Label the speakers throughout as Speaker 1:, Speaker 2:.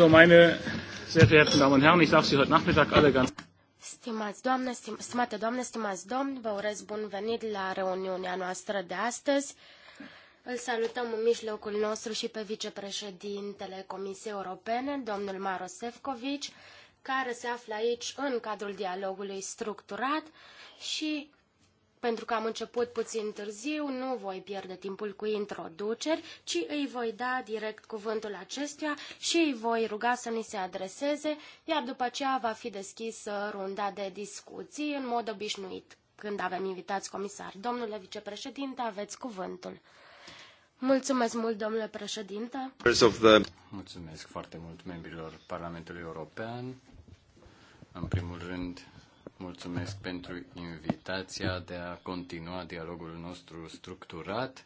Speaker 1: So, meine sehr verehrten Damen und Herren, ich darf Sie heute Nachmittag alle ganz.
Speaker 2: Stimați doamne, stimate doamne, stimați domni, vă urez bun venit la reuniunea noastră de astăzi. Îl salutăm în mijlocul nostru și pe vicepreședintele Comisiei Europene, domnul Maro Sefcovici, care se află aici în cadrul dialogului structurat și pentru că am început puțin târziu, nu voi pierde timpul cu introduceri, ci îi voi da direct cuvântul acestuia și îi voi ruga să ni se adreseze, iar după aceea va fi deschisă runda de discuții în mod obișnuit când avem invitați comisari. Domnule vicepreședinte, aveți cuvântul. Mulțumesc mult, domnule președinte.
Speaker 1: Mulțumesc foarte mult membrilor Parlamentului European. În primul rând, Mulțumesc pentru invitația de a continua dialogul nostru structurat.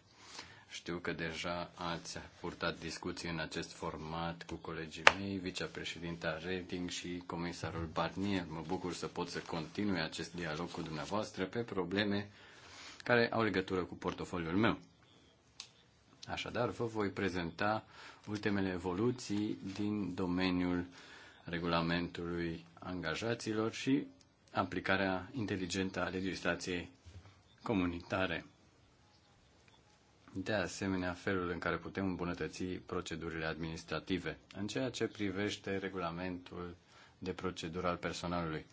Speaker 1: Știu că deja ați purtat discuții în acest format cu colegii mei, vicepreședinta Reding și comisarul Barnier. Mă bucur să pot să continui acest dialog cu dumneavoastră pe probleme care au legătură cu portofoliul meu. Așadar, vă voi prezenta ultimele evoluții din domeniul regulamentului angajaților și aplicarea inteligentă a legislației comunitare. De asemenea, felul în care putem îmbunătăți procedurile administrative, în ceea ce privește regulamentul de procedură al personalului.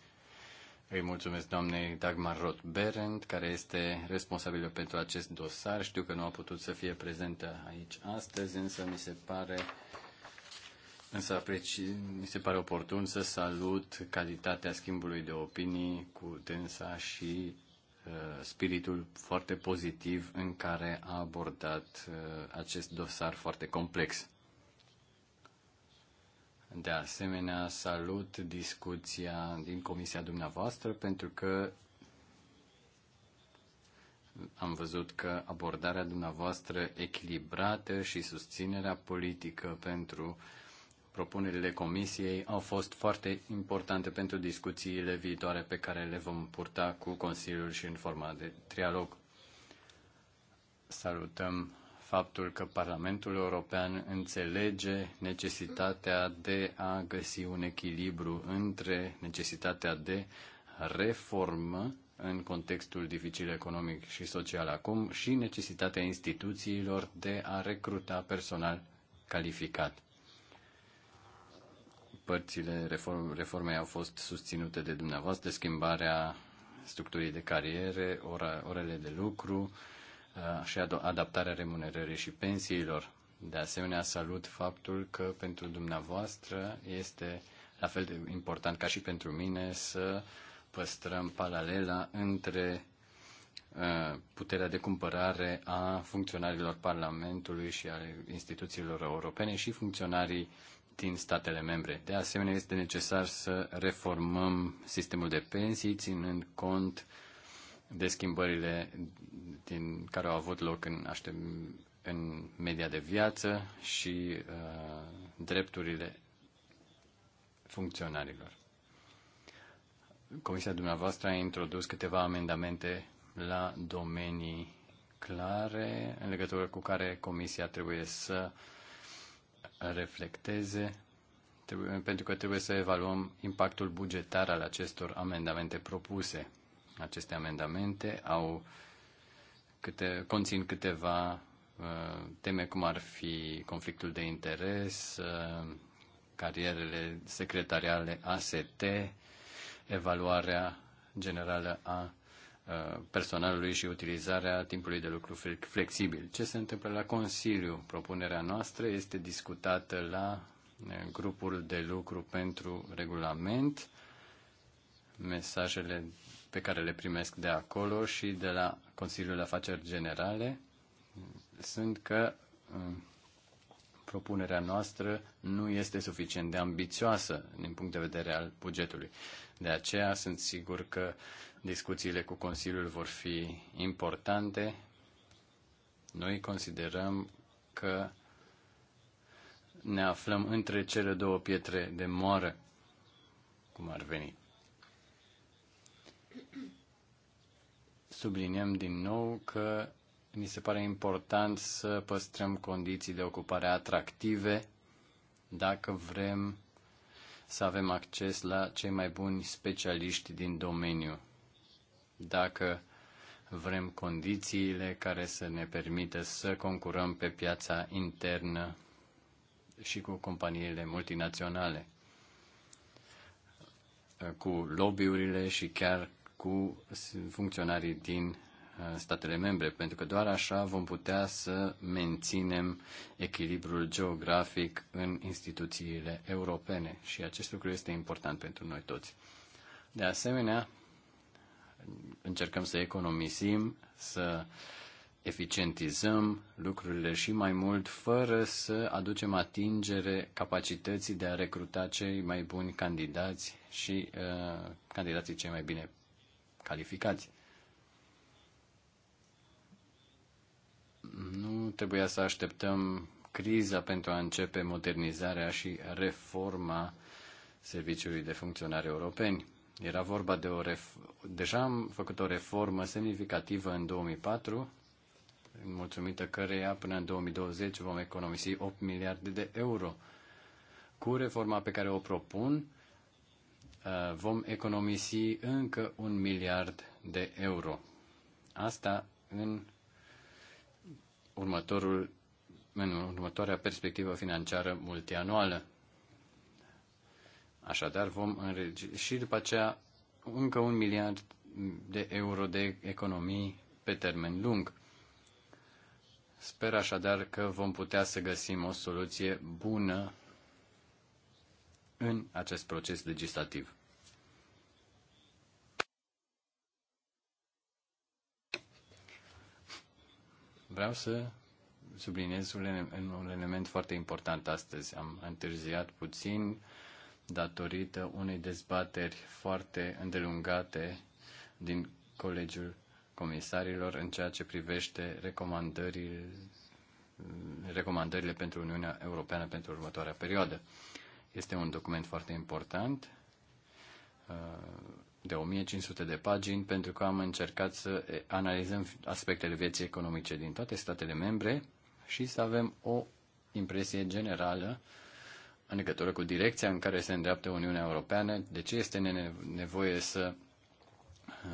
Speaker 1: Îi mulțumesc doamnei Dagmar Roth Berend, care este responsabilă pentru acest dosar. Știu că nu a putut să fie prezentă aici astăzi, însă mi se pare Însă apreci, mi se pare oportun să salut calitatea schimbului de opinii cu dânsa și uh, spiritul foarte pozitiv în care a abordat uh, acest dosar foarte complex. De asemenea, salut discuția din comisia dumneavoastră pentru că am văzut că abordarea dumneavoastră echilibrată și susținerea politică pentru uh, propunerile Comisiei au fost foarte importante pentru discuțiile viitoare pe care le vom purta cu Consiliul și în forma de trialog. Salutăm faptul că Parlamentul European înțelege necesitatea de a găsi un echilibru între necesitatea de reformă în contextul dificil economic și social acum și necesitatea instituțiilor de a recruta personal calificat părțile reform, reformei au fost susținute de dumneavoastră, schimbarea structurii de cariere, ora, orele de lucru uh, și adaptarea remunerării și pensiilor. De asemenea, salut faptul că pentru dumneavoastră este la fel de important ca și pentru mine să păstrăm paralela între uh, puterea de cumpărare a funcționarilor Parlamentului și ale instituțiilor europene și funcționarii din statele membre. De asemenea, este necesar să reformăm sistemul de pensii, ținând cont de schimbările din care au avut loc în, aștept, în media de viață și uh, drepturile funcționarilor. Comisia dumneavoastră a introdus câteva amendamente la domenii clare în legătură cu care Comisia trebuie să uh, reflecteze, trebuie, pentru că trebuie să evaluăm impactul bugetar al acestor amendamente propuse. Aceste amendamente au câte, conțin câteva uh, teme cum ar fi conflictul de interes, uh, carierele secretariale AST, evaluarea generală a Uh, personalului și utilizarea timpului de lucru flexibil. Ce se întâmplă la Consiliu? Propunerea noastră este discutată la uh, grupul de lucru pentru regulament, mesajele pe care le primesc de acolo și de la Consiliul de Afaceri Generale sunt că uh, propunerea noastră nu este suficient de ambițioasă din punct de vedere al bugetului. De aceea sunt sigur că Discuțiile cu Consiliul vor fi importante. Noi considerăm că ne aflăm între cele două pietre de moară, cum ar veni. Subliniem din nou că ni se pare important să păstrăm condiții de ocupare atractive dacă vrem să avem acces la cei mai buni specialiști din domeniu dacă vrem condițiile care să ne permită să concurăm pe piața internă și cu companiile multinaționale, cu lobbyurile și chiar cu funcționarii din uh, statele membre, pentru că doar așa vom putea să menținem echilibrul geografic în instituțiile europene și acest lucru este important pentru noi toți. De asemenea, încercăm să economisim, să eficientizăm lucrurile și mai mult, fără să aducem atingere capacității de a recruta cei mai buni candidați și uh, candidații cei mai bine calificați. Nu trebuia să așteptăm criza pentru a începe modernizarea și reforma serviciului de funcționare europeni. Era vorba de o ref- Deja am făcut o reformă semnificativă în 2004, mulțumită căreia până în 2020 vom economisi 8 miliarde de euro. Cu reforma pe care o propun, uh, vom economisi încă un miliard de euro. Asta în următorul în următoarea perspectivă financiară multianuală. Așadar, vom înregistra și după aceea încă un miliard de euro de economii pe termen lung. Sper așadar că vom putea să găsim o soluție bună în acest proces legislativ. Vreau să subliniez un element foarte important astăzi. Am întârziat puțin datorită unei dezbateri foarte îndelungate din Colegiul Comisarilor în ceea ce privește recomandările, recomandările pentru Uniunea Europeană pentru următoarea perioadă. Este un document foarte important uh, de 1500 de pagini pentru că am încercat să analizăm aspectele vieții economice din toate statele membre și să avem o impresie generală în legătură cu direcția în care se îndreaptă Uniunea Europeană, de ce este nevoie să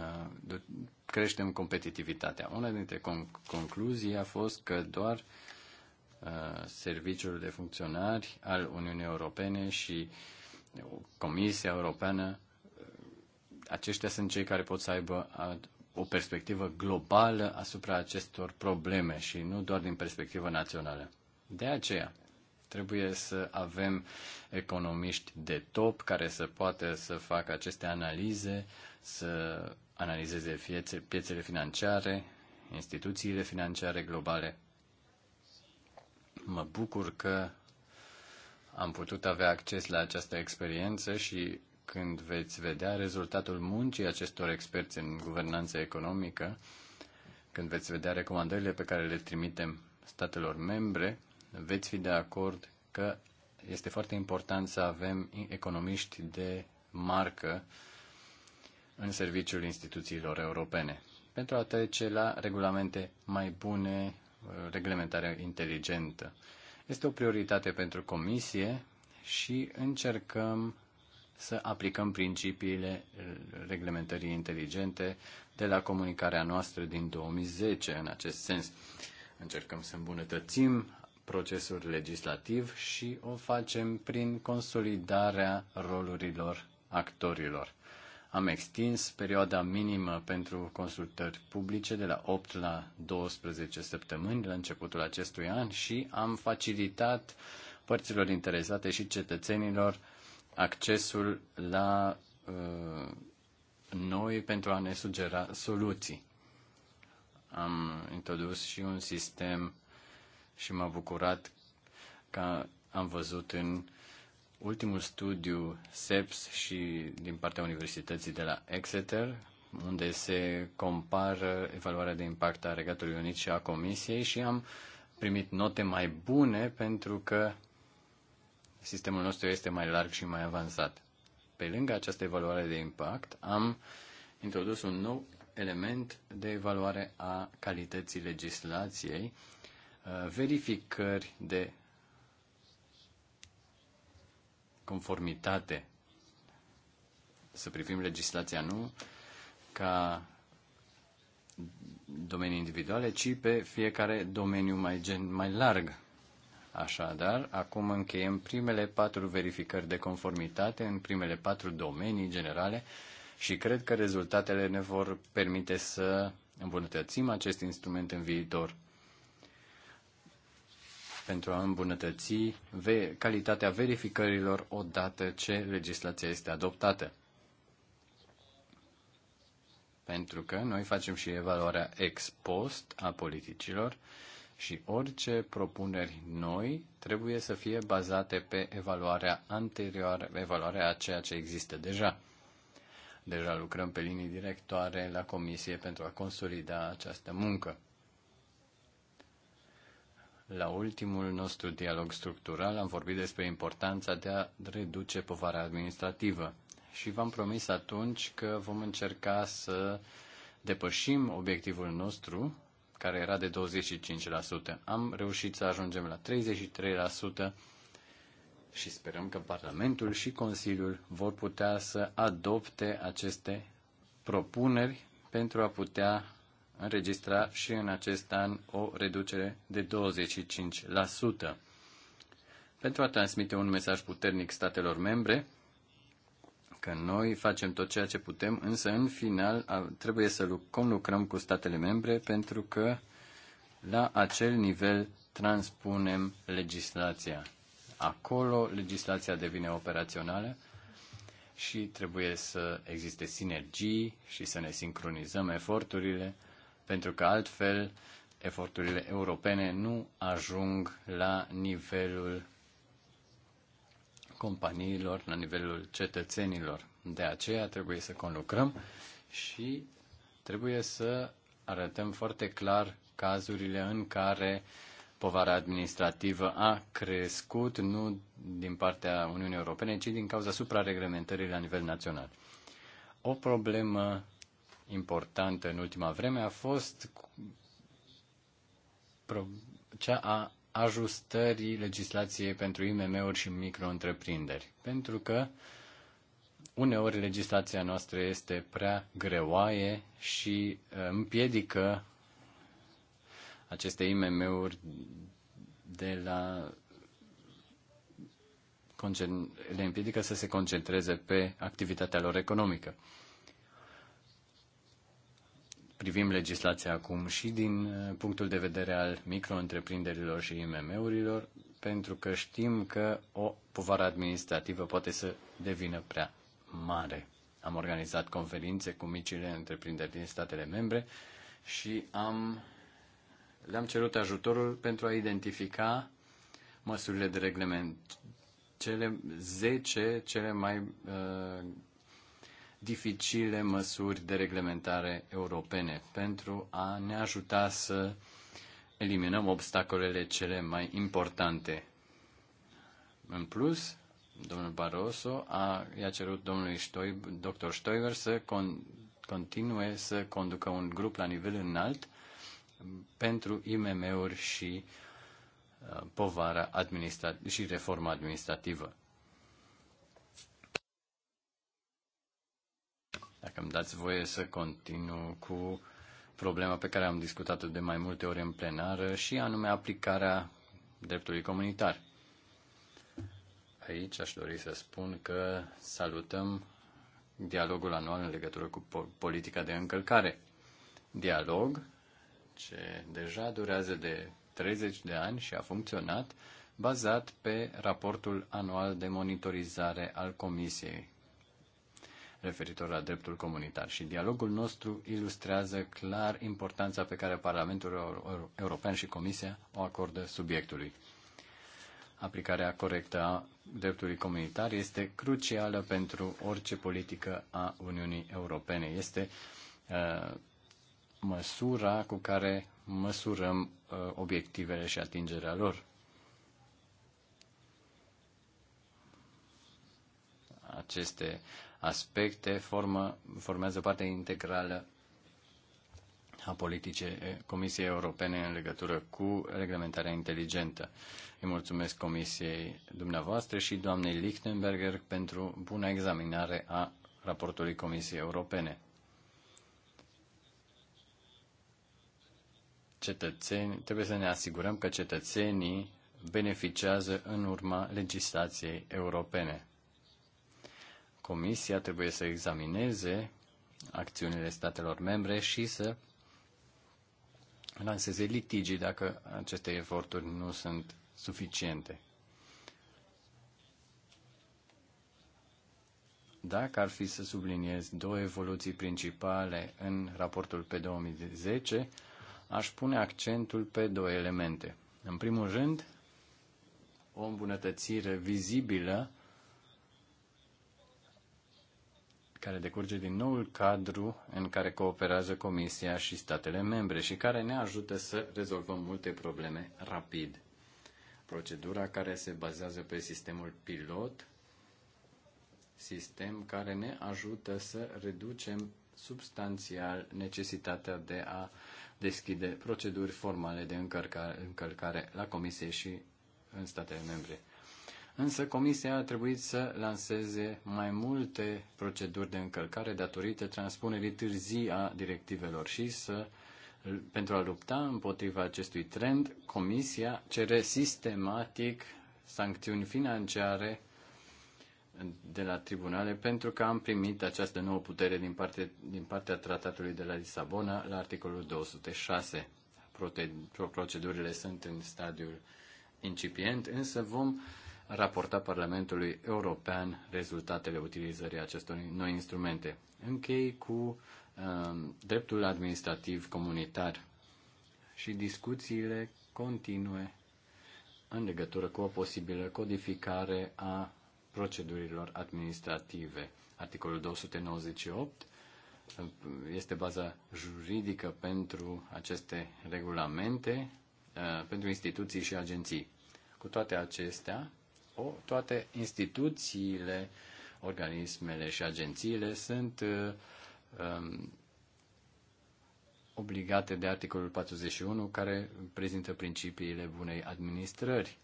Speaker 1: uh, creștem competitivitatea. Una dintre concluzii a fost că doar uh, serviciul de funcționari al Uniunii Europene și Comisia Europeană, uh, aceștia sunt cei care pot să aibă o perspectivă globală asupra acestor probleme și nu doar din perspectivă națională. De aceea, Trebuie să avem economiști de top care să poată să facă aceste analize, să analizeze piețe, piețele financiare, instituțiile financiare globale. Mă bucur că am putut avea acces la această experiență și când veți vedea rezultatul muncii acestor experți în guvernanță economică, când veți vedea recomandările pe care le trimitem statelor membre, veți fi de acord că este foarte important să avem economiști de marcă în serviciul instituțiilor europene pentru a trece la regulamente mai bune, uh, reglementare inteligentă. Este o prioritate pentru Comisie și încercăm să aplicăm principiile uh, reglementării inteligente de la comunicarea noastră din 2010 în acest sens. Încercăm să îmbunătățim procesul legislativ și o facem prin consolidarea rolurilor actorilor. Am extins perioada minimă pentru consultări publice de la 8 la 12 săptămâni la începutul acestui an și am facilitat părților interesate și cetățenilor accesul la uh, noi pentru a ne sugera soluții. Am introdus și un sistem și m-a bucurat că am văzut în ultimul studiu SEPS și din partea Universității de la Exeter, unde se compară evaluarea de impact a Regatului Unit și a Comisiei și am primit note mai bune pentru că sistemul nostru este mai larg și mai avansat. Pe lângă această evaluare de impact, am introdus un nou element de evaluare a calității legislației Uh, verificări de conformitate. Să privim legislația nu ca domenii individuale, ci pe fiecare domeniu mai, gen, mai larg. Așadar, acum încheiem primele patru verificări de conformitate în primele patru domenii generale și cred că rezultatele ne vor permite să îmbunătățim acest instrument în viitor pentru a îmbunătăți calitatea verificărilor odată ce legislația este adoptată. Pentru că noi facem și evaluarea ex post a politicilor și orice propuneri noi trebuie să fie bazate pe evaluarea anterioară, evaluarea a ceea ce există deja. Deja lucrăm pe linii directoare la comisie pentru a consolida această muncă. La ultimul nostru dialog structural am vorbit despre importanța de a reduce povara administrativă și v-am promis atunci că vom încerca să depășim obiectivul nostru, care era de 25%. Am reușit să ajungem la 33% și sperăm că Parlamentul și Consiliul vor putea să adopte aceste propuneri pentru a putea înregistra și în acest an o reducere de 25%. Pentru a transmite un mesaj puternic statelor membre, că noi facem tot ceea ce putem, însă în final trebuie să conlucrăm cu statele membre pentru că la acel nivel transpunem legislația. Acolo legislația devine operațională și trebuie să existe sinergii și să ne sincronizăm eforturile pentru că altfel eforturile europene nu ajung la nivelul companiilor, la nivelul cetățenilor. De aceea trebuie să conlucrăm și trebuie să arătăm foarte clar cazurile în care povara administrativă a crescut nu din partea Uniunii Europene, ci din cauza suprareglementării la nivel național. O problemă importantă în ultima vreme a fost cea a ajustării legislației pentru IMM-uri și micro-întreprinderi. Pentru că uneori legislația noastră este prea greoaie și uh, împiedică aceste IMM-uri de la le împiedică să se concentreze pe activitatea lor economică privim legislația acum și din uh, punctul de vedere al micro-întreprinderilor și IMM-urilor, pentru că știm că o povară administrativă poate să devină prea mare. Am organizat conferințe cu micile întreprinderi din statele membre și am, le-am cerut ajutorul pentru a identifica măsurile de reglement, cele 10 cele mai uh, dificile măsuri de reglementare europene pentru a ne ajuta să eliminăm obstacolele cele mai importante. În plus, domnul Barroso a, i-a cerut domnului Stoib, dr. Stoiber să con, continue să conducă un grup la nivel înalt pentru IMM-uri și uh, povara administrat- și reforma administrativă. Dacă îmi dați voie să continu cu problema pe care am discutat-o de mai multe ori în plenară și anume aplicarea dreptului comunitar. Aici aș dori să spun că salutăm dialogul anual în legătură cu politica de încălcare. Dialog ce deja durează de 30 de ani și a funcționat, bazat pe raportul anual de monitorizare al Comisiei referitor la dreptul comunitar. Și dialogul nostru ilustrează clar importanța pe care Parlamentul European și Comisia o acordă subiectului. Aplicarea corectă a dreptului comunitar este crucială pentru orice politică a Uniunii Europene. Este uh, măsura cu care măsurăm uh, obiectivele și atingerea lor. Aceste aspecte formă, formează parte integrală a politicii eh, Comisiei Europene în legătură cu reglementarea inteligentă. Îi mulțumesc Comisiei dumneavoastră și doamnei Lichtenberger pentru buna examinare a raportului Comisiei Europene. Cetățeni, trebuie să ne asigurăm că cetățenii beneficiază în urma legislației europene. Comisia trebuie să examineze acțiunile statelor membre și să lanseze litigii dacă aceste eforturi nu sunt suficiente. Dacă ar fi să subliniez două evoluții principale în raportul pe 2010, aș pune accentul pe două elemente. În primul rând, o îmbunătățire vizibilă care decurge din noul cadru în care cooperează Comisia și statele membre și care ne ajută să rezolvăm multe probleme rapid. Procedura care se bazează pe sistemul pilot, sistem care ne ajută să reducem substanțial necesitatea de a deschide proceduri formale de încălcare la Comisie și în statele membre. Însă Comisia a trebuit să lanseze mai multe proceduri de încălcare datorită transpunerii târzii a directivelor și să pentru a lupta împotriva acestui trend, Comisia cere sistematic sancțiuni financiare de la tribunale pentru că am primit această nouă putere din, parte, din partea tratatului de la Lisabona la articolul 206. Procedurile sunt în stadiul incipient, însă vom raporta Parlamentului European rezultatele utilizării acestor noi instrumente. Închei cu uh, dreptul administrativ comunitar și discuțiile continue în legătură cu o posibilă codificare a procedurilor administrative. Articolul 298 uh, este baza juridică pentru aceste regulamente, uh, pentru instituții și agenții. Cu toate acestea, o, toate instituțiile, organismele și agențiile sunt uh, um, obligate de articolul 41 care prezintă principiile bunei administrări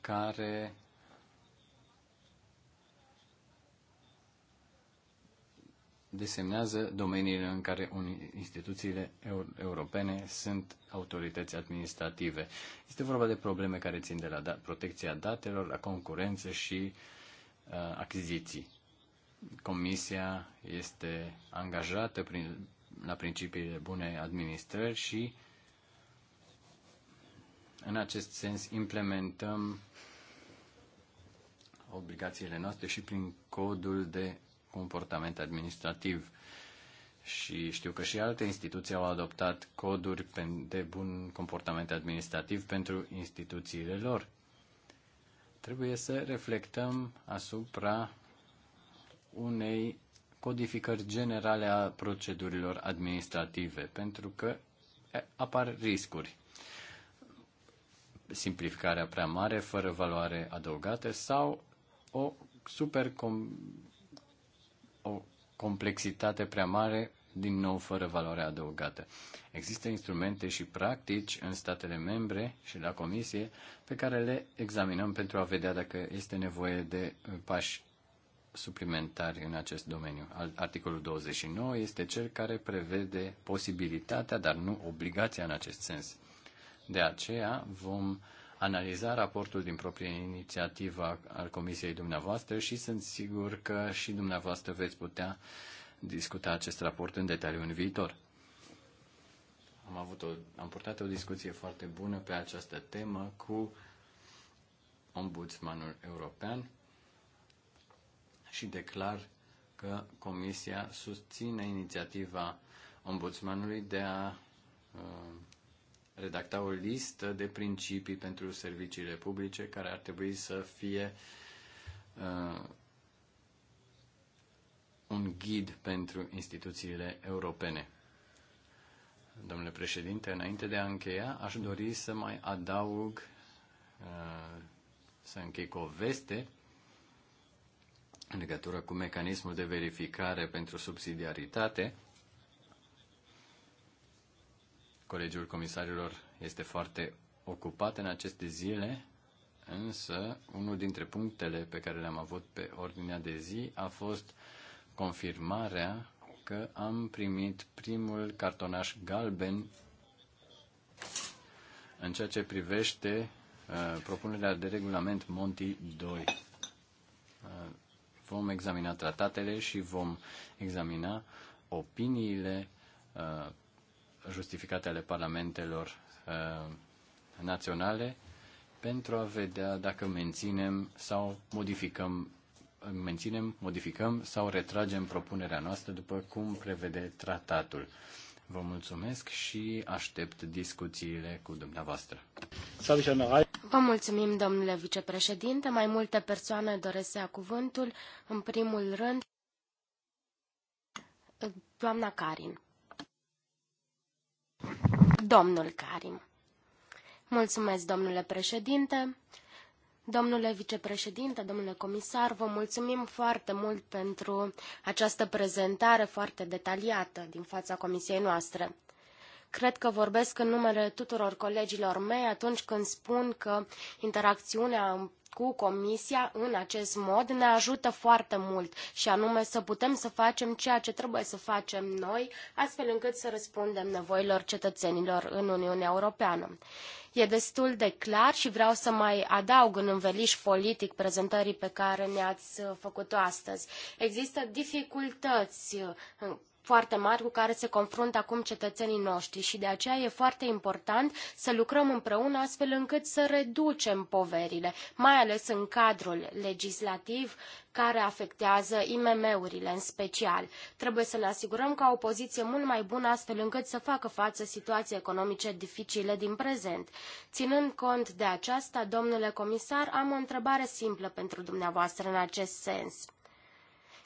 Speaker 1: care desemnează domeniile în care instituțiile europene sunt autorități administrative. Este vorba de probleme care țin de la da- protecția datelor, la concurență și uh, achiziții. Comisia este angajată prin, la principiile bunei administrări și în acest sens implementăm obligațiile noastre și prin codul de comportament administrativ. Și știu că și alte instituții au adoptat coduri de bun comportament administrativ pentru instituțiile lor. Trebuie să reflectăm asupra unei codificări generale a procedurilor administrative, pentru că apar riscuri. Simplificarea prea mare, fără valoare adăugată sau o super o complexitate prea mare, din nou fără valoare adăugată. Există instrumente și practici în statele membre și la comisie pe care le examinăm pentru a vedea dacă este nevoie de uh, pași suplimentari în acest domeniu. Articolul 29 este cel care prevede posibilitatea, dar nu obligația în acest sens. De aceea vom analiza raportul din proprie inițiativă al comisiei dumneavoastră și sunt sigur că și dumneavoastră veți putea discuta acest raport în detaliu în viitor. Am, avut o, am purtat o discuție foarte bună pe această temă cu ombudsmanul european și declar că Comisia susține inițiativa ombudsmanului de a uh, redacta o listă de principii pentru serviciile publice care ar trebui să fie uh, un ghid pentru instituțiile europene. Domnule președinte, înainte de a încheia, aș dori să mai adaug, uh, să închei cu o veste în legătură cu mecanismul de verificare pentru subsidiaritate Colegiul Comisarilor este foarte ocupat în aceste zile, însă unul dintre punctele pe care le-am avut pe ordinea de zi a fost confirmarea că am primit primul cartonaș galben în ceea ce privește uh, propunerea de regulament Monti 2. Uh, vom examina tratatele și vom examina opiniile uh, justificate ale parlamentelor uh, naționale pentru a vedea dacă menținem sau modificăm menținem, modificăm sau retragem propunerea noastră după cum prevede tratatul. Vă mulțumesc și aștept discuțiile cu dumneavoastră.
Speaker 2: Vă mulțumim, domnule vicepreședinte. Mai multe persoane doresc să ia cuvântul. În primul rând, doamna Karin domnul Karim. Mulțumesc, domnule președinte. Domnule vicepreședinte, domnule comisar, vă mulțumim foarte mult pentru această prezentare foarte detaliată din fața comisiei noastre. Cred că vorbesc în numele tuturor colegilor mei atunci când spun că interacțiunea cu Comisia în acest mod ne ajută foarte mult și anume să putem să facem ceea ce trebuie să facem noi, astfel încât să răspundem nevoilor cetățenilor în Uniunea Europeană. E destul de clar și vreau să mai adaug în înveliș politic prezentării pe care ne-ați făcut-o astăzi. Există dificultăți foarte mari cu care se confruntă acum cetățenii noștri și de aceea e foarte important să lucrăm împreună astfel încât să reducem poverile, mai ales în cadrul legislativ care afectează IMM-urile în special. Trebuie să ne asigurăm că o poziție mult mai bună astfel încât să facă față situației economice dificile din prezent. Ținând cont de aceasta, domnule comisar, am o întrebare simplă pentru dumneavoastră în acest sens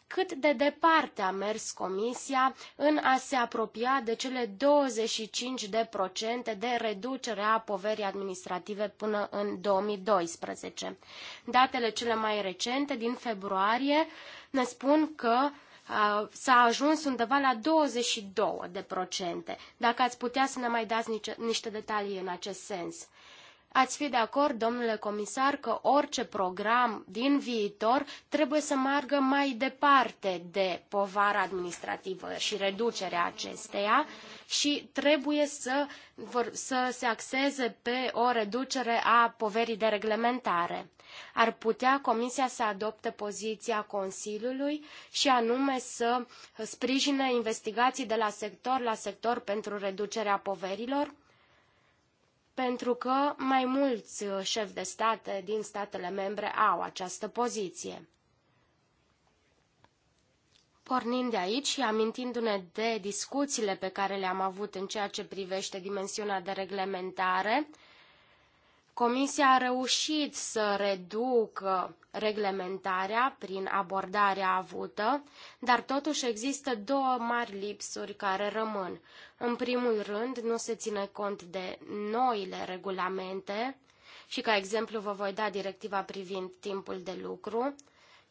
Speaker 2: cât de departe a mers Comisia în a se apropia de cele 25% de, procente de reducere a poverii administrative până în 2012. Datele cele mai recente din februarie ne spun că s-a ajuns undeva la 22%. De procente. Dacă ați putea să ne mai dați niște detalii în acest sens. Ați fi de acord, domnule comisar, că orice program din viitor trebuie să meargă mai departe de povara administrativă și reducerea acesteia și trebuie să, vor, să se axeze pe o reducere a poverii de reglementare. Ar putea Comisia să adopte poziția Consiliului și anume să sprijine investigații de la sector la sector pentru reducerea poverilor? pentru că mai mulți uh, șefi de state din statele membre au această poziție. Pornind de aici și amintindu-ne de discuțiile pe care le-am avut în ceea ce privește dimensiunea de reglementare, Comisia a reușit să reducă reglementarea prin abordarea avută, dar totuși există două mari lipsuri care rămân. În primul rând, nu se ține cont de noile regulamente și, ca exemplu, vă voi da directiva privind timpul de lucru,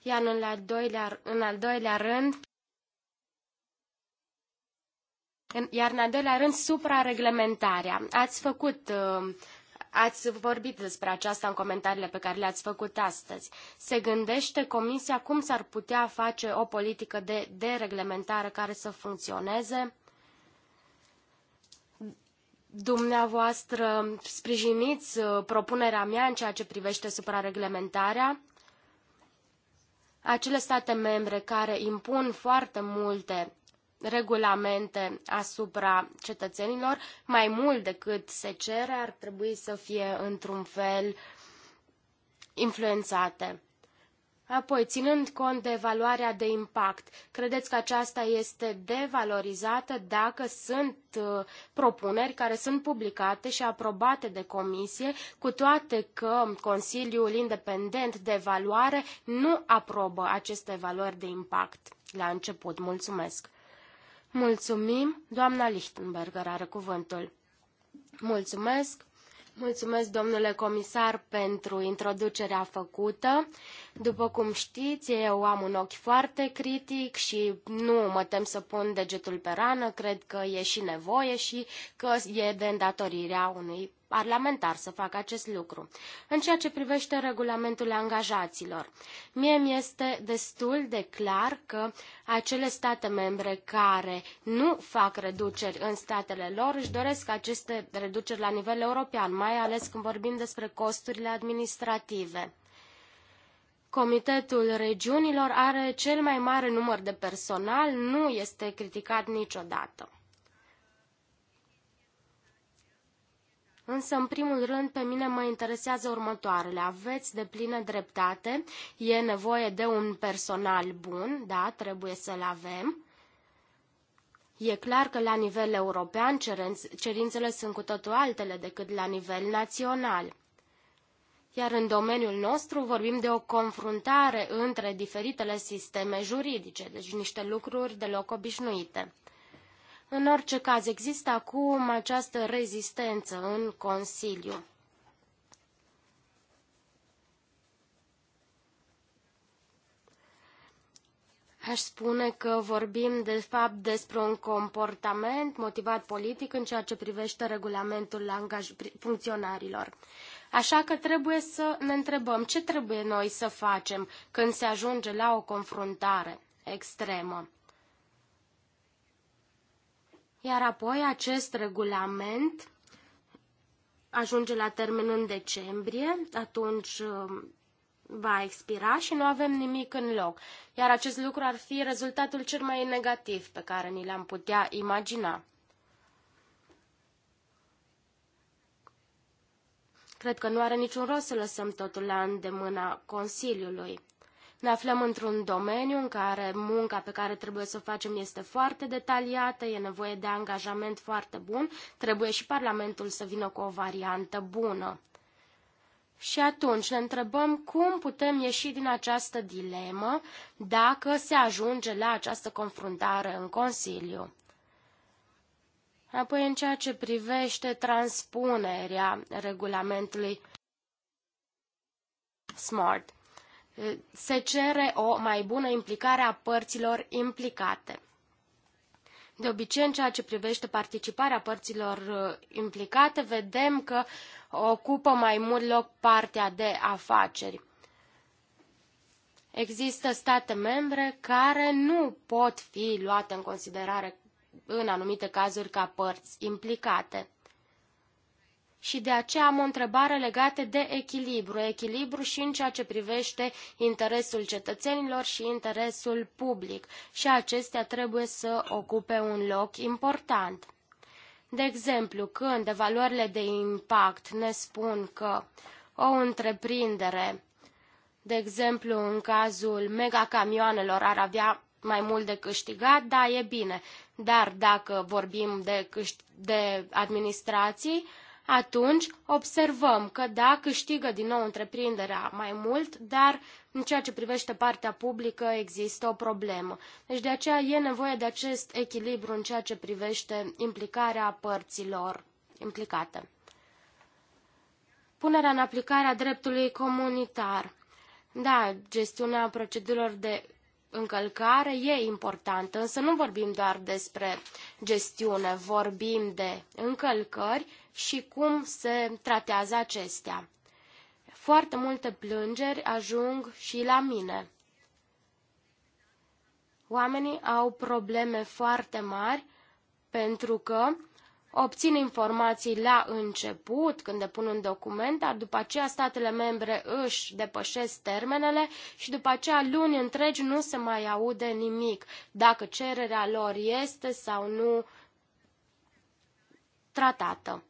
Speaker 2: iar în al doilea, în al doilea rând, iar în al doilea rând, suprareglementarea. Ați făcut uh, ați vorbit despre aceasta în comentariile pe care le-ați făcut astăzi. Se gândește Comisia cum s-ar putea face o politică de dereglementare care să funcționeze? dumneavoastră sprijiniți uh, propunerea mea în ceea ce privește suprareglementarea? Acele state membre care impun foarte multe regulamente asupra cetățenilor, mai mult decât se cere, ar trebui să fie într-un fel influențate. Apoi, ținând cont de evaluarea de impact, credeți că aceasta este devalorizată dacă sunt uh, propuneri care sunt publicate și aprobate de comisie, cu toate că Consiliul Independent de Evaluare nu aprobă aceste evaluări de impact la început. Mulțumesc! Mulțumim! Doamna Lichtenberger are cuvântul. Mulțumesc! Mulțumesc, domnule comisar, pentru introducerea făcută. După cum știți, eu am un ochi foarte critic și nu mă tem să pun degetul pe rană. Cred că e și nevoie și că e de îndatorirea unui parlamentar să facă acest lucru. În ceea ce privește regulamentul angajaților, mie mi este destul de clar că acele state membre care nu fac reduceri în statele lor își doresc aceste reduceri la nivel european, mai ales când vorbim despre costurile administrative. Comitetul regiunilor are cel mai mare număr de personal, nu este criticat niciodată. Însă, în primul rând, pe mine mă interesează următoarele. Aveți de plină dreptate, e nevoie de un personal bun, da, trebuie să-l avem. E clar că la nivel european cerințele sunt cu totul altele decât la nivel național. Iar în domeniul nostru vorbim de o confruntare între diferitele sisteme juridice, deci niște lucruri deloc obișnuite. În orice caz, există acum această rezistență în Consiliu. Aș spune că vorbim de fapt despre un comportament motivat politic în ceea ce privește regulamentul funcționarilor. Așa că trebuie să ne întrebăm ce trebuie noi să facem când se ajunge la o confruntare extremă. Iar apoi acest regulament ajunge la termen în decembrie, atunci um, va expira și nu avem nimic în loc. Iar acest lucru ar fi rezultatul cel mai negativ pe care ni l-am putea imagina. Cred că nu are niciun rost să lăsăm totul la îndemâna Consiliului. Ne aflăm într-un domeniu în care munca pe care trebuie să o facem este foarte detaliată, e nevoie de angajament foarte bun, trebuie și Parlamentul să vină cu o variantă bună. Și atunci ne întrebăm cum putem ieși din această dilemă dacă se ajunge la această confruntare în Consiliu. Apoi, în ceea ce privește transpunerea regulamentului SMART, se cere o mai bună implicare a părților implicate. De obicei, în ceea ce privește participarea părților uh, implicate, vedem că ocupă mai mult loc partea de afaceri. Există state membre care nu pot fi luate în considerare în anumite cazuri ca părți implicate și de aceea am o întrebare legată de echilibru, echilibru și în ceea ce privește interesul cetățenilor și interesul public și acestea trebuie să ocupe un loc important. De exemplu, când evaluările de impact ne spun că o întreprindere, de exemplu în cazul megacamioanelor, ar avea mai mult de câștigat, da, e bine. Dar dacă vorbim de, câș- de administrații, atunci observăm că da, câștigă din nou întreprinderea mai mult, dar în ceea ce privește partea publică există o problemă. Deci de aceea e nevoie de acest echilibru în ceea ce privește implicarea părților implicate. Punerea în aplicare a dreptului comunitar. Da, gestiunea procedurilor de încălcare e importantă, însă nu vorbim doar despre gestiune, vorbim de încălcări și cum se tratează acestea. Foarte multe plângeri ajung și la mine. Oamenii au probleme foarte mari pentru că obțin informații la început, când depun un document, dar după aceea statele membre își depășesc termenele și după aceea luni întregi nu se mai aude nimic, dacă cererea lor este sau nu tratată.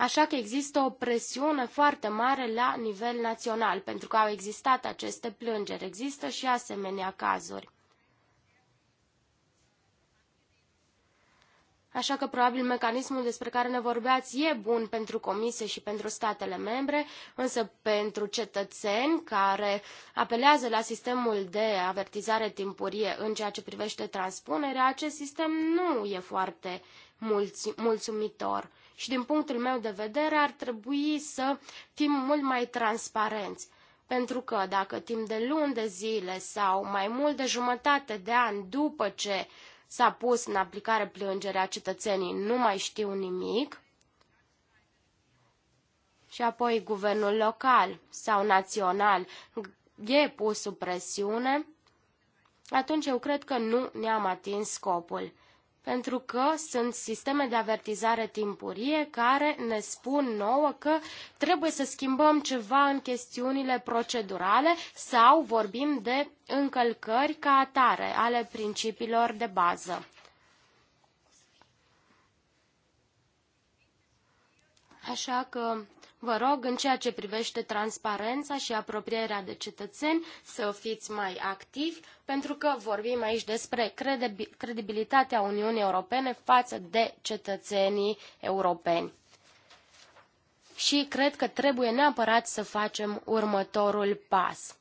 Speaker 2: Așa că există o presiune foarte mare la nivel național, pentru că au existat aceste plângeri. Există și asemenea cazuri. Așa că probabil mecanismul despre care ne vorbeați e bun pentru comisie și pentru statele membre, însă pentru cetățeni care apelează la sistemul de avertizare timpurie în ceea ce privește transpunerea, acest sistem nu e foarte mulțumitor și din punctul meu de vedere ar trebui să fim mult mai transparenți. Pentru că dacă timp de luni de zile sau mai mult de jumătate de an după ce s-a pus în aplicare plângerea cetățenii nu mai știu nimic, și apoi guvernul local sau național e pus sub presiune, atunci eu cred că nu ne-am atins scopul pentru că sunt sisteme de avertizare timpurie care ne spun nouă că trebuie să schimbăm ceva în chestiunile procedurale sau vorbim de încălcări ca atare ale principiilor de bază. Așa că Vă rog, în ceea ce privește transparența și apropierea de cetățeni, să fiți mai activi, pentru că vorbim aici despre credibilitatea Uniunii Europene față de cetățenii europeni. Și cred că trebuie neapărat să facem următorul pas.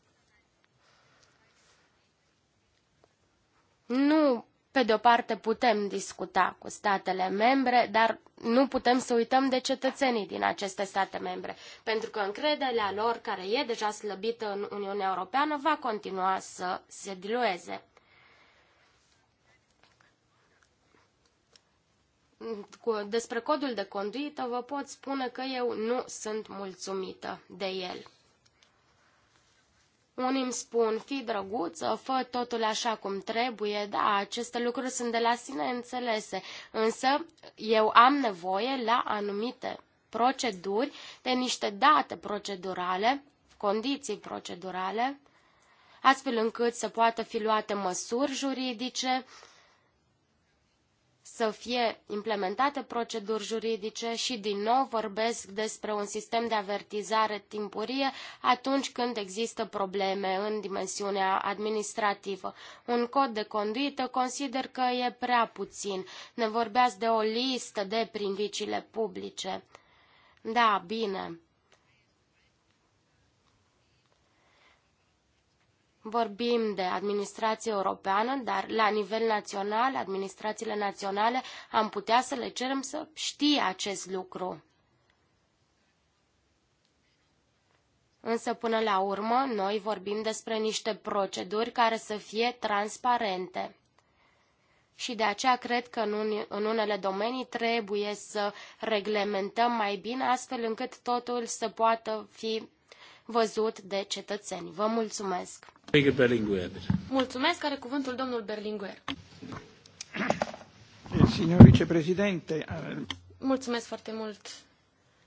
Speaker 2: Nu pe de o parte putem discuta cu statele membre, dar nu putem să uităm de cetățenii din aceste state membre, pentru că încrederea lor, care e deja slăbită în Uniunea Europeană, va continua să se dilueze. Despre codul de conduită vă pot spune că eu nu sunt mulțumită de el. Unii îmi spun, fi drăguță, fă totul așa cum trebuie, da, aceste lucruri sunt de la sine înțelese, însă eu am nevoie la anumite proceduri de niște date procedurale, condiții procedurale, astfel încât să poată fi luate măsuri juridice, să fie implementate proceduri juridice și din nou vorbesc despre un sistem de avertizare timpurie atunci când există probleme în dimensiunea administrativă. Un cod de conduită consider că e prea puțin. Ne vorbeați de o listă de prindiciile publice. Da, bine. Vorbim de administrație europeană, dar la nivel național, administrațiile naționale, am putea să le cerem să știe acest lucru. Însă, până la urmă, noi vorbim despre niște proceduri care să fie transparente. Și de aceea cred că în, în unele domenii trebuie să reglementăm mai bine, astfel încât totul să poată fi văzut de cetățeni. Vă mulțumesc! Mulțumesc, are cuvântul domnul Berlinguer.
Speaker 1: Signor vicepreședinte. Eh,
Speaker 3: mulțumesc foarte mult,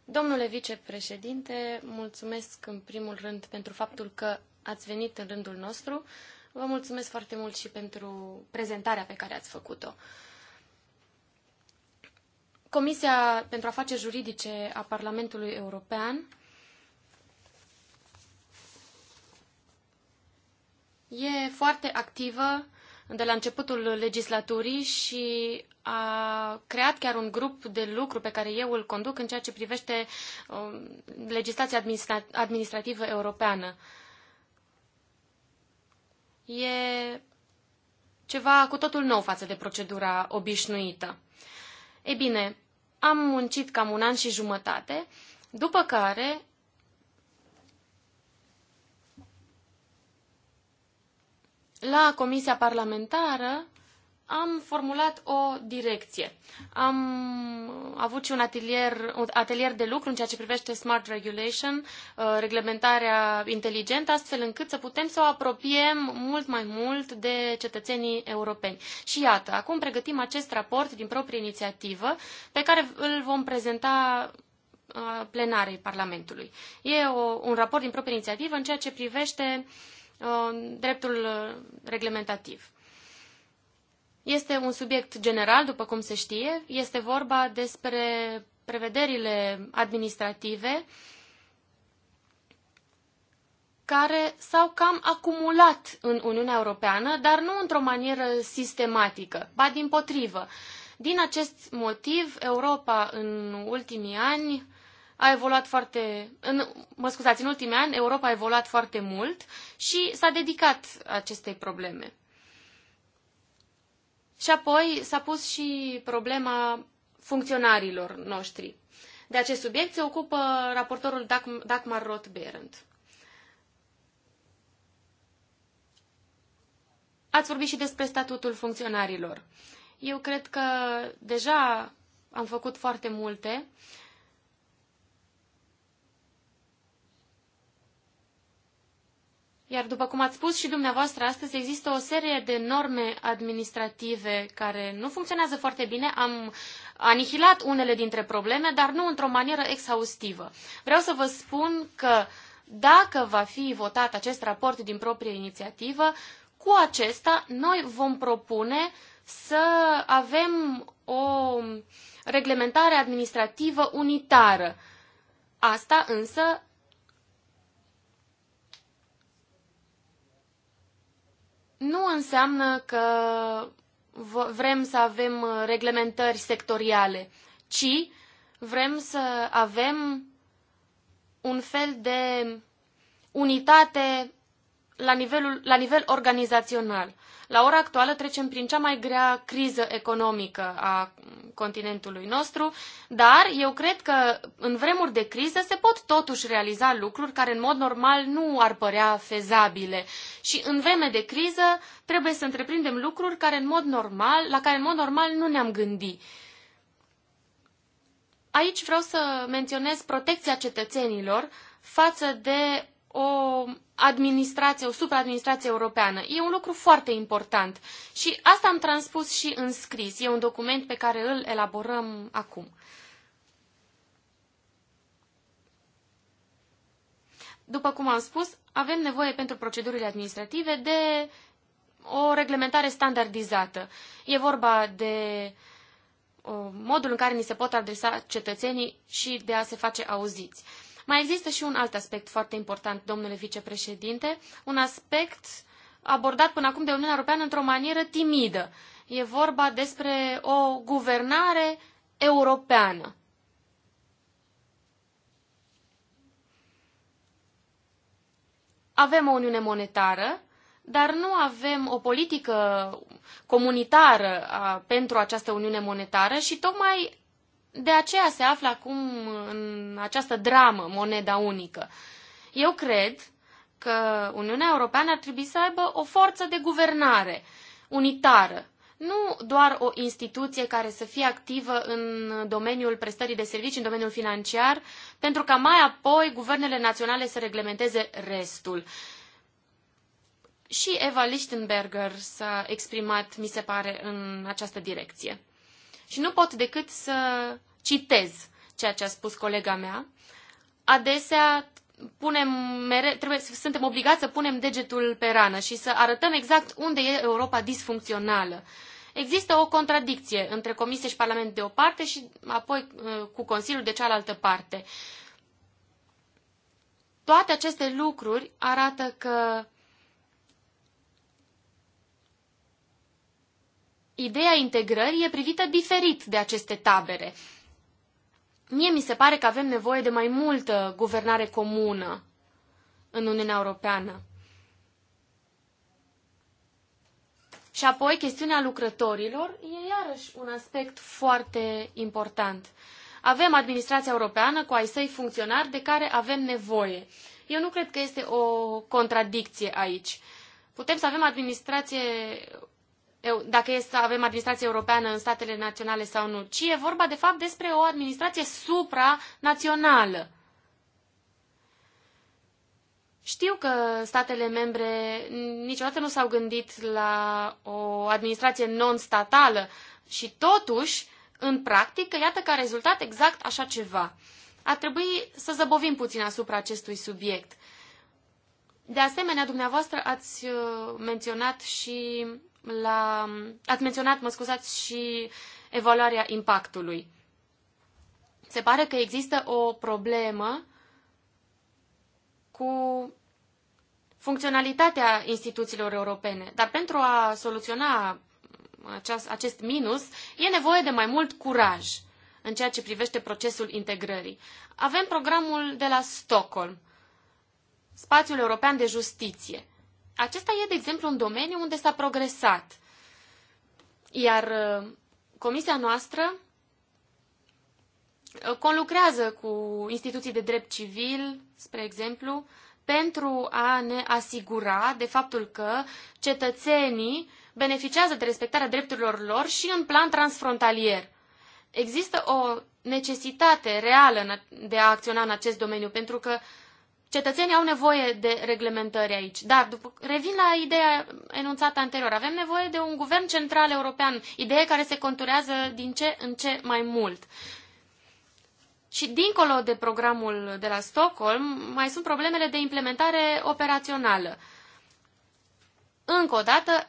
Speaker 3: Domnule vicepreședinte, mulțumesc în primul rând pentru faptul că ați venit în rândul nostru. Vă mulțumesc foarte mult și pentru prezentarea pe care ați făcut-o. Comisia pentru Afaceri Juridice a Parlamentului European e foarte activă de la începutul legislaturii și a creat chiar un grup de lucru pe care eu îl conduc în ceea ce privește um, legislația administrativă europeană. E ceva cu totul nou față de procedura obișnuită. Ei bine, am muncit cam un an și jumătate, după care la Comisia Parlamentară am formulat o direcție. Am avut și un atelier, un atelier de lucru în ceea ce privește smart regulation, uh, reglementarea inteligentă, astfel încât să putem să o apropiem mult mai mult de cetățenii europeni. Și iată, acum pregătim acest raport din proprie inițiativă, pe care îl vom prezenta uh, plenarei Parlamentului. E o, un raport din proprie inițiativă în ceea ce privește uh, Um, dreptul uh, reglementativ. Este un subiect general, după cum se știe, este vorba despre prevederile administrative care s-au cam acumulat în Uniunea Europeană, dar nu într-o manieră sistematică, ba din potrivă. Din acest motiv, Europa în ultimii ani a evoluat foarte, în, mă scuzați, în ultimii ani Europa a evoluat foarte mult și s-a dedicat acestei probleme. Și apoi s-a pus și problema funcționarilor noștri. De acest subiect se ocupă raportorul Dagmar Roth-Berendt. Ați vorbit și despre statutul funcționarilor. Eu cred că deja am făcut foarte multe Iar după cum ați spus și dumneavoastră astăzi, există o serie de norme administrative care nu funcționează foarte bine. Am anihilat unele dintre probleme, dar nu într-o manieră exhaustivă. Vreau să vă spun că dacă va fi votat acest raport din proprie inițiativă, cu acesta noi vom propune să avem o reglementare administrativă unitară. Asta însă nu înseamnă că vrem să avem uh, reglementări sectoriale, ci vrem să avem un fel de unitate la, nivelul, la nivel organizațional. La ora actuală trecem prin cea mai grea criză economică a continentului nostru, dar eu cred că în vremuri de criză se pot totuși realiza lucruri care în mod normal nu ar părea fezabile. Și în vreme de criză trebuie să întreprindem lucruri care în mod normal, la care în mod normal nu ne-am gândit. Aici vreau să menționez protecția cetățenilor față de o administrație, o supraadministrație europeană. E un lucru foarte important și asta am transpus și în scris. E un document pe care îl elaborăm acum. După cum am spus, avem nevoie pentru procedurile administrative de o reglementare standardizată. E vorba de uh, modul în care ni se pot adresa cetățenii și de a se face auziți. Mai există și un alt aspect foarte important, domnule vicepreședinte, un aspect abordat până acum de Uniunea Europeană într-o manieră timidă. E vorba despre o guvernare europeană. Avem o Uniune monetară, dar nu avem o politică comunitară a, pentru această Uniune monetară și tocmai de aceea se află acum în această dramă moneda unică. Eu cred că Uniunea Europeană ar trebui să aibă o forță de guvernare unitară, nu doar o instituție care să fie activă în domeniul prestării de servicii, în domeniul financiar, pentru ca mai apoi guvernele naționale să reglementeze restul. Și Eva Lichtenberger s-a exprimat, mi se pare, în această direcție. Și nu pot decât să citez ceea ce a spus colega mea. Adesea punem mere- trebuie, suntem obligați să punem degetul pe rană și să arătăm exact unde e Europa disfuncțională. Există o contradicție între Comisie și Parlament de o parte și apoi uh, cu Consiliul de cealaltă parte. Toate aceste lucruri arată că ideea integrării e privită diferit de aceste tabere. Mie mi se pare că avem nevoie de mai multă guvernare comună în Uniunea Europeană. Și apoi, chestiunea lucrătorilor e iarăși un aspect foarte important. Avem administrația europeană cu ai săi funcționari de care avem nevoie. Eu nu cred că este o contradicție aici. Putem să avem administrație dacă e să avem administrație europeană în statele naționale sau nu, ci e vorba de fapt despre o administrație supranațională. Știu că statele membre niciodată nu s-au gândit la o administrație non-statală și totuși, în practică, iată a rezultat exact așa ceva. Ar trebui să zăbovim puțin asupra acestui subiect. De asemenea, dumneavoastră ați uh, menționat și la, ați menționat, mă scuzați, și evaluarea impactului. Se pare că există o problemă cu funcționalitatea instituțiilor europene. Dar pentru a soluționa aceast, acest minus, e nevoie de mai mult curaj în ceea ce privește procesul integrării. Avem programul de la Stockholm, Spațiul European de Justiție. Acesta e, de exemplu, un domeniu unde s-a progresat. Iar uh, comisia noastră uh, conlucrează cu instituții de drept civil, spre exemplu, pentru a ne asigura de faptul că cetățenii beneficiază de respectarea drepturilor lor și în plan transfrontalier. Există o necesitate reală de a acționa în acest domeniu, pentru că uh, Cetățenii au nevoie de reglementări aici. Dar după, revin la ideea enunțată anterior. Avem nevoie de un guvern central european, idee care se conturează din ce în ce mai mult. Și dincolo de programul de la Stockholm, mai sunt problemele de implementare operațională. Încă o dată,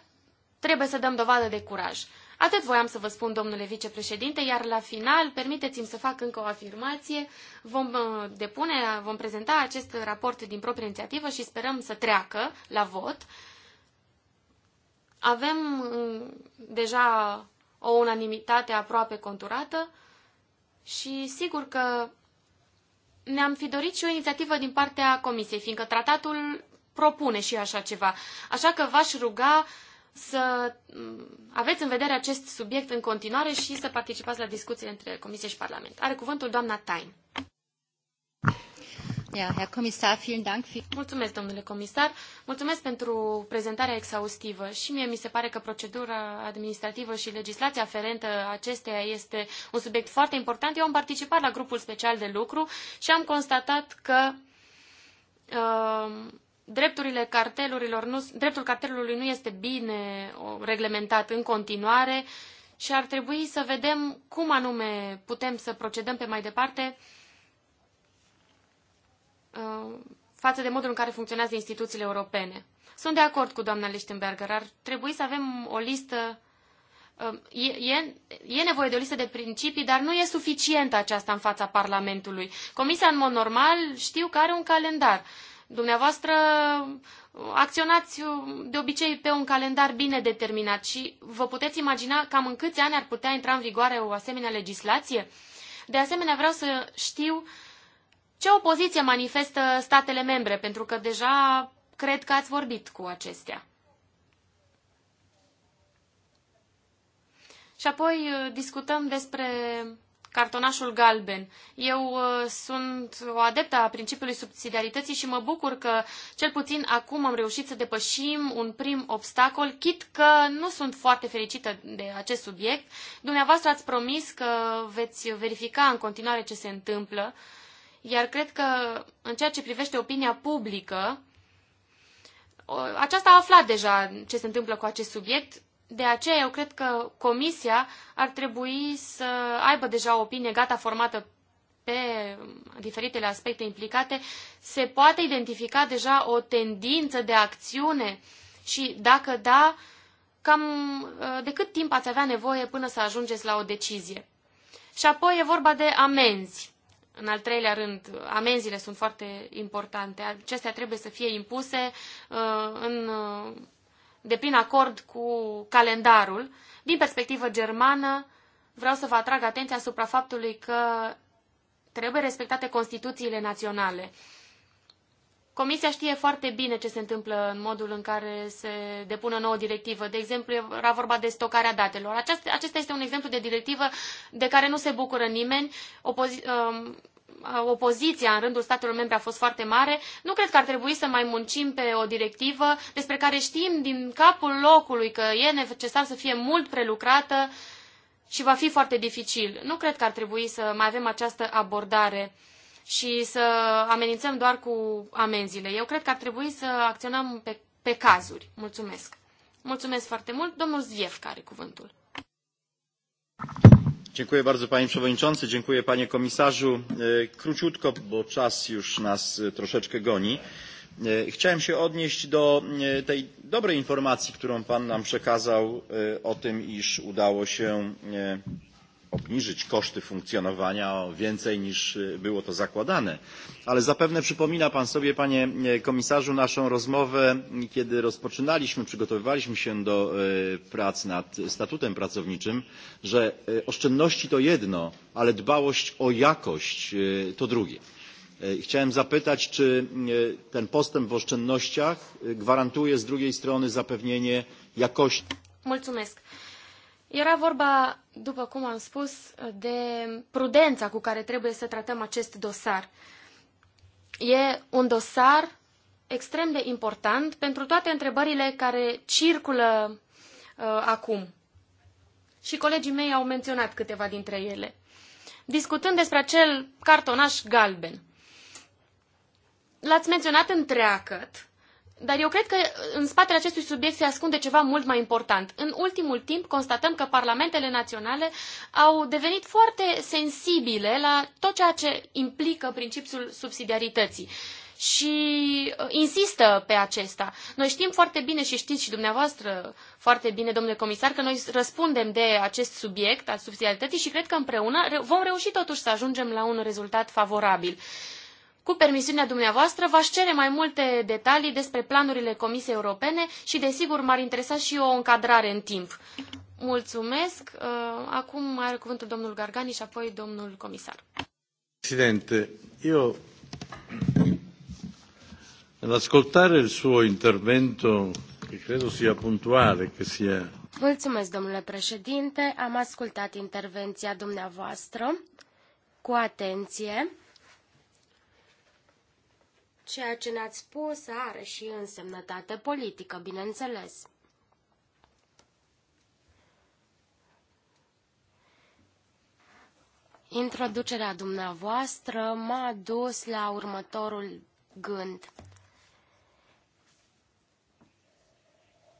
Speaker 3: trebuie să dăm dovadă de curaj. Atât voiam să vă spun, domnule vicepreședinte, iar la final, permiteți-mi să fac încă o afirmație, vom uh, depune, vom prezenta acest raport din proprie inițiativă și sperăm să treacă la vot. Avem uh, deja o unanimitate aproape conturată și sigur că ne-am fi dorit și o inițiativă din partea Comisiei, fiindcă tratatul propune și așa ceva. Așa că v-aș ruga să mm, aveți în vedere acest subiect în continuare și să participați la discuțiile între Comisie și Parlament. Are cuvântul doamna Tain. Ja, Herr Kommissar, vielen Dank. Mulțumesc, domnule comisar. Mulțumesc pentru prezentarea exhaustivă și mie mi se pare că procedura administrativă și legislația aferentă acesteia este un subiect foarte important. Eu am participat la grupul special de lucru și am constatat că uh, drepturile cartelurilor nu, dreptul cartelului nu este bine reglementat în continuare și ar trebui să vedem cum anume putem să procedăm pe mai departe uh, față de modul în care funcționează instituțiile europene. Sunt de acord cu doamna Lichtenberger. Ar trebui să avem o listă uh, E, e, e nevoie de o listă de principii, dar nu e suficientă aceasta în fața Parlamentului. Comisia, în mod normal, știu că are un calendar. Uh, Dumneavoastră uh, acționați uh, de obicei pe un calendar bine determinat și vă puteți imagina cam în câți ani ar putea intra în vigoare o asemenea legislație? De asemenea, vreau să știu ce opoziție manifestă statele membre, pentru că deja cred că ați vorbit cu acestea. Și apoi uh, discutăm despre cartonașul galben. Eu uh, sunt o adeptă a principiului subsidiarității și mă bucur că cel puțin acum am reușit să depășim un prim obstacol, chit că nu sunt foarte fericită de acest subiect. Dumneavoastră ați promis că veți verifica în continuare ce se întâmplă, iar cred că în ceea ce privește opinia publică, aceasta a aflat deja ce se întâmplă cu acest subiect de aceea eu cred că comisia ar trebui să aibă deja o opinie gata formată pe diferitele aspecte implicate, se poate identifica deja o tendință de acțiune și dacă da, cam uh, de cât timp ați avea nevoie până să ajungeți la o decizie. Și apoi e vorba de amenzi. În al treilea rând, amenziile sunt foarte importante. Acestea trebuie să fie impuse uh, în uh, de plin acord cu calendarul. Din perspectivă germană, vreau să vă atrag atenția asupra faptului că trebuie respectate Constituțiile naționale. Comisia știe foarte bine ce se întâmplă în modul în care se depune o nouă directivă. De exemplu, era vorba de stocarea datelor. Aceasta, acesta este un exemplu de directivă de care nu se bucură nimeni. Opozi- um, opoziția în rândul statelor membre a fost foarte mare, nu cred că ar trebui să mai muncim pe o directivă despre care știm din capul locului că e necesar să fie mult prelucrată și va fi foarte dificil. Nu cred că ar trebui să mai avem această abordare și să amenințăm doar cu amenziile. Eu cred că ar trebui să acționăm pe, pe cazuri. Mulțumesc. Mulțumesc foarte mult. Domnul Zviev care
Speaker 1: cuvântul. Dziękuję bardzo panie przewodniczący, dziękuję panie komisarzu. Króciutko, bo czas już nas troszeczkę goni. Chciałem się odnieść do tej dobrej informacji, którą pan nam przekazał o tym, iż udało się obniżyć koszty funkcjonowania o więcej niż było to zakładane. Ale zapewne przypomina Pan sobie, Panie Komisarzu, naszą rozmowę, kiedy rozpoczynaliśmy, przygotowywaliśmy się do prac nad statutem pracowniczym, że oszczędności to jedno, ale dbałość o jakość to drugie. Chciałem zapytać, czy ten postęp w oszczędnościach gwarantuje z drugiej strony zapewnienie jakości.
Speaker 3: Mulțumesc. Era vorba, după cum am spus, de prudența cu care trebuie să tratăm acest dosar. E un dosar extrem de important pentru toate întrebările care circulă uh, acum. Și colegii mei au menționat câteva dintre ele. Discutând despre acel cartonaș galben. L-ați menționat întreagăt dar eu cred că în spatele acestui subiect se ascunde ceva mult mai important. În ultimul timp constatăm că parlamentele naționale au devenit foarte sensibile la tot ceea ce implică principiul subsidiarității și uh, insistă pe acesta. Noi știm foarte bine și știți și dumneavoastră foarte bine, domnule comisar, că noi răspundem de acest subiect al subsidiarității și cred că împreună vom reuși totuși să ajungem la un rezultat favorabil. Uh, cu permisiunea dumneavoastră, v-aș cere mai multe detalii despre planurile Comisiei Europene și, desigur, m-ar interesa și o încadrare în timp. Mulțumesc. Uh, acum are cuvântul domnul Gargani și apoi domnul comisar.
Speaker 1: Presidente, eu, ascultare el suo intervento, che credo sia puntuale, che sia...
Speaker 2: Mulțumesc, domnule președinte. Am ascultat intervenția dumneavoastră cu atenție. Ceea ce ne-ați spus are și însemnătate politică, bineînțeles. Introducerea dumneavoastră m-a dus la următorul gând.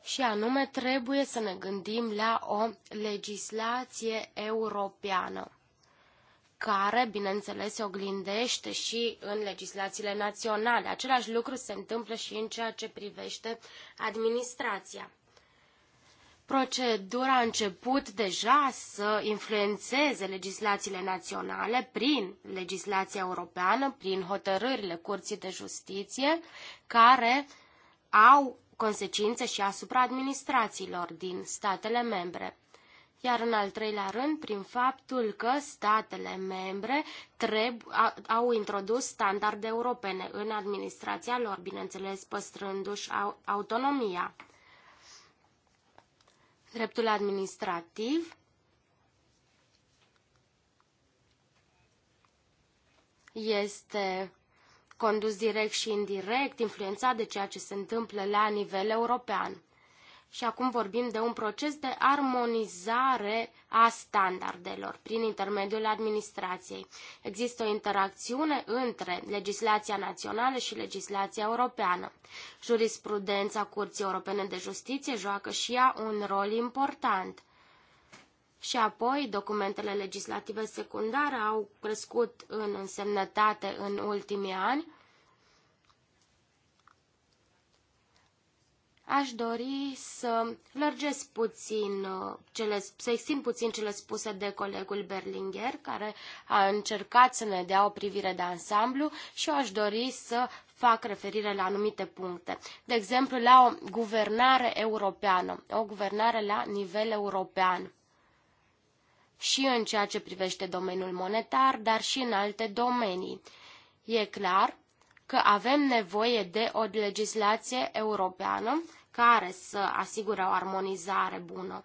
Speaker 2: Și anume trebuie să ne gândim la o legislație europeană care, bineînțeles, se oglindește și în legislațiile naționale. Același lucru se întâmplă și în ceea ce privește administrația. Procedura a început deja să influențeze legislațiile naționale prin legislația europeană, prin hotărârile Curții de Justiție, care au consecințe și asupra administrațiilor din statele membre iar în al treilea rând prin faptul că statele membre au introdus standarde europene în administrația lor, bineînțeles păstrându-și autonomia. Dreptul administrativ este condus direct și indirect, influențat de ceea ce se întâmplă la nivel european și acum vorbim de un proces de armonizare a standardelor prin intermediul administrației. Există o interacțiune între legislația națională și legislația europeană. Jurisprudența Curții Europene de Justiție joacă și ea un rol important. Și apoi, documentele legislative secundare au crescut în însemnătate în ultimii ani, aș dori să lărgesc puțin, uh, cele, să extind puțin cele spuse de colegul Berlinger, care a încercat să ne dea o privire de ansamblu și eu aș dori să fac referire la anumite puncte. De exemplu, la o guvernare europeană, o guvernare la nivel european și în ceea ce privește domeniul monetar, dar și în alte domenii. E clar că avem nevoie de o legislație europeană care să asigure o armonizare bună.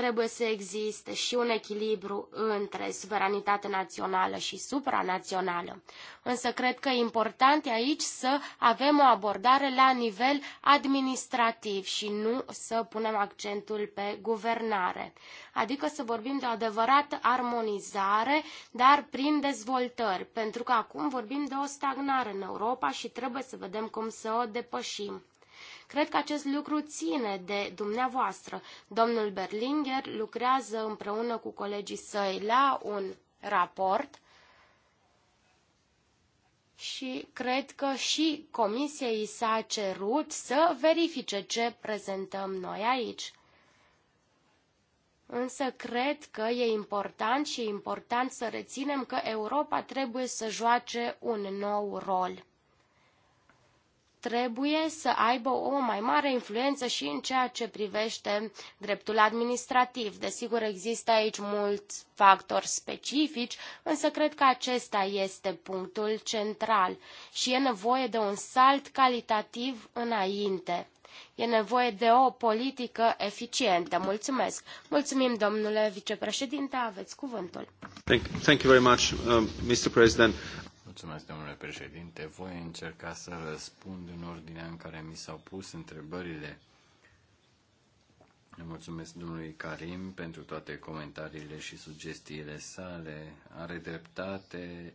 Speaker 2: trebuie să existe și un echilibru între suveranitate națională și supranațională. Însă cred că e important aici să avem o abordare la nivel administrativ și nu să punem accentul pe guvernare. Adică să vorbim de o adevărată armonizare, dar prin dezvoltări, pentru că acum vorbim de o stagnare în Europa și trebuie să vedem cum să o depășim. Cred că acest lucru ține de dumneavoastră. Domnul Berlinger lucrează împreună cu colegii săi la un raport și cred că și i s-a cerut să verifice ce prezentăm noi aici. Însă cred că e important și e important să reținem că Europa trebuie să joace un nou rol trebuie să aibă o mai mare influență și în ceea ce privește dreptul administrativ. Desigur, există aici mulți factori specifici, însă cred că acesta este punctul central și e nevoie de un salt calitativ înainte. E nevoie de o politică eficientă. Mulțumesc. Mulțumim, domnule vicepreședinte. Aveți cuvântul.
Speaker 1: Thank, you very much, uh, Mr. President. Mulțumesc, domnule președinte. Voi încerca să răspund în ordinea în care mi s-au pus întrebările. Mulțumesc domnului Karim pentru toate comentariile și sugestiile sale. Are dreptate.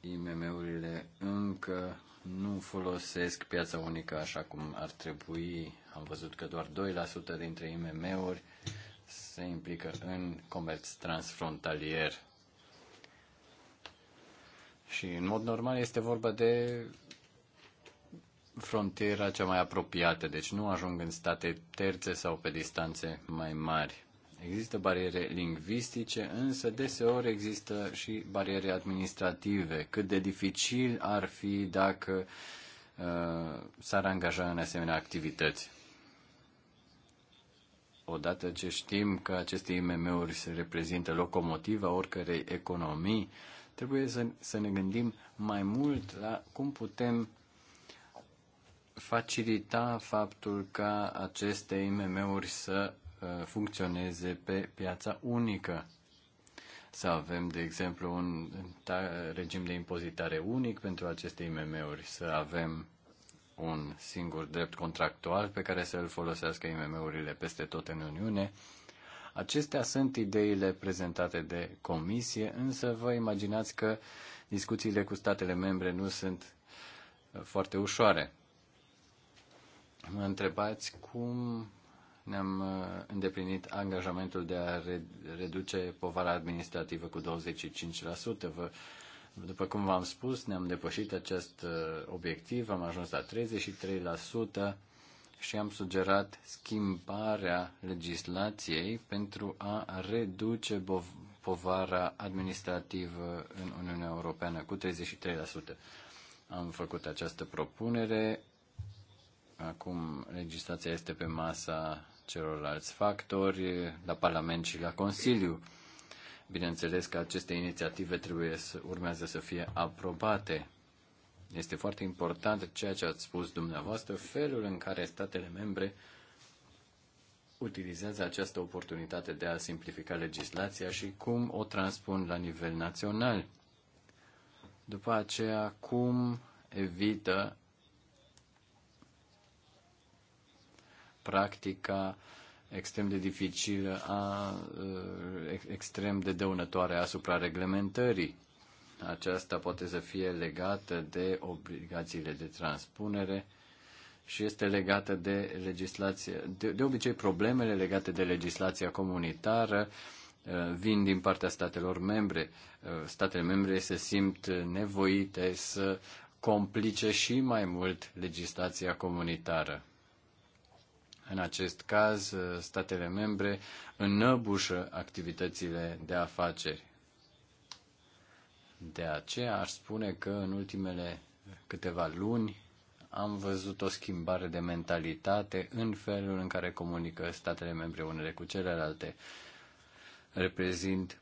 Speaker 1: IMM-urile încă nu folosesc piața unică așa cum ar trebui. Am văzut că doar 2% dintre IMM-uri se implică în comerț transfrontalier și în mod normal este vorba de frontiera cea mai apropiată, deci nu ajung în state terțe sau pe distanțe mai mari. Există bariere lingvistice, însă deseori există și bariere administrative. Cât de dificil ar fi dacă uh, s-ar angaja în asemenea activități. Odată ce știm că aceste IMM-uri se reprezintă locomotiva oricărei economii, uh, Trebuie să, să ne gândim mai mult la cum putem facilita faptul ca aceste IMM-uri să uh, funcționeze pe piața unică. Să avem, de exemplu, un regim de impozitare unic pentru aceste IMM-uri, să avem un singur drept contractual pe care să îl folosească IMM-urile peste tot în Uniune, Acestea sunt ideile prezentate de comisie, însă vă imaginați că discuțiile cu statele membre nu sunt uh, foarte ușoare. Mă întrebați cum ne-am uh, îndeplinit angajamentul de a reduce povara administrativă cu 25%. Vă, după cum v-am spus, ne-am depășit acest uh, obiectiv, am ajuns la 33% și am sugerat schimbarea legislației pentru a reduce povara administrativă în Uniunea Europeană cu 33%. Am făcut această propunere. Acum legislația este pe masa celorlalți factori, la Parlament și la Consiliu. Bineînțeles că aceste inițiative trebuie să urmează să fie aprobate este foarte important ceea ce ați spus dumneavoastră, felul în care statele membre utilizează această oportunitate de a simplifica legislația și cum o transpun la nivel național. După aceea, cum evită practica extrem de dificilă, a, uh, extrem de dăunătoare asupra reglementării. Aceasta poate să fie legată de obligațiile de transpunere și este legată de legislație. De, de obicei, problemele legate de legislația comunitară uh, vin din partea statelor membre. Uh, statele membre se simt nevoite să complice și mai mult legislația comunitară. În acest caz, uh, statele membre înăbușă activitățile de afaceri. De aceea aș spune că în ultimele câteva luni am văzut o schimbare de mentalitate în felul în care comunică statele membre unele cu celelalte. Reprezint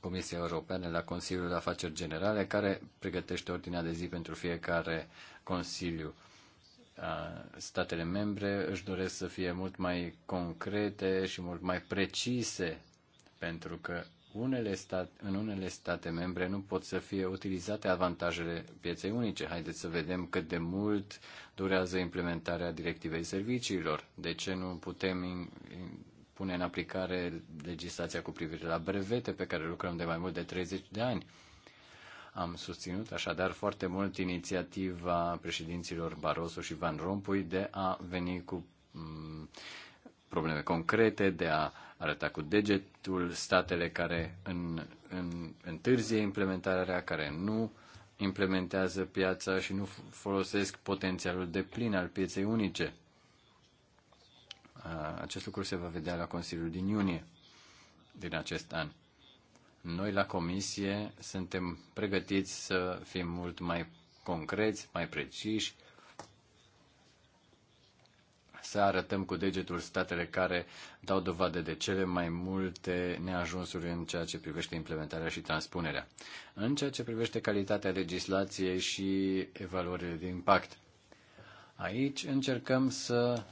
Speaker 1: Comisia Europeană la Consiliul de Afaceri Generale, care pregătește ordinea de zi pentru fiecare Consiliu. Statele membre își doresc să fie mult mai concrete și mult mai precise, pentru că unele stat, în unele state membre nu pot să fie utilizate avantajele pieței unice. Haideți să vedem cât de mult durează implementarea directivei serviciilor. De ce nu putem pune în aplicare legislația cu privire la brevete pe care lucrăm de mai mult de 30 de ani? Am susținut așadar foarte mult inițiativa președinților Barroso și Van Rompuy de a veni cu mm, probleme concrete, de a arăta cu degetul statele care în, în, întârzie implementarea, care nu implementează piața și nu folosesc potențialul de plin al pieței unice. Acest lucru se va vedea la Consiliul din iunie din acest an. Noi la Comisie suntem pregătiți să fim mult mai concreți, mai preciși, să arătăm cu degetul statele care dau dovadă de cele mai multe neajunsuri în ceea ce privește implementarea și transpunerea, în ceea ce privește calitatea legislației și evaluările de impact. Aici încercăm să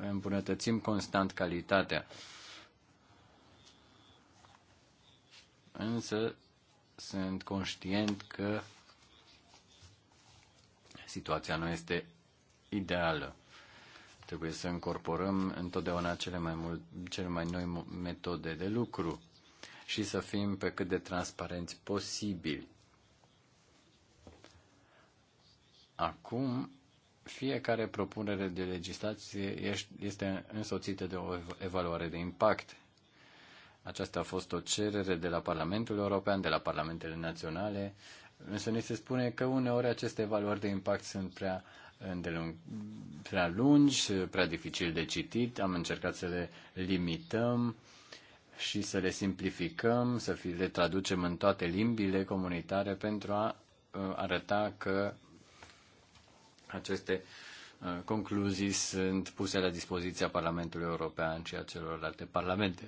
Speaker 1: îmbunătățim constant calitatea. Însă sunt conștient că situația nu este ideală. Trebuie să incorporăm întotdeauna cele mai, mult, cele mai noi metode de lucru și să fim pe cât de transparenți posibil. Acum, fiecare propunere de legislație este însoțită de o evaluare de impact. Aceasta a fost o cerere de la Parlamentul European, de la Parlamentele Naționale, însă ni se spune că uneori aceste evaluări de impact sunt prea îndelung, prea lungi, prea dificil de citit. Am încercat să le limităm și să le simplificăm, să fi, le traducem în toate limbile comunitare pentru a uh, arăta că aceste uh, concluzii sunt puse la dispoziția Parlamentului European și a celorlalte parlamente.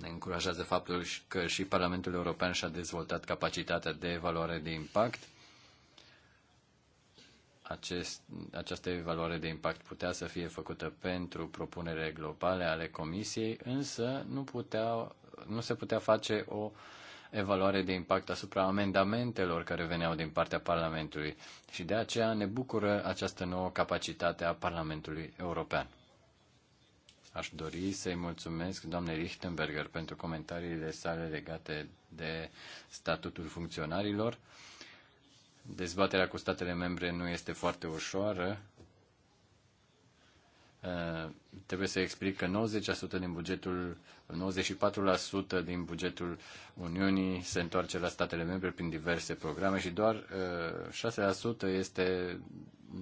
Speaker 1: Ne încurajează faptul că și Parlamentul European și-a dezvoltat capacitatea de evaluare de impact. Acest, această evaluare de impact putea să fie făcută pentru propunere globale ale Comisiei, însă nu, putea, nu se putea face o evaluare de impact asupra amendamentelor care veneau din partea Parlamentului și de aceea ne bucură această nouă capacitate a Parlamentului European. Aș dori să-i mulțumesc doamnei Richtenberger pentru comentariile sale legate de statutul funcționarilor. Dezbaterea cu statele membre nu este foarte ușoară Uh, trebuie să explic că 90% din bugetul, 94% din bugetul Uniunii se întoarce la statele membre prin diverse programe și doar 6% uh, este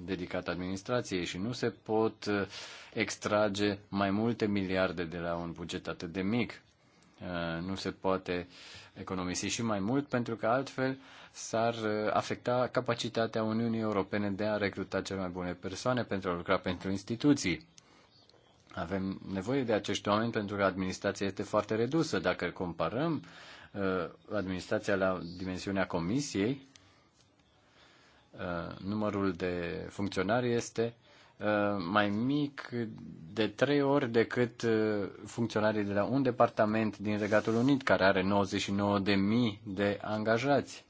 Speaker 1: dedicat administrației și nu se pot uh, extrage mai multe miliarde de la un buget atât de mic. Uh, nu se poate economisi și mai mult, pentru că altfel s-ar uh, afecta capacitatea Uniunii Europene de a recruta cele mai bune persoane pentru a lucra pentru instituții. Avem nevoie de acești oameni pentru că administrația este foarte redusă. Dacă comparăm uh, administrația la dimensiunea comisiei, numărul de funcționari este Uh, mai mic de trei ori decât uh, funcționarii de la un departament din Regatul Unit, care are 99.000 de angajați.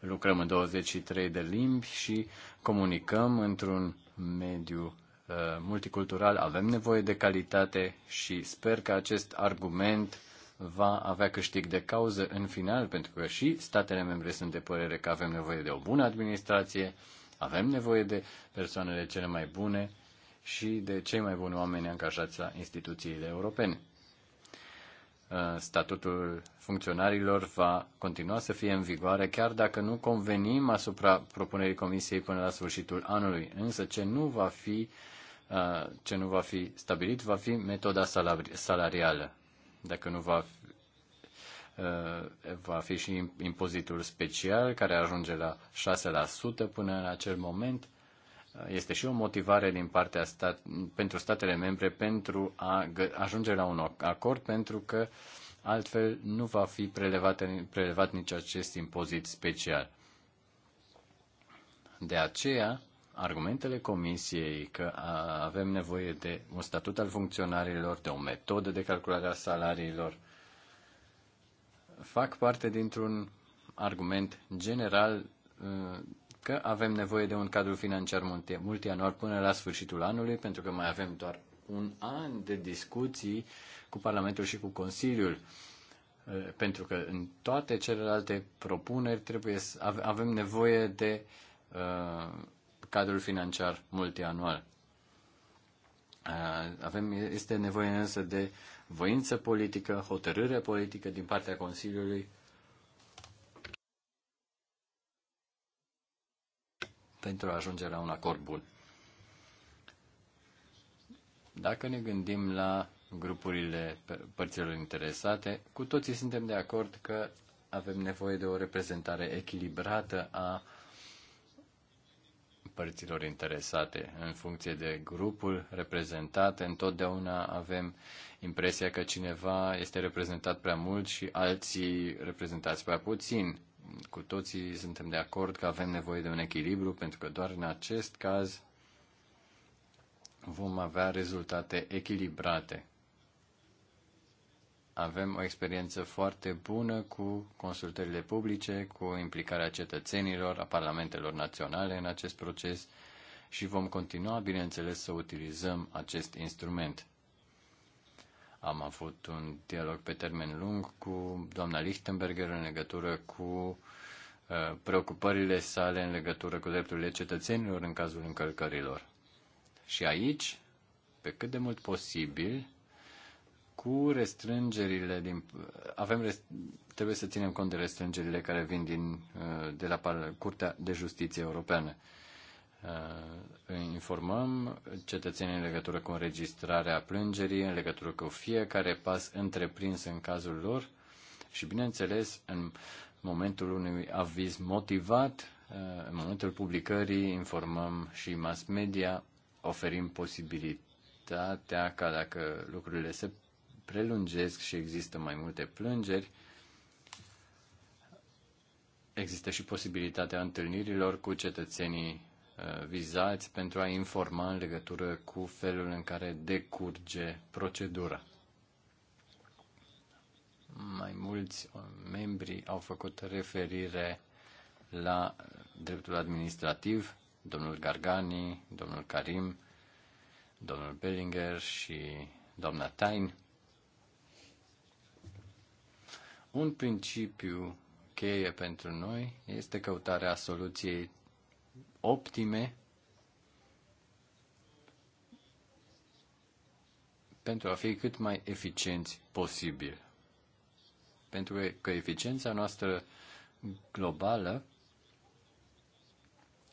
Speaker 1: Lucrăm în 23 de limbi și comunicăm într-un mediu uh, multicultural. Avem nevoie de calitate și sper că acest argument va avea câștig de cauză în final, pentru că și statele membre sunt de părere că avem nevoie de o bună administrație, avem nevoie de persoanele cele mai bune și de cei mai buni oameni angajați la instituțiile europene. Uh, statutul funcționarilor va continua să fie în vigoare chiar dacă nu convenim asupra propunerii Comisiei până la sfârșitul anului. Însă ce nu va fi, uh, ce nu va fi stabilit va fi metoda salarială. Dacă nu va Eh, va fi și impozitul special care ajunge la 6% până în acel moment. Eh, este și o motivare din partea stat, pentru statele membre pentru a ajunge la un acord pentru că altfel nu va fi prelevat, prelevat nici acest impozit special. De aceea, argumentele comisiei că avem nevoie de un statut al funcționarilor, de o metodă de calculare a salariilor, fac parte dintr-un argument general uh, că avem nevoie de un cadru financiar multianual până la sfârșitul anului, pentru că mai avem doar un an de discuții cu Parlamentul și cu Consiliul, uh, pentru că în toate celelalte propuneri trebuie să avem nevoie de uh, cadrul financiar multianual. Avem, este nevoie însă de voință politică, hotărâre politică din partea Consiliului pentru a ajunge la un acord bun. Dacă ne gândim la grupurile părților interesate, cu toții suntem de acord că avem nevoie de o reprezentare echilibrată a părților interesate. În funcție de grupul reprezentat, întotdeauna avem impresia că cineva este reprezentat prea mult și alții reprezentați prea puțin. Cu toții suntem de acord că avem nevoie de un echilibru, pentru că doar în acest caz vom avea rezultate echilibrate avem o experiență foarte bună cu consultările publice, cu implicarea cetățenilor, a parlamentelor naționale în acest proces și vom continua, bineînțeles, să utilizăm acest instrument. Am avut un dialog pe termen lung cu doamna Lichtenberger în legătură cu uh, preocupările sale în legătură cu drepturile cetățenilor în cazul încălcărilor. Și aici, pe cât de mult posibil, cu restrângerile din avem trebuie să ținem cont de restrângerile care vin din uh, de la Curtea de Justiție Europeană. Uh, informăm cetățenii în legătură cu înregistrarea plângerii, în legătură cu fiecare pas întreprins în cazul lor și, bineînțeles, în momentul unui aviz motivat, uh, în momentul publicării, informăm și mass media, oferim posibilități posibilitatea ca dacă lucrurile se prelungesc și există mai multe plângeri, există și posibilitatea întâlnirilor cu cetățenii uh, vizați pentru a informa în legătură cu felul în care decurge procedura. Mai mulți uh, membri au făcut referire la dreptul administrativ, domnul Gargani, domnul Karim, domnul Bellinger și doamna Tain. Un principiu cheie pentru noi este căutarea soluției optime pentru a fi cât mai eficienți posibil. Pentru că eficiența noastră globală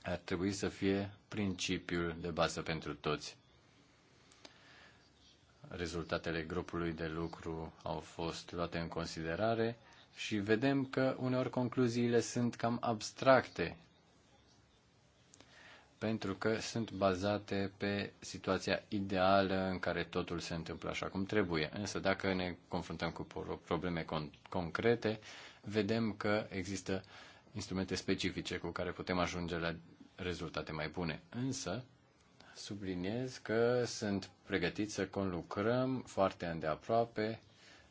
Speaker 1: ar trebui să fie principiul de bază pentru toți rezultatele grupului de lucru au fost luate în considerare și vedem că uneori concluziile sunt cam abstracte pentru că sunt bazate pe situația ideală în care totul se întâmplă așa cum trebuie. Însă dacă ne confruntăm cu probleme con- concrete, vedem că există instrumente specifice cu care putem ajunge la rezultate mai bune. Însă, subliniez că sunt pregătit să conlucrăm foarte îndeaproape,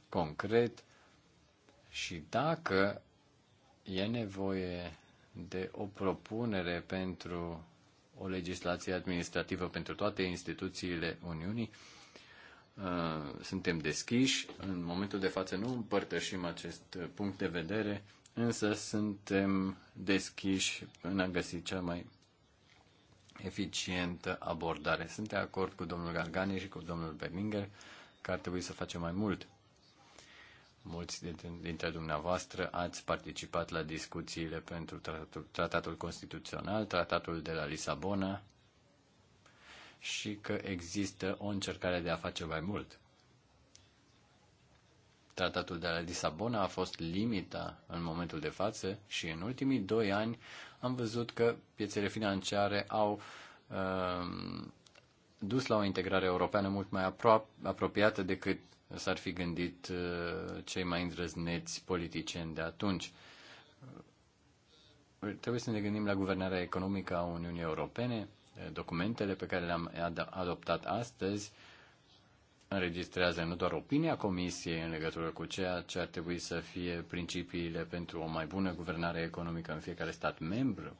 Speaker 1: concret și dacă e nevoie de o propunere pentru o legislație administrativă pentru toate instituțiile Uniunii, uh, suntem deschiși. În momentul de față nu împărtășim acest punct de vedere, însă suntem deschiși în a găsi cea mai eficientă abordare. Sunt de acord cu domnul Gargani și cu domnul Berninger că ar trebui să facem mai mult. Mulți dintre dumneavoastră ați participat la discuțiile pentru tratatul, tratatul constituțional, tratatul de la Lisabona și că există o încercare de a face mai mult. Tratatul de la Lisabona a fost limita în momentul de față și în ultimii doi ani am văzut că piețele financiare au uh, dus la o integrare europeană mult mai apro- apropiată decât s-ar fi gândit uh, cei mai îndrăzneți politicieni de atunci. Trebuie să ne gândim la guvernarea economică a Uniunii Europene. Documentele pe care le-am adoptat astăzi uh, înregistrează nu doar opinia Comisiei în legătură cu ceea ce ar trebui să fie principiile pentru o mai bună guvernare economică în fiecare stat membru,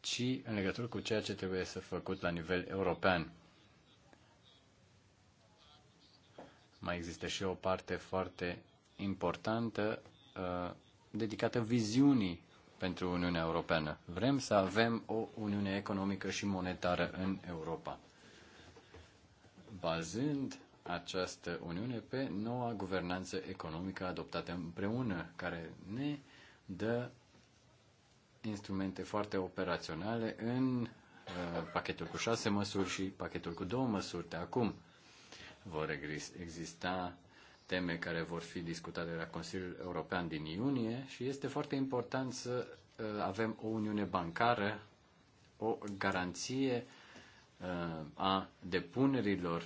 Speaker 1: ci în legătură cu ceea ce trebuie să făcut la nivel european. Mai există și o parte foarte importantă uh, dedicată viziunii pentru Uniunea Europeană. Vrem să avem o Uniune economică și monetară în Europa bazând această Uniune pe noua guvernanță economică adoptată împreună, care ne dă instrumente foarte operaționale în uh, pachetul cu șase măsuri și pachetul cu două măsuri de acum. Vor exista teme care vor fi discutate la Consiliul European din iunie și este foarte important să uh, avem o uniune bancară, o garanție uh, Uh, a depunerilor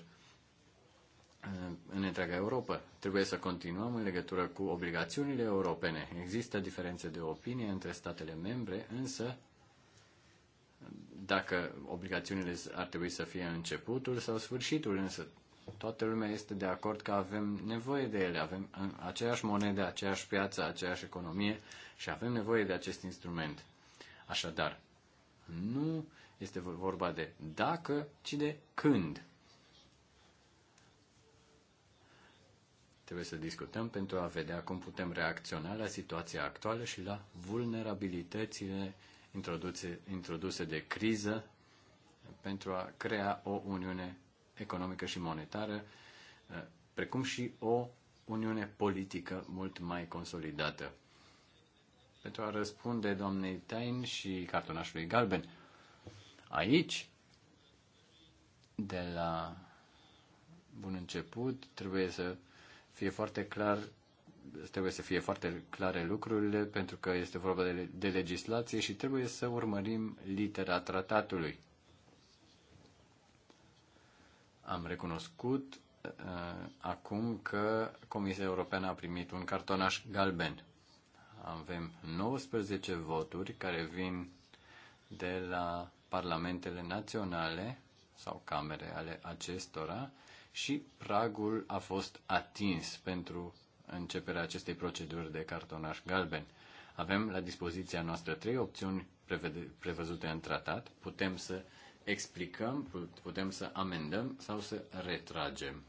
Speaker 1: uh, în întreaga Europa. Trebuie să continuăm în legătură cu obligațiunile europene. Există diferențe de opinie între statele membre, însă dacă obligațiunile ar trebui să fie începutul sau sfârșitul, însă toată lumea este de acord că avem nevoie de ele, avem aceeași monedă, aceeași piață, aceeași economie și avem nevoie de acest instrument. Așadar, nu este vorba de dacă, ci de când. Trebuie să discutăm pentru a vedea cum putem reacționa la situația actuală și la vulnerabilitățile introduse, introduse de criză pentru a crea o uniune economică și monetară, eh, precum și o uniune politică mult mai consolidată. Pentru a răspunde doamnei Tain și cartonașului Galben, Aici, de la bun început, trebuie să fie foarte clar trebuie să fie foarte clare lucrurile pentru că este vorba de, de legislație și trebuie să urmărim litera tratatului. Am recunoscut uh, acum că Comisia Europeană a primit un cartonaș galben. Avem 19 voturi care vin de la parlamentele naționale sau camere ale acestora și pragul a fost atins pentru începerea acestei proceduri de cartonaș galben. Avem la dispoziția noastră trei opțiuni prevăzute în tratat. Putem să explicăm, putem să amendăm sau să retragem.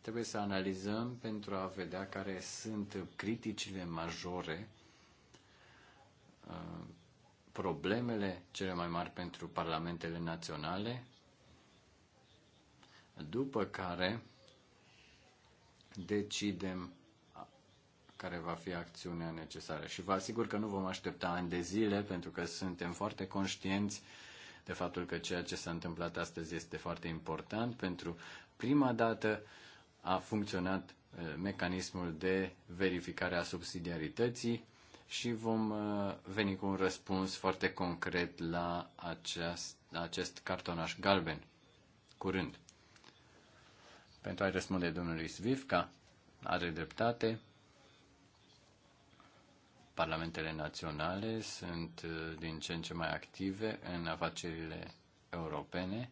Speaker 1: Trebuie să analizăm pentru a vedea care sunt criticile majore uh, problemele cele mai mari pentru parlamentele naționale, după care decidem care va fi acțiunea necesară. Și vă asigur că nu vom aștepta ani de zile, pentru că suntem foarte conștienți de faptul că ceea ce s-a întâmplat astăzi este foarte important. Pentru prima dată a funcționat mecanismul de verificare a subsidiarității și vom uh, veni cu un răspuns foarte concret la acest, acest cartonaș galben curând. Pentru a-i răspunde domnului Svivka, are dreptate. Parlamentele naționale sunt uh, din ce în ce mai active în afacerile europene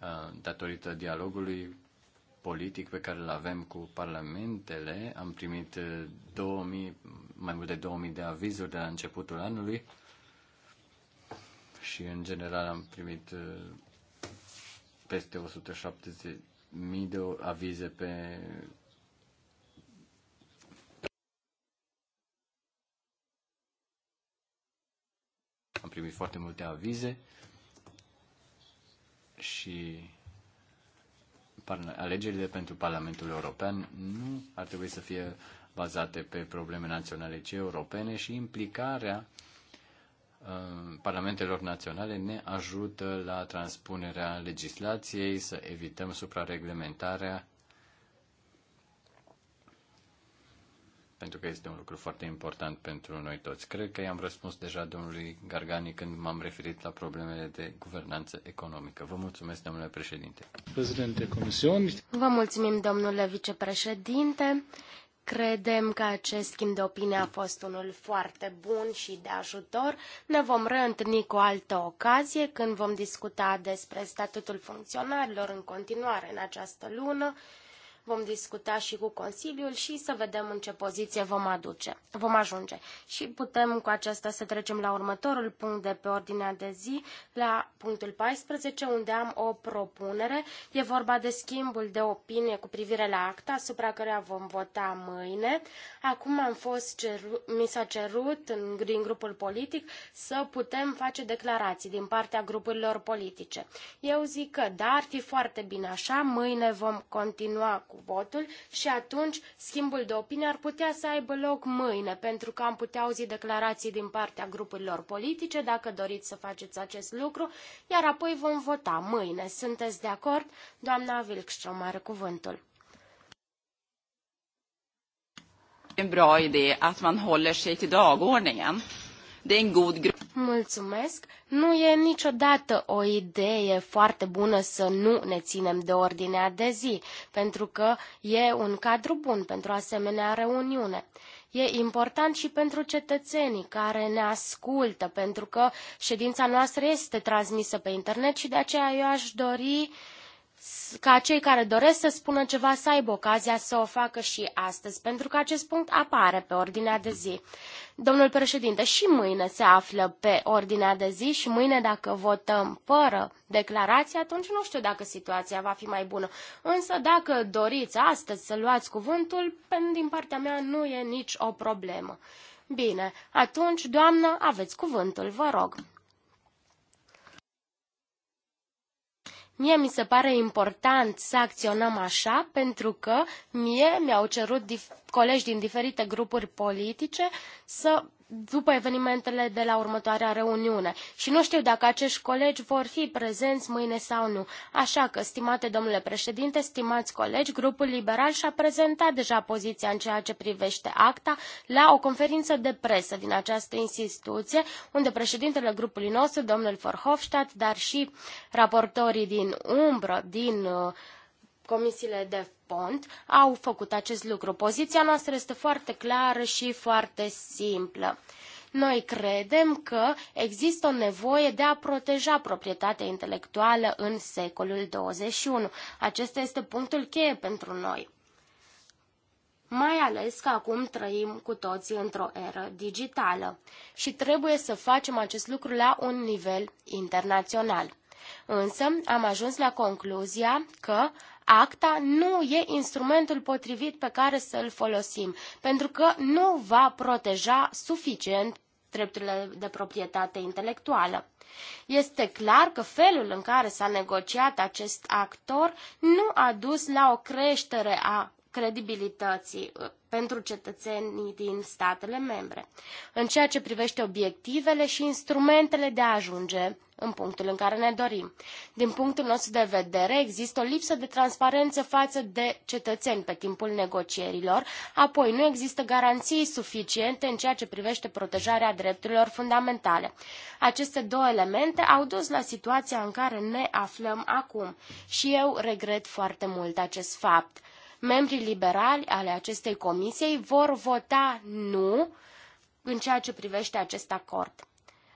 Speaker 1: uh, datorită dialogului politic pe care îl avem cu parlamentele. Am primit 2000, eh, mai mult de 2000 de avizuri de la începutul anului și în general am primit eh, peste 170.000 de avize pe Am primit foarte multe avize și alegerile pentru Parlamentul European nu ar trebui să fie bazate pe probleme naționale, ci europene și implicarea uh, parlamentelor naționale ne ajută la transpunerea legislației, să evităm suprareglementarea pentru că este un lucru foarte important pentru noi toți. Cred că i-am răspuns deja domnului Gargani când m-am referit la problemele de guvernanță economică. Vă mulțumesc, domnule președinte. Președinte Comisiei.
Speaker 2: Vă mulțumim, domnule vicepreședinte. Credem că acest schimb de opinie a fost unul foarte bun și de ajutor. Ne vom reîntâlni cu o altă ocazie când vom discuta despre statutul funcționarilor în continuare în această lună vom discuta și cu Consiliul și să vedem în ce poziție vom, aduce, vom ajunge. Și putem cu aceasta să trecem la următorul punct de pe ordinea de zi, la punctul 14, unde am o propunere. E vorba de schimbul de opinie cu privire la acta, asupra căreia vom vota mâine. Acum am fost ceru- mi s-a cerut în, din grupul politic să putem face declarații din partea grupurilor politice. Eu zic că da, ar fi foarte bine așa, mâine vom continua cu cu votul și atunci schimbul de opinie ar putea să aibă loc mâine, pentru că am putea auzi declarații din partea grupurilor politice, dacă doriți să faceți acest lucru, iar apoi vom vota mâine. Sunteți de acord? Doamna Wilkström are cuvântul.
Speaker 3: En bra idé att man håller sig till dagordningen de är en god Mulțumesc.
Speaker 2: Nu e niciodată o idee foarte bună să nu ne ținem de ordinea de zi, pentru că e un cadru bun pentru asemenea reuniune. E important și pentru cetățenii care ne ascultă, pentru că ședința noastră este transmisă pe internet și de aceea eu aș dori uh, ca cei care doresc să spună ceva să aibă ocazia să o facă și astăzi, pentru că acest punct apare pe ordinea de zi. Domnul președinte, și mâine se află pe ordinea de zi și mâine dacă votăm fără declarație, atunci nu știu dacă situația va fi mai bună. Însă dacă doriți astăzi să luați cuvântul, din partea mea nu e nici o problemă. Bine, atunci, doamnă, aveți cuvântul, vă rog. Mie mi se pare important să acționăm așa pentru că mie mi-au cerut colegi din diferite grupuri politice să după evenimentele de la următoarea reuniune și nu știu dacă acești colegi vor fi prezenți mâine sau nu. Așa că, stimate domnule președinte, stimați colegi, grupul liberal și-a prezentat deja poziția în ceea ce privește acta la o conferință de presă din această instituție, unde președintele grupului nostru, domnul Forhofstadt, dar și raportorii din umbră, din uh, comisiile de fond au făcut acest lucru. Poziția noastră este foarte clară și foarte simplă. Noi credem că există o nevoie de a proteja proprietatea intelectuală în secolul 21. Acesta este punctul cheie pentru noi. Mai ales că acum trăim cu toții într-o eră digitală și trebuie să facem acest lucru la un nivel internațional. Însă am ajuns la concluzia că acta nu e instrumentul potrivit pe care să îl folosim, pentru că nu va proteja suficient drepturile de proprietate intelectuală. Este clar că felul în care s-a negociat acest actor nu a dus la o creștere a credibilității pentru cetățenii din statele membre, în ceea ce privește obiectivele și instrumentele de a ajunge în punctul în care ne dorim. Din punctul nostru de vedere, există o lipsă de transparență față de cetățeni pe timpul negocierilor, apoi nu există garanții suficiente în ceea ce privește protejarea drepturilor fundamentale. Aceste două elemente au dus la situația în care ne aflăm acum și eu regret foarte mult acest fapt. Membrii liberali ale acestei comisii vor vota nu în ceea ce privește acest acord.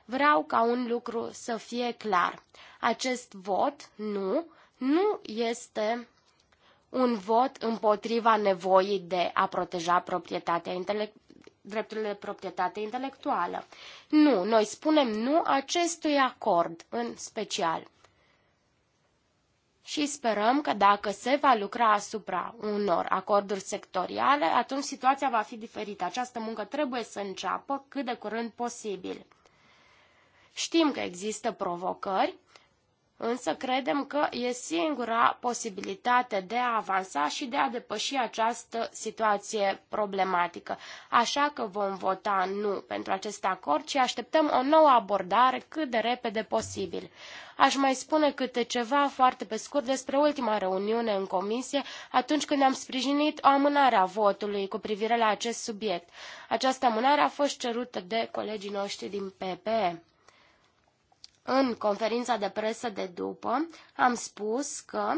Speaker 2: Vreau ca un lucru să fie clar. Acest vot nu nu este un vot împotriva nevoii de a proteja proprietatea intelectuală drepturile de proprietate intelectuală. Nu, noi spunem nu acestui acord în special și sperăm că dacă se va lucra asupra unor acorduri sectoriale, atunci situația va fi diferită. Această muncă trebuie să înceapă cât de curând posibil. Știm că există provocări, Însă credem că e singura posibilitate de a avansa și de a depăși această situație problematică. Așa că vom vota nu pentru acest acord, și așteptăm o nouă abordare cât de repede posibil. Aș mai spune câte ceva foarte pe scurt despre ultima reuniune în comisie, atunci când am sprijinit o amânare a votului cu privire la acest subiect. Această amânare a fost cerută de colegii noștri din PPE. În conferința de presă de după am spus că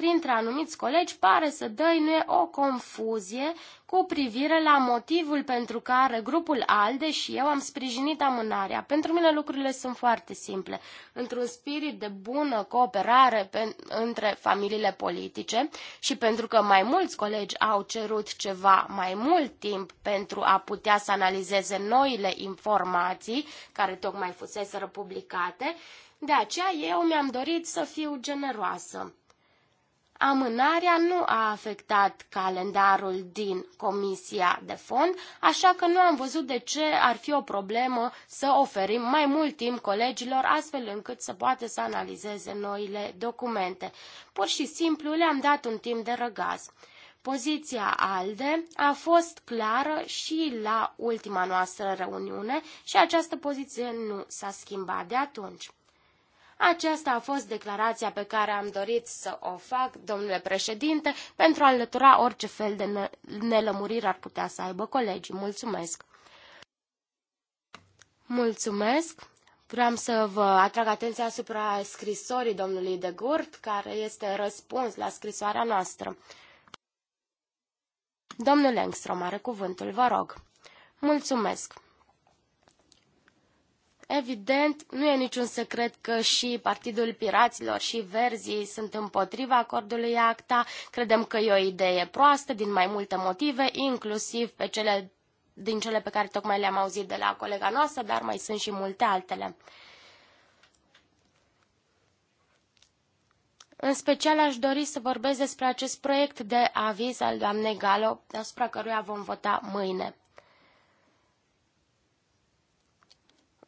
Speaker 2: printre anumiți colegi pare să dăinuie o confuzie cu privire la motivul pentru care grupul ALDE și eu am sprijinit amânarea. Pentru mine lucrurile sunt foarte simple. Într-un spirit de bună cooperare pe, între familiile politice și pentru că mai mulți colegi au cerut ceva mai mult timp pentru a putea să analizeze noile informații care tocmai fuseseră publicate, de aceea eu mi-am dorit să fiu generoasă. Amânarea nu a afectat calendarul din Comisia de Fond, așa că nu am văzut de ce ar fi o problemă să oferim mai mult timp colegilor, astfel încât să poată să analizeze noile documente. Pur și simplu le-am dat un timp de răgaz. Poziția ALDE a fost clară și la ultima noastră reuniune și această poziție nu s-a schimbat de atunci. Aceasta a fost declarația pe care am dorit să o fac, domnule președinte, pentru a înlătura orice fel de nelămuriri ar putea să aibă colegii. Mulțumesc! Mulțumesc! Vreau să vă atrag atenția asupra scrisorii domnului de Gurt, care este răspuns la scrisoarea noastră. Domnule Engstrom are cuvântul, vă rog. Mulțumesc! Evident, nu e niciun secret că și Partidul Piraților și Verzii sunt împotriva acordului ACTA. Credem că e o idee proastă din mai multe motive, inclusiv pe cele, din cele pe care tocmai le-am auzit de la colega noastră, dar mai sunt și multe altele. În special aș dori să vorbesc despre acest proiect de aviz al doamnei Galo, asupra căruia vom vota mâine.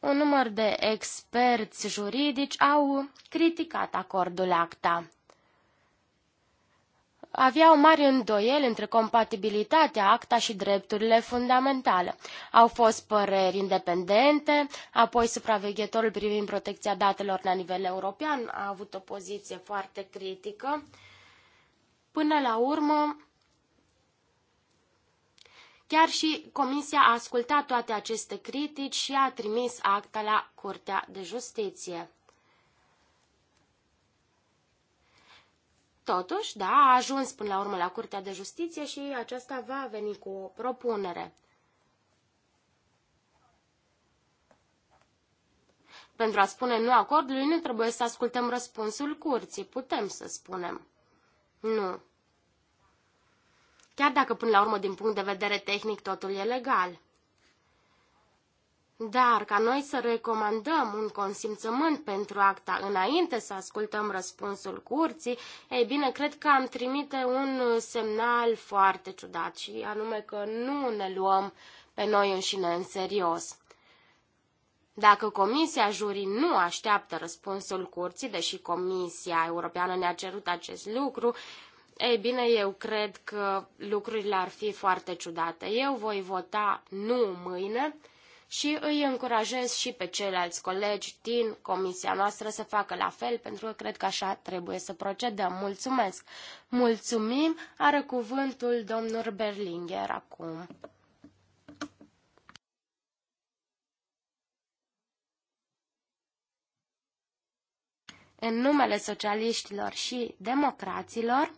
Speaker 2: un număr de experți juridici au criticat acordul ACTA. Aveau mari îndoieli între compatibilitatea ACTA și drepturile fundamentale. Au fost păreri independente, apoi supraveghetorul privind protecția datelor la nivel european a avut o poziție foarte critică. Până la urmă, Chiar și Comisia a ascultat toate aceste critici și a trimis acta la Curtea de Justiție. Totuși, da, a ajuns până la urmă la Curtea de Justiție și aceasta va veni cu o propunere. Pentru a spune nu acordului, nu trebuie să ascultăm răspunsul curții, putem să spunem. Nu chiar dacă până la urmă, din punct de vedere tehnic, totul e legal. Dar ca noi să recomandăm un consimțământ pentru acta înainte să ascultăm răspunsul curții, ei bine, cred că am trimite un semnal foarte ciudat și anume că nu ne luăm pe noi înșine în serios. Dacă comisia jurii nu așteaptă răspunsul curții, deși Comisia Europeană ne-a cerut acest lucru, ei bine, eu cred că lucrurile ar fi foarte ciudate. Eu voi vota nu mâine și îi încurajez și pe ceilalți colegi din comisia noastră să facă la fel, pentru că cred că așa trebuie să procedăm. Mulțumesc! Mulțumim! Are cuvântul domnul Berlinger acum. În numele socialiștilor și democraților,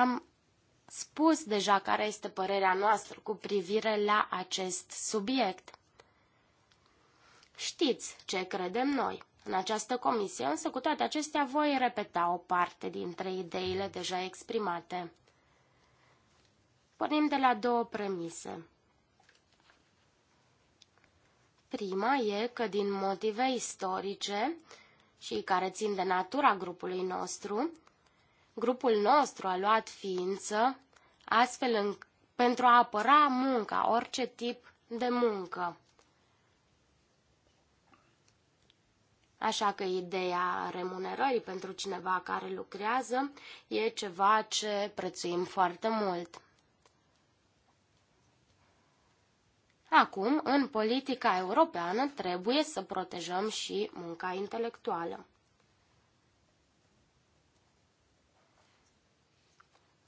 Speaker 2: am spus deja care este părerea noastră cu privire la acest subiect. Știți ce credem noi. În această comisie, însă cu toate acestea, voi repeta o parte dintre ideile deja exprimate. Pornim de la două premise. Prima e că din motive istorice și care țin de natura grupului nostru, Grupul nostru a luat ființă astfel în, pentru a apăra munca, orice tip de muncă. Așa că ideea remunerării pentru cineva care lucrează e ceva ce prețuim foarte mult. Acum, în politica europeană, trebuie să protejăm și munca intelectuală.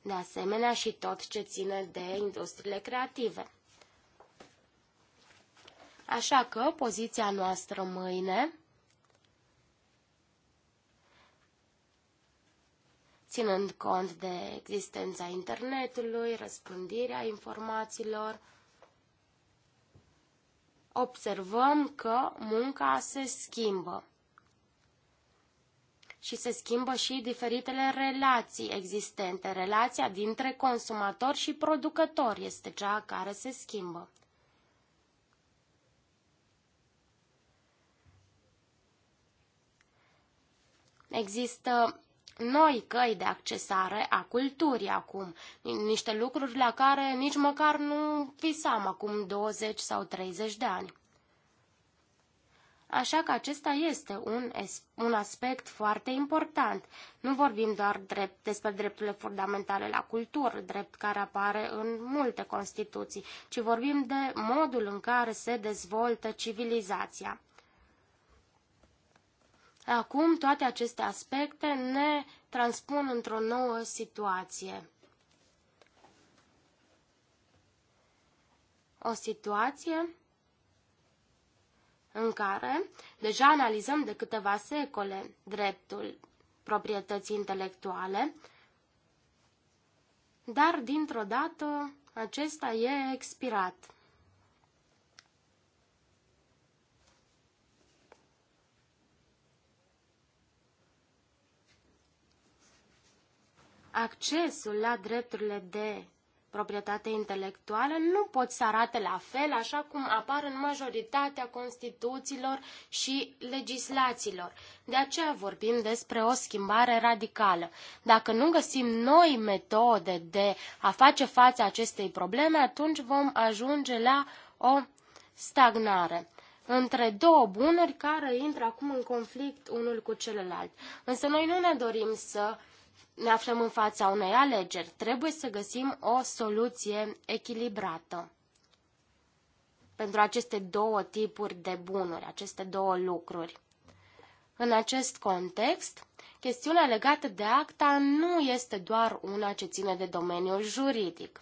Speaker 2: de asemenea și tot ce ține de industriile creative. Așa că poziția noastră mâine ținând cont de existența internetului, răspândirea informațiilor, observăm că munca se schimbă și se schimbă și diferitele relații existente. Relația dintre consumator și producător este cea care se schimbă. Există noi căi de accesare a culturii acum, niște lucruri la care nici măcar nu visam acum 20 sau 30 de ani. Așa că acesta este un, un aspect foarte important. Nu vorbim doar drept, despre drepturile fundamentale la cultură, drept care apare în multe constituții, ci vorbim de modul în care se dezvoltă civilizația. Acum toate aceste aspecte ne transpun într-o nouă situație. O situație în care deja analizăm de câteva secole dreptul proprietății intelectuale, dar dintr-o dată
Speaker 3: acesta e expirat.
Speaker 2: Accesul la drepturile de proprietate intelectuală nu pot să arate la fel așa cum apar în majoritatea constituțiilor și legislațiilor. De aceea vorbim despre o schimbare radicală. Dacă nu găsim noi metode de a face față acestei probleme, atunci vom ajunge la o stagnare între două bunuri care intră acum în conflict unul cu celălalt. Însă noi nu ne dorim să uh, ne aflăm în fața unei alegeri. Trebuie să găsim o soluție echilibrată pentru aceste două tipuri de bunuri, aceste două lucruri. În acest context, chestiunea legată de acta nu este doar una ce ține de domeniul juridic.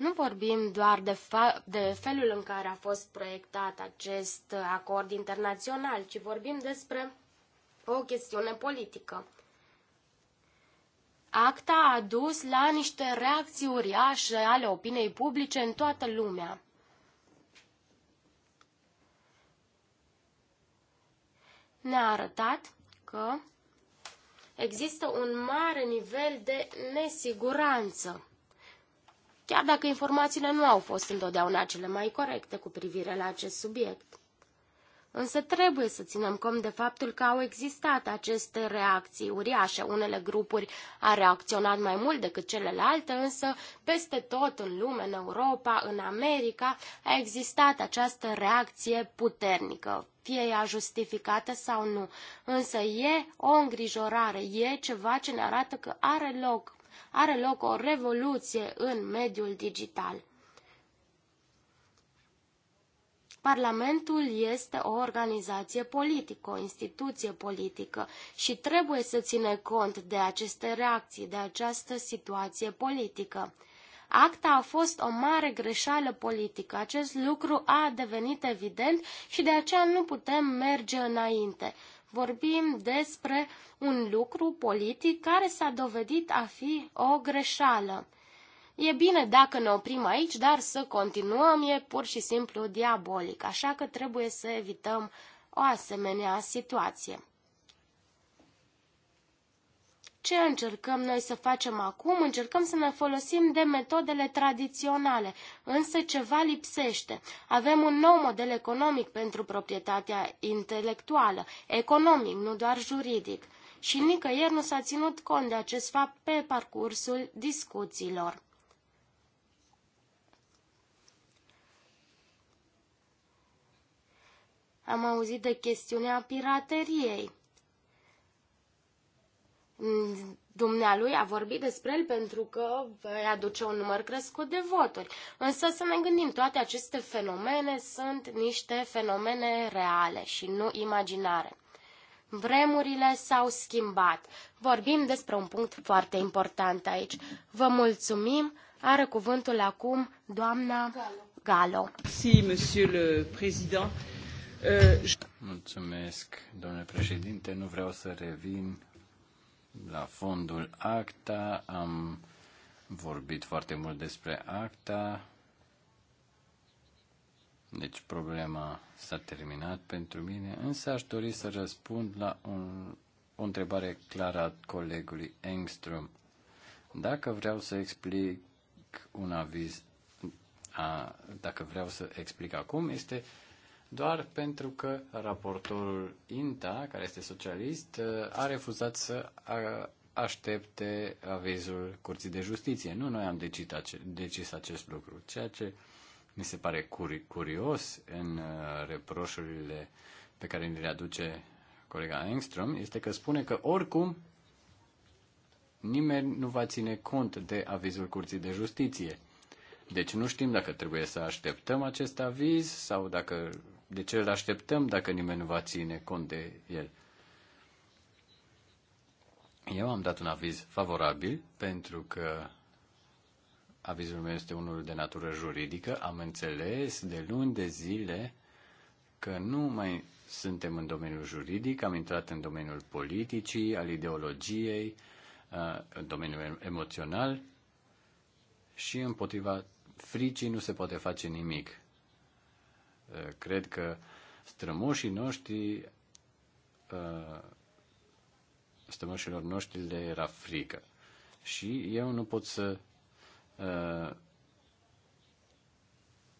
Speaker 2: Nu vorbim doar de, de felul în care a fost proiectat acest acord internațional, ci vorbim despre o chestiune politică. Acta a dus la niște reacții uriașe ale opiniei publice în toată lumea. Ne-a arătat că există un mare nivel de nesiguranță chiar dacă informațiile nu au fost întotdeauna cele mai corecte cu privire la acest subiect. Însă trebuie să ținem cont de faptul că au existat aceste reacții uriașe. Unele grupuri au reacționat mai mult decât celelalte, însă peste tot în lume, în Europa, în America, a existat această reacție puternică, fie ea justificată sau nu. Însă e o îngrijorare, e ceva ce ne arată că are loc are loc o revoluție în mediul digital. Parlamentul este o organizație politică, o instituție politică și trebuie să ține cont de aceste reacții, de această situație politică. Acta a fost o mare greșeală politică. Acest lucru a devenit evident și de aceea nu putem merge înainte. Vorbim despre un lucru politic care s-a dovedit a fi o greșeală. E bine dacă ne oprim aici, dar să continuăm e pur și simplu diabolic, așa că trebuie să evităm o asemenea situație. Ce încercăm noi să facem acum? Încercăm să ne folosim de metodele tradiționale, însă ceva lipsește. Avem un nou model economic pentru proprietatea intelectuală, economic, nu doar juridic. Și nicăieri nu s-a ținut cont de acest fapt pe parcursul discuțiilor. Am auzit de chestiunea pirateriei. Mm, dumnealui a vorbit despre el pentru că aduce un număr crescut de voturi. Însă să ne gândim, toate aceste fenomene sunt niște fenomene reale și nu imaginare. Vremurile s-au schimbat. Vorbim despre un punct foarte important aici. Vă mulțumim. Are cuvântul acum doamna Galo.
Speaker 1: Si, monsieur le président. Euh, Mulțumesc, domnule președinte. Nu vreau să revin la fondul ACTA, am vorbit foarte mult despre ACTA, deci problema s-a terminat pentru mine, însă aș dori să răspund la un, o întrebare clară a colegului Engström. Dacă vreau să explic un aviz, a, dacă vreau să explic acum, este uh, doar pentru că raportorul INTA, care este socialist, uh, a refuzat să aștepte avizul Curții de Justiție. Nu noi am decis, decis acest lucru, ceea ce mi se pare curi, curios în uh, reproșurile pe care le aduce colega Engström este că spune că oricum nimeni nu va ține cont de avizul Curții de Justiție. Deci nu știm dacă trebuie să așteptăm acest aviz sau dacă de ce îl așteptăm dacă nimeni nu va ține cont de el? Eu am dat un aviz favorabil pentru că avizul meu este unul de natură juridică. Am înțeles de luni de zile că nu mai suntem în domeniul juridic, am intrat în domeniul politicii, al ideologiei, uh, în domeniul emoțional și împotriva fricii nu se poate face nimic. Eh, cred că strămoșii noștri, eh, strămoșilor noștri le era frică. Și eu nu pot să eh,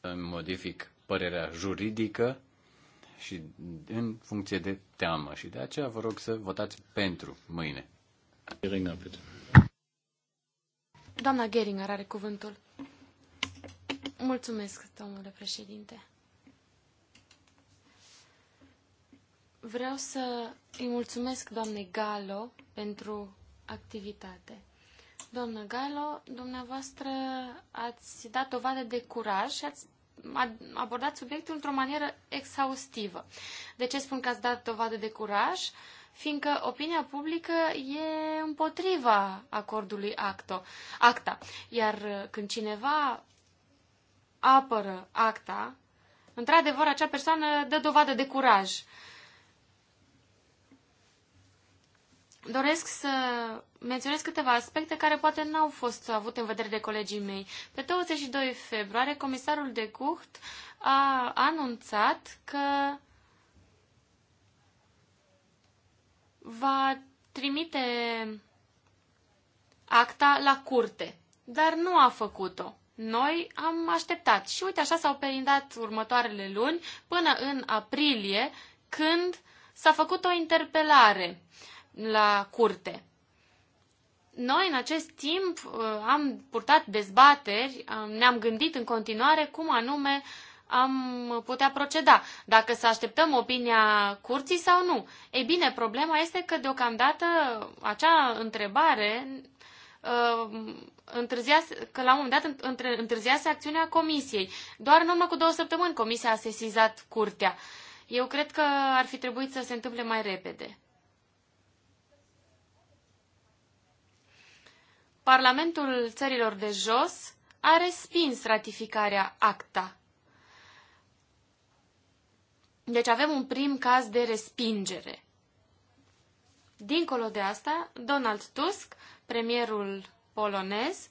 Speaker 1: îmi modific părerea juridică și în funcție de teamă. Și de aceea vă rog să votați pentru mâine. Geringer,
Speaker 3: Doamna Geringer are cuvântul. Mulțumesc, domnule președinte. Vreau să îi mulțumesc doamnei Galo pentru activitate. Doamna Galo, dumneavoastră ați dat dovadă de curaj și ați abordat subiectul într-o manieră exhaustivă. De ce spun că ați dat dovadă de curaj? Fiindcă opinia publică e împotriva acordului acto, acta. Iar uh, când cineva apără acta, într-adevăr, acea persoană dă dovadă de curaj. doresc să menționez câteva aspecte care poate n-au fost avute în vedere de colegii mei. Pe 22 februarie, comisarul de Cucht a anunțat că va trimite acta la curte, dar nu a făcut-o. Noi am așteptat și uite așa s-au perindat următoarele luni până în aprilie când s-a făcut o interpelare uh, la curte. Noi, în acest timp, uh, am purtat dezbateri, ne-am gândit în continuare cum anume am putea proceda, dacă să așteptăm opinia curții sau nu. Ei bine, problema este că deocamdată acea întrebare uh, că la un moment dat întârziase acțiunea comisiei. Doar în urmă cu două săptămâni comisia a sesizat curtea. Eu cred că ar fi trebuit să se întâmple mai repede. Parlamentul țărilor de jos a respins ratificarea acta. Deci avem un prim caz de respingere. Dincolo de asta, Donald Tusk, premierul polonez,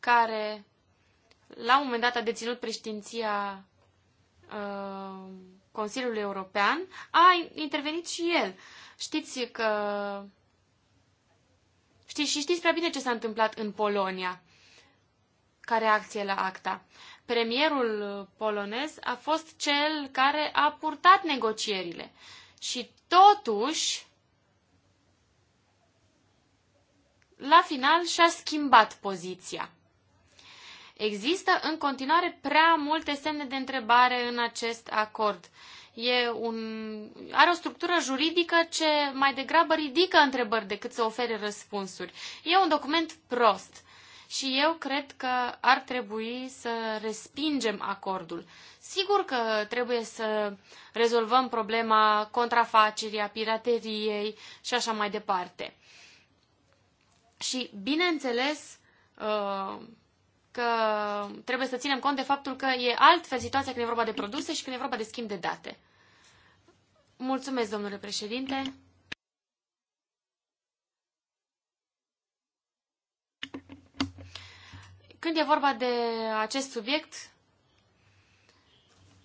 Speaker 3: care la un moment dat a deținut președinția Uh, Consiliul European, a intervenit și el. Știți că... Știți, și știți prea bine ce s-a întâmplat în Polonia ca reacție la acta. Premierul polonez a fost cel care a purtat negocierile. Și totuși, la final și-a schimbat poziția. Există în continuare prea multe semne de întrebare în acest acord. E un, are o structură juridică ce mai degrabă ridică întrebări decât să ofere răspunsuri. E un document prost și eu cred că ar trebui să respingem acordul. Sigur că trebuie să rezolvăm problema contrafacerii, a pirateriei și așa mai departe. Și, bineînțeles, uh, că trebuie să ținem cont de faptul că e altfel situația când e vorba de produse și când e vorba de schimb de date. Mulțumesc, domnule președinte. Când e vorba de acest subiect,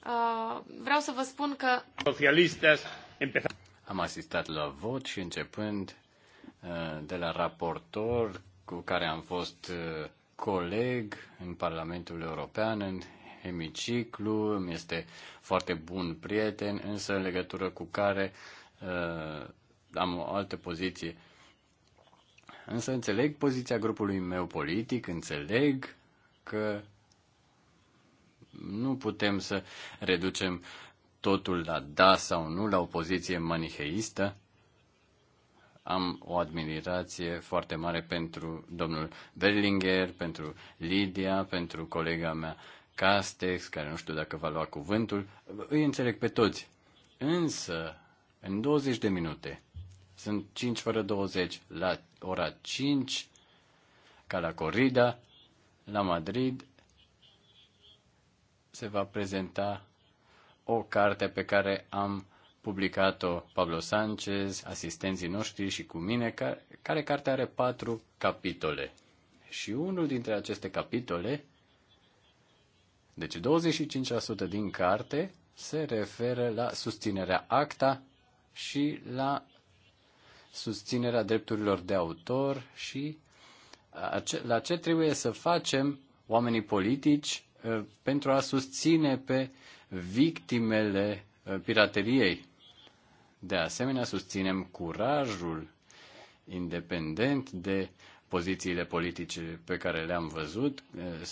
Speaker 3: uh, vreau să vă spun că...
Speaker 1: Am asistat la vot și începând uh, de la raportor cu care am fost uh, coleg în Parlamentul European, în hemiciclu, îmi este foarte bun prieten, însă în legătură cu care uh, am o altă poziție. Însă înțeleg poziția grupului meu politic, înțeleg că nu putem să reducem totul la da sau nu, la o poziție maniheistă am o admirație foarte mare pentru domnul Berlinger, pentru Lidia, pentru colega mea Castex, care nu știu dacă va lua cuvântul. Îi înțeleg pe toți. Însă, în 20 de minute, sunt 5 fără 20 la ora 5, ca la corrida, la Madrid, se va prezenta o carte pe care am publicat-o Pablo Sanchez, asistenții noștri și cu mine, care, care carte are patru capitole. Și unul dintre aceste capitole, deci 25% din carte, se referă la susținerea acta și la susținerea drepturilor de autor și la ce trebuie să facem oamenii politici uh, pentru a susține pe victimele uh, pirateriei de asemenea, susținem curajul independent de pozițiile politice pe care le-am văzut, eh, eh,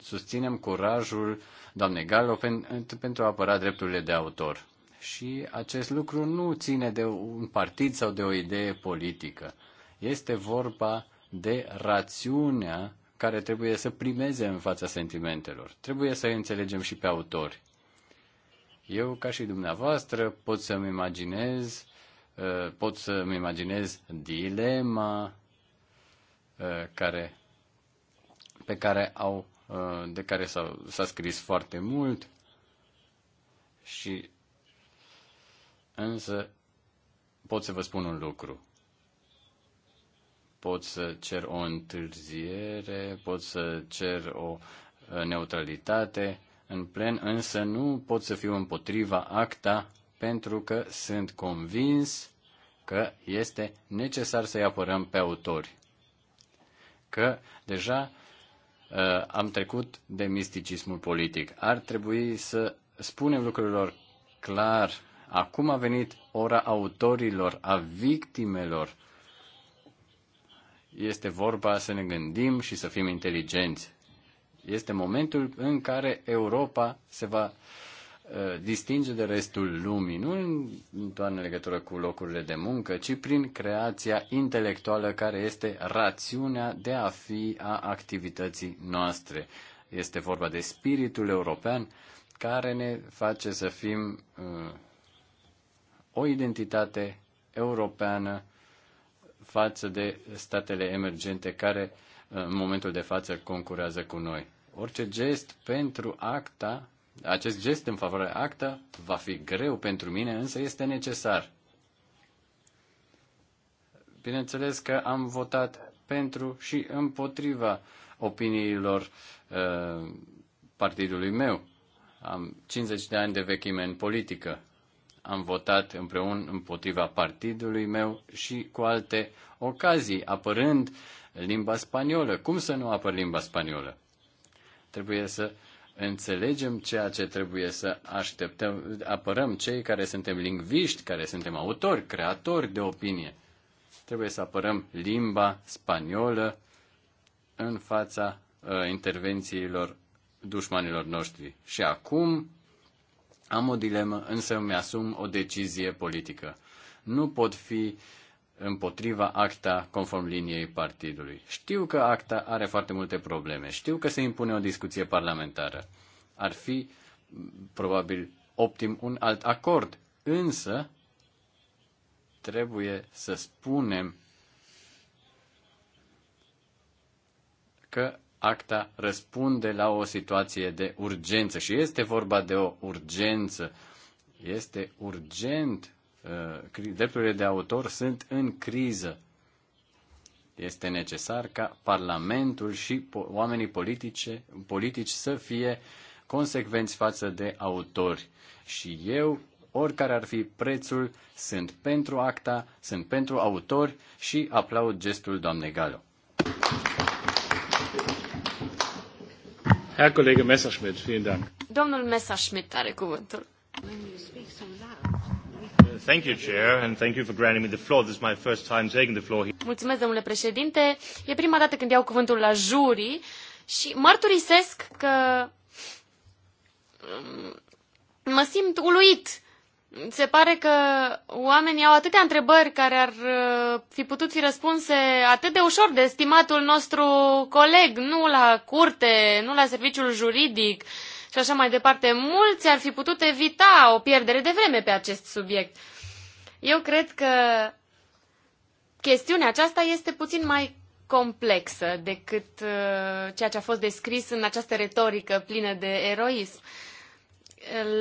Speaker 1: susținem curajul doamnei Gallo eh, pentru a apăra drepturile de autor. Și acest lucru nu ține de un partid sau de o idee politică. Este vorba de rațiunea care trebuie să primeze în fața sentimentelor. Trebuie să îi înțelegem și pe autori. Eu, ca și dumneavoastră, pot să-mi imaginez, uh, pot să-mi imaginez dilema uh, care, pe care au, uh, de care s-a, s-a scris foarte mult și însă pot să vă spun un lucru. Pot să cer o întârziere, pot să cer o neutralitate, în plen, însă nu pot să fiu împotriva acta pentru că sunt convins că este necesar să-i apărăm pe autori. Că deja uh, am trecut de misticismul politic. Ar trebui să spunem lucrurilor clar. Acum a venit ora autorilor, a victimelor. Este vorba să ne gândim și să fim inteligenți. Este momentul în care Europa se va uh, distinge de restul lumii, nu doar în legătură cu locurile de muncă, ci prin creația intelectuală care este rațiunea de a fi a activității noastre. Este vorba de spiritul european care ne face să fim uh, o identitate europeană față de statele emergente care uh, în momentul de față concurează cu noi. Orice gest pentru acta, acest gest în favoarea acta va fi greu pentru mine, însă este necesar. Bineînțeles că am votat pentru și împotriva opiniilor uh, partidului meu. Am 50 de ani de vechime în politică. Am votat împreună împotriva partidului meu și cu alte ocazii, apărând uh, limba spaniolă. Cum să nu apăr limba spaniolă? Trebuie să înțelegem ceea ce trebuie să așteptăm, apărăm cei care suntem lingviști, care suntem autori, creatori de opinie. Trebuie să apărăm limba spaniolă în fața uh, intervențiilor dușmanilor noștri. Și acum am o dilemă, însă îmi asum o decizie politică. Nu pot fi uh, împotriva acta conform liniei partidului. Știu că acta are foarte multe probleme, știu că se impune o discuție parlamentară. Ar fi probabil optim un alt acord, însă trebuie să spunem că acta răspunde la o situație de urgență și este vorba de o urgență. Este urgent Uh, drepturile de autor sunt în criză. Este necesar ca Parlamentul și oamenii politice, politici să fie consecvenți față de autori. Și eu, oricare ar fi prețul, sunt pentru acta, sunt pentru autori și aplaud gestul doamnei Galo. Herr Kollege Messerschmidt, vielen Dank.
Speaker 3: Domnul Messerschmidt are cuvântul. When you speak so loud. Thank you, Chair, and thank you for granting me the floor. This is my first time taking the floor here. Mulțumesc, domnule președinte. E prima dată când iau cuvântul la juri și mărturisesc că um, mă simt uluit. Se pare că oamenii au atâtea întrebări care ar uh, fi putut fi răspunse atât de ușor de estimatul nostru coleg, nu la curte, nu la serviciul juridic, uh, și așa mai departe. Mulți ar fi putut evita o pierdere de vreme pe acest subiect. Eu cred că chestiunea aceasta este puțin mai complexă decât uh, ceea ce a fost descris în această retorică plină de eroism.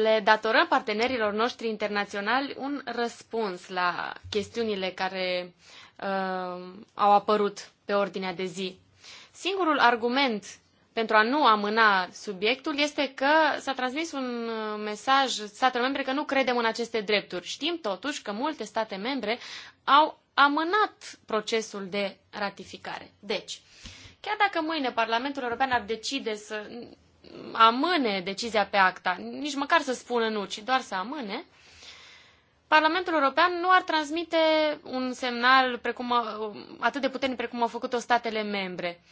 Speaker 3: Le datorăm partenerilor noștri internaționali un răspuns la chestiunile care uh, au apărut pe ordinea de zi. Singurul argument pentru a nu amâna subiectul este că s-a transmis un uh, mesaj statelor membre că nu credem în aceste drepturi. Știm totuși că multe state membre au amânat procesul de ratificare. Deci, chiar dacă mâine Parlamentul European ar decide să amâne decizia pe acta, nici măcar să spună nu, ci doar să amâne, Parlamentul European nu ar transmite un semnal precum, atât de puternic precum au făcut-o statele membre. Uh,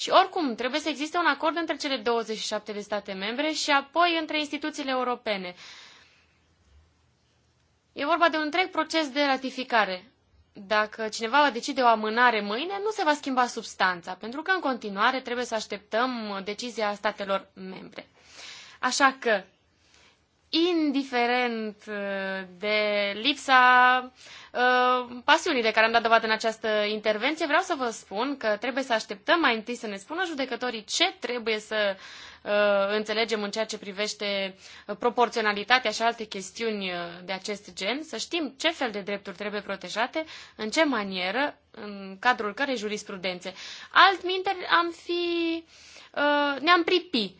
Speaker 3: și oricum, trebuie să existe un acord între cele 27 de state membre și apoi între instituțiile europene. E vorba de un întreg proces de ratificare. Dacă cineva va decide o amânare mâine, nu se va schimba substanța, pentru că în continuare trebuie să așteptăm decizia statelor membre. Așa că indiferent uh, de lipsa uh, pasiunii de care am dat dovadă în această intervenție, vreau să vă spun că trebuie să așteptăm mai întâi să ne spună judecătorii ce trebuie să uh, înțelegem în ceea ce privește uh, proporționalitatea și alte chestiuni uh, de acest gen, să știm ce fel de drepturi trebuie protejate, în ce manieră, în cadrul cărei jurisprudențe. Altminteri am fi, uh, ne-am pripi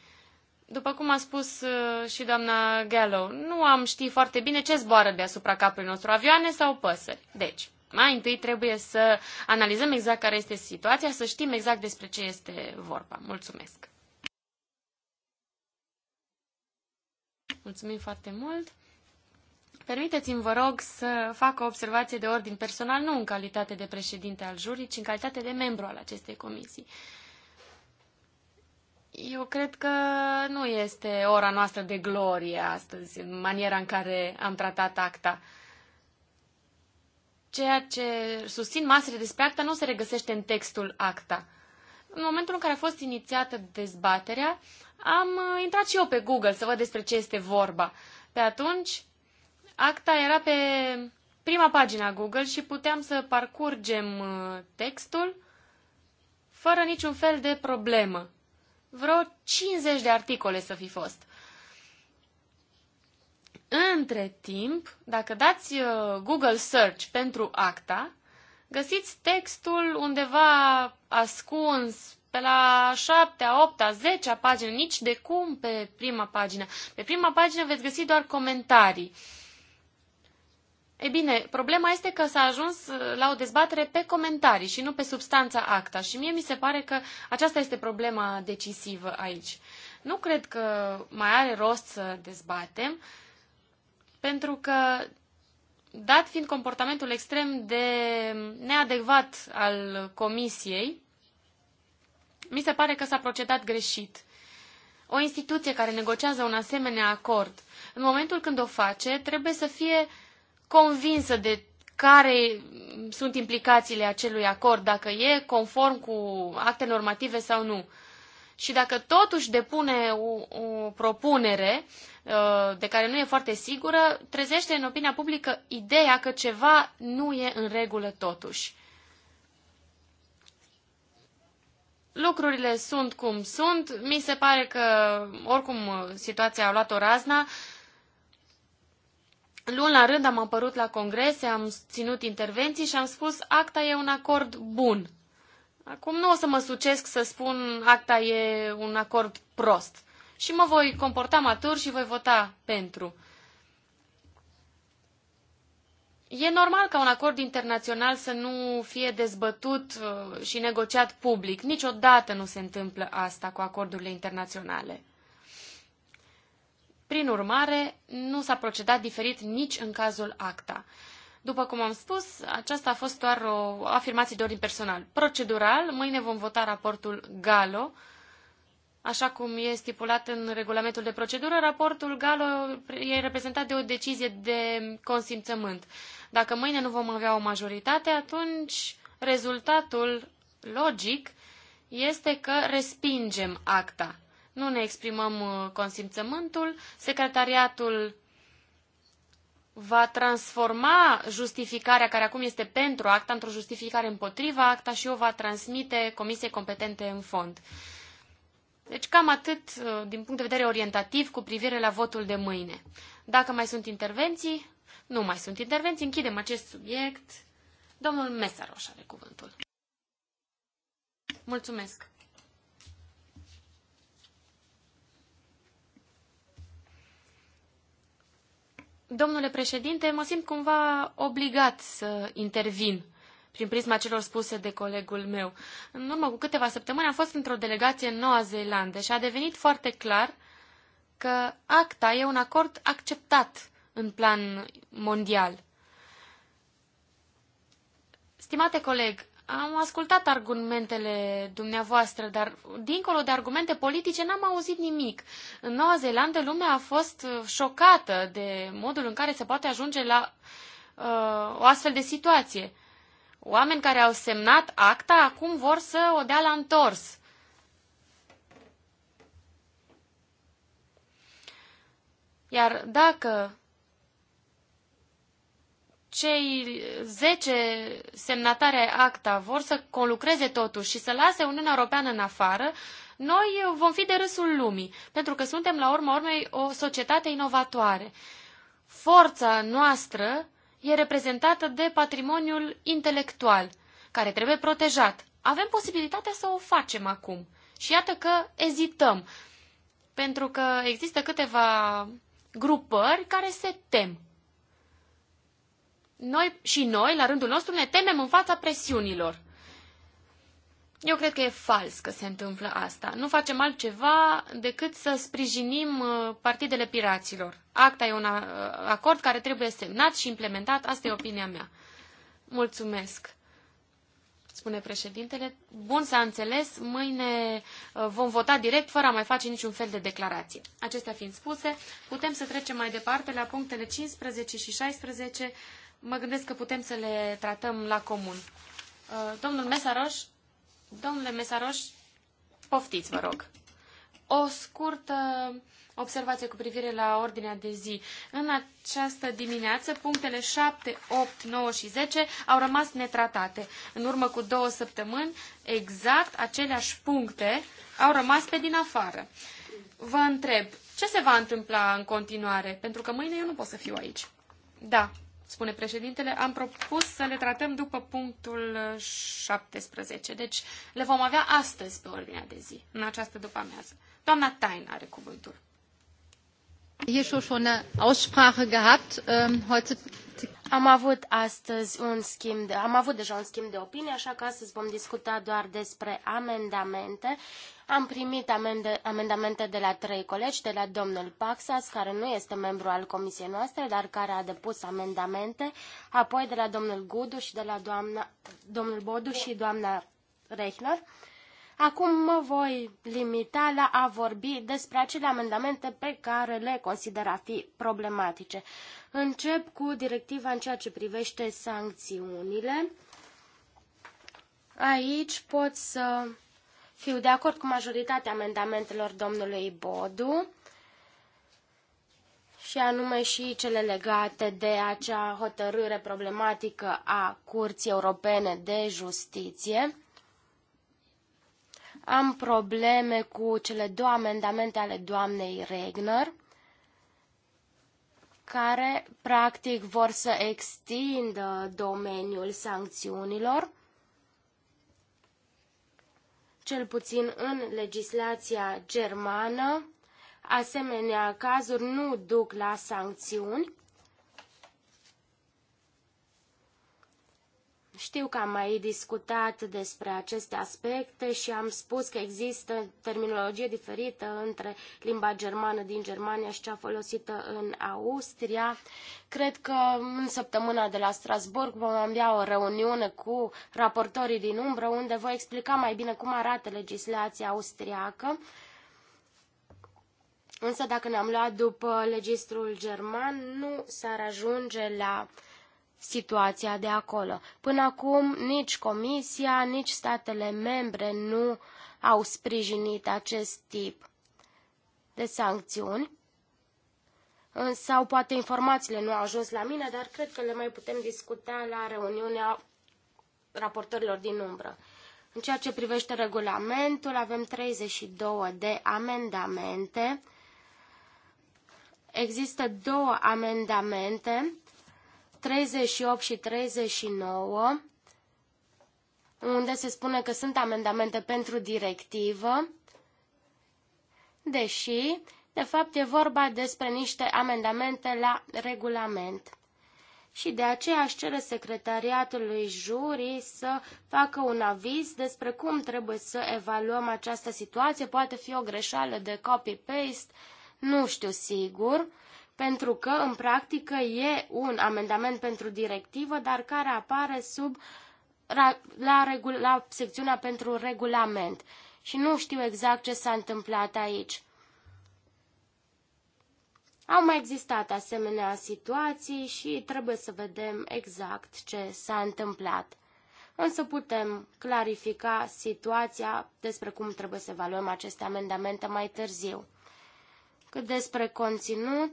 Speaker 3: după cum a spus uh, și doamna Gallo, nu am ști foarte bine ce zboară deasupra capului nostru, avioane sau păsări. Deci, mai întâi trebuie să analizăm exact care este situația, să știm exact despre ce este vorba. Mulțumesc! Mulțumim foarte mult! Permiteți-mi, vă rog, să fac o observație de ordin personal, nu în calitate de președinte al jurii, ci în calitate de membru al acestei comisii. Eu cred că nu este ora noastră de glorie astăzi, în maniera în care am tratat acta. Ceea ce susțin masele despre acta nu se regăsește în textul acta. În momentul în care a fost inițiată dezbaterea, am uh, intrat și eu pe Google să văd despre ce este vorba. Pe atunci, acta era pe prima pagină a Google și puteam să parcurgem uh, textul fără niciun fel de problemă vreo 50 de articole să fi fost. Între timp, dacă dați uh, Google Search pentru acta, găsiți textul undeva ascuns pe la 7, 8, 10 pagină, nici de cum pe prima pagină. Pe prima pagină veți găsi doar comentarii. Uh, E bine, problema este că s-a ajuns uh, la o dezbatere pe comentarii și nu pe substanța acta și mie mi se pare că aceasta este problema decisivă aici. Nu cred că mai are rost să dezbatem, pentru că, dat fiind comportamentul extrem de neadecvat al comisiei, mi se pare că s-a procedat greșit. O instituție care negociază un asemenea acord, în momentul când o face, trebuie să fie convinsă de care sunt implicațiile acelui acord, dacă e conform cu acte normative sau nu. Și dacă totuși depune o, o propunere uh, de care nu e foarte sigură, trezește în opinia publică ideea că ceva nu e în regulă totuși. lucrurile sunt cum sunt. Mi se pare că, oricum, situația a luat o razna. Luni la rând am apărut la congrese, am ținut intervenții și am spus acta e un acord bun. Acum nu o să mă sucesc să spun acta e un acord prost. Și mă voi comporta matur și voi vota pentru. E normal ca un acord internațional să nu fie dezbătut uh, și negociat public. Niciodată nu se întâmplă asta cu acordurile internaționale. Prin urmare, nu s-a procedat diferit nici în cazul ACTA. După cum am spus, aceasta a fost doar o afirmație de ordin personal. Procedural, mâine vom vota raportul Galo, Așa cum e stipulat în regulamentul de procedură, raportul Galo e reprezentat de o decizie de consimțământ. Dacă mâine nu vom avea o majoritate, atunci rezultatul logic este că respingem acta nu ne exprimăm uh, consimțământul, secretariatul va transforma justificarea care acum este pentru acta într-o justificare împotriva acta și o va transmite comisiei competente în fond. Deci cam atât uh, din punct de vedere orientativ cu privire la votul de mâine. Dacă mai sunt intervenții, nu mai sunt intervenții, închidem acest subiect. Domnul Mesaroș are cuvântul. Mulțumesc. Domnule președinte, mă simt cumva obligat să intervin prin prisma celor spuse de colegul meu. În urmă cu câteva săptămâni am fost într-o delegație în Noua Zeelandă și a devenit foarte clar că ACTA e un acord acceptat în plan mondial. Stimate coleg, am ascultat argumentele dumneavoastră, dar dincolo de argumente politice n-am auzit nimic. În Noua Zeelandă lumea a fost uh, șocată de modul în care se poate ajunge la uh, o astfel de situație. Oameni care au semnat acta acum vor să o dea la întors. Iar dacă cei 10 ai ACTA vor să conlucreze totuși și să lase Uniunea Europeană în afară, noi vom fi de râsul lumii, pentru că suntem la urma urmei o societate inovatoare. Forța noastră e reprezentată de patrimoniul intelectual, care trebuie protejat. Avem posibilitatea să o facem acum. Și iată că ezităm, pentru că există câteva grupări care se tem noi și noi, la rândul nostru, ne temem în fața presiunilor. Eu cred că e fals că se întâmplă asta. Nu facem altceva decât să sprijinim uh, partidele piraților. Acta e un uh, acord care trebuie semnat și implementat, asta e opinia mea. Mulțumesc, spune președintele. Bun, s-a înțeles, mâine uh, vom vota direct fără a mai face niciun fel de declarație. Acestea fiind spuse, putem să trecem mai departe la punctele 15 și 16 mă gândesc că putem să le tratăm la comun. Uh, domnul Mesaroș, domnule Mesaroș, poftiți, vă rog. O scurtă observație cu privire la ordinea de zi. În această dimineață, punctele 7, 8, 9 și 10 au rămas netratate. În urmă cu două săptămâni, exact aceleași puncte au rămas pe din afară. Vă întreb, ce se va întâmpla în continuare? Pentru că mâine eu nu pot să fiu aici. Da, spune președintele, am propus să le tratăm după punctul 17. Deci le vom avea astăzi pe ordinea de zi, în această după-amiază. Doamna Tain are cuvântul.
Speaker 2: Hier schon eine Aussprache gehabt. Ähm, heute am avut astăzi un schimb de, am avut deja un schimb de opinie, așa că astăzi vom discuta doar despre amendamente. Am primit amende, amendamente de la trei colegi, de la domnul Paxas, care nu este membru al comisiei noastre, dar care a depus amendamente, apoi de la domnul Gudu și de la doamna, domnul Bodu și doamna Rechner. Acum mă voi limita la a vorbi despre acele amendamente pe care le consider a fi problematice. Încep cu directiva în ceea ce privește sancțiunile. Aici pot să fiu de acord cu majoritatea amendamentelor domnului Bodu și anume și cele legate de acea hotărâre problematică a Curții Europene de Justiție am probleme cu cele două amendamente ale doamnei Regner, care practic vor să extindă domeniul sancțiunilor, cel puțin în legislația germană, asemenea cazuri nu duc la sancțiuni, Știu că am mai discutat despre aceste aspecte și am spus că există terminologie diferită între limba germană din Germania și cea folosită în Austria. Cred că în săptămâna de la Strasbourg vom avea o reuniune cu raportorii din umbră unde voi explica mai bine cum arată legislația austriacă. Însă dacă ne-am luat după registrul german, nu s-ar ajunge la situația de acolo. Până acum nici Comisia, nici statele membre nu au sprijinit acest tip de sancțiuni. Sau poate informațiile nu au ajuns la mine, dar cred că le mai putem discuta la reuniunea raportorilor din umbră. În ceea ce privește regulamentul, avem 32 de amendamente. Există două amendamente 38 și 39, unde se spune că sunt amendamente pentru directivă, deși, de fapt, e vorba despre niște amendamente la regulament. Și de aceea aș cere secretariatului jurii să facă un aviz despre cum trebuie să evaluăm această situație. Poate fi o greșeală de copy-paste, nu știu sigur pentru că, în practică, e un amendament pentru directivă, dar care apare sub la, regula, la secțiunea pentru regulament. Și nu știu exact ce s-a întâmplat aici. Au mai existat asemenea situații și trebuie să vedem exact ce s-a întâmplat. Însă putem clarifica situația despre cum trebuie să evaluăm aceste amendamente mai târziu. Cât despre conținut,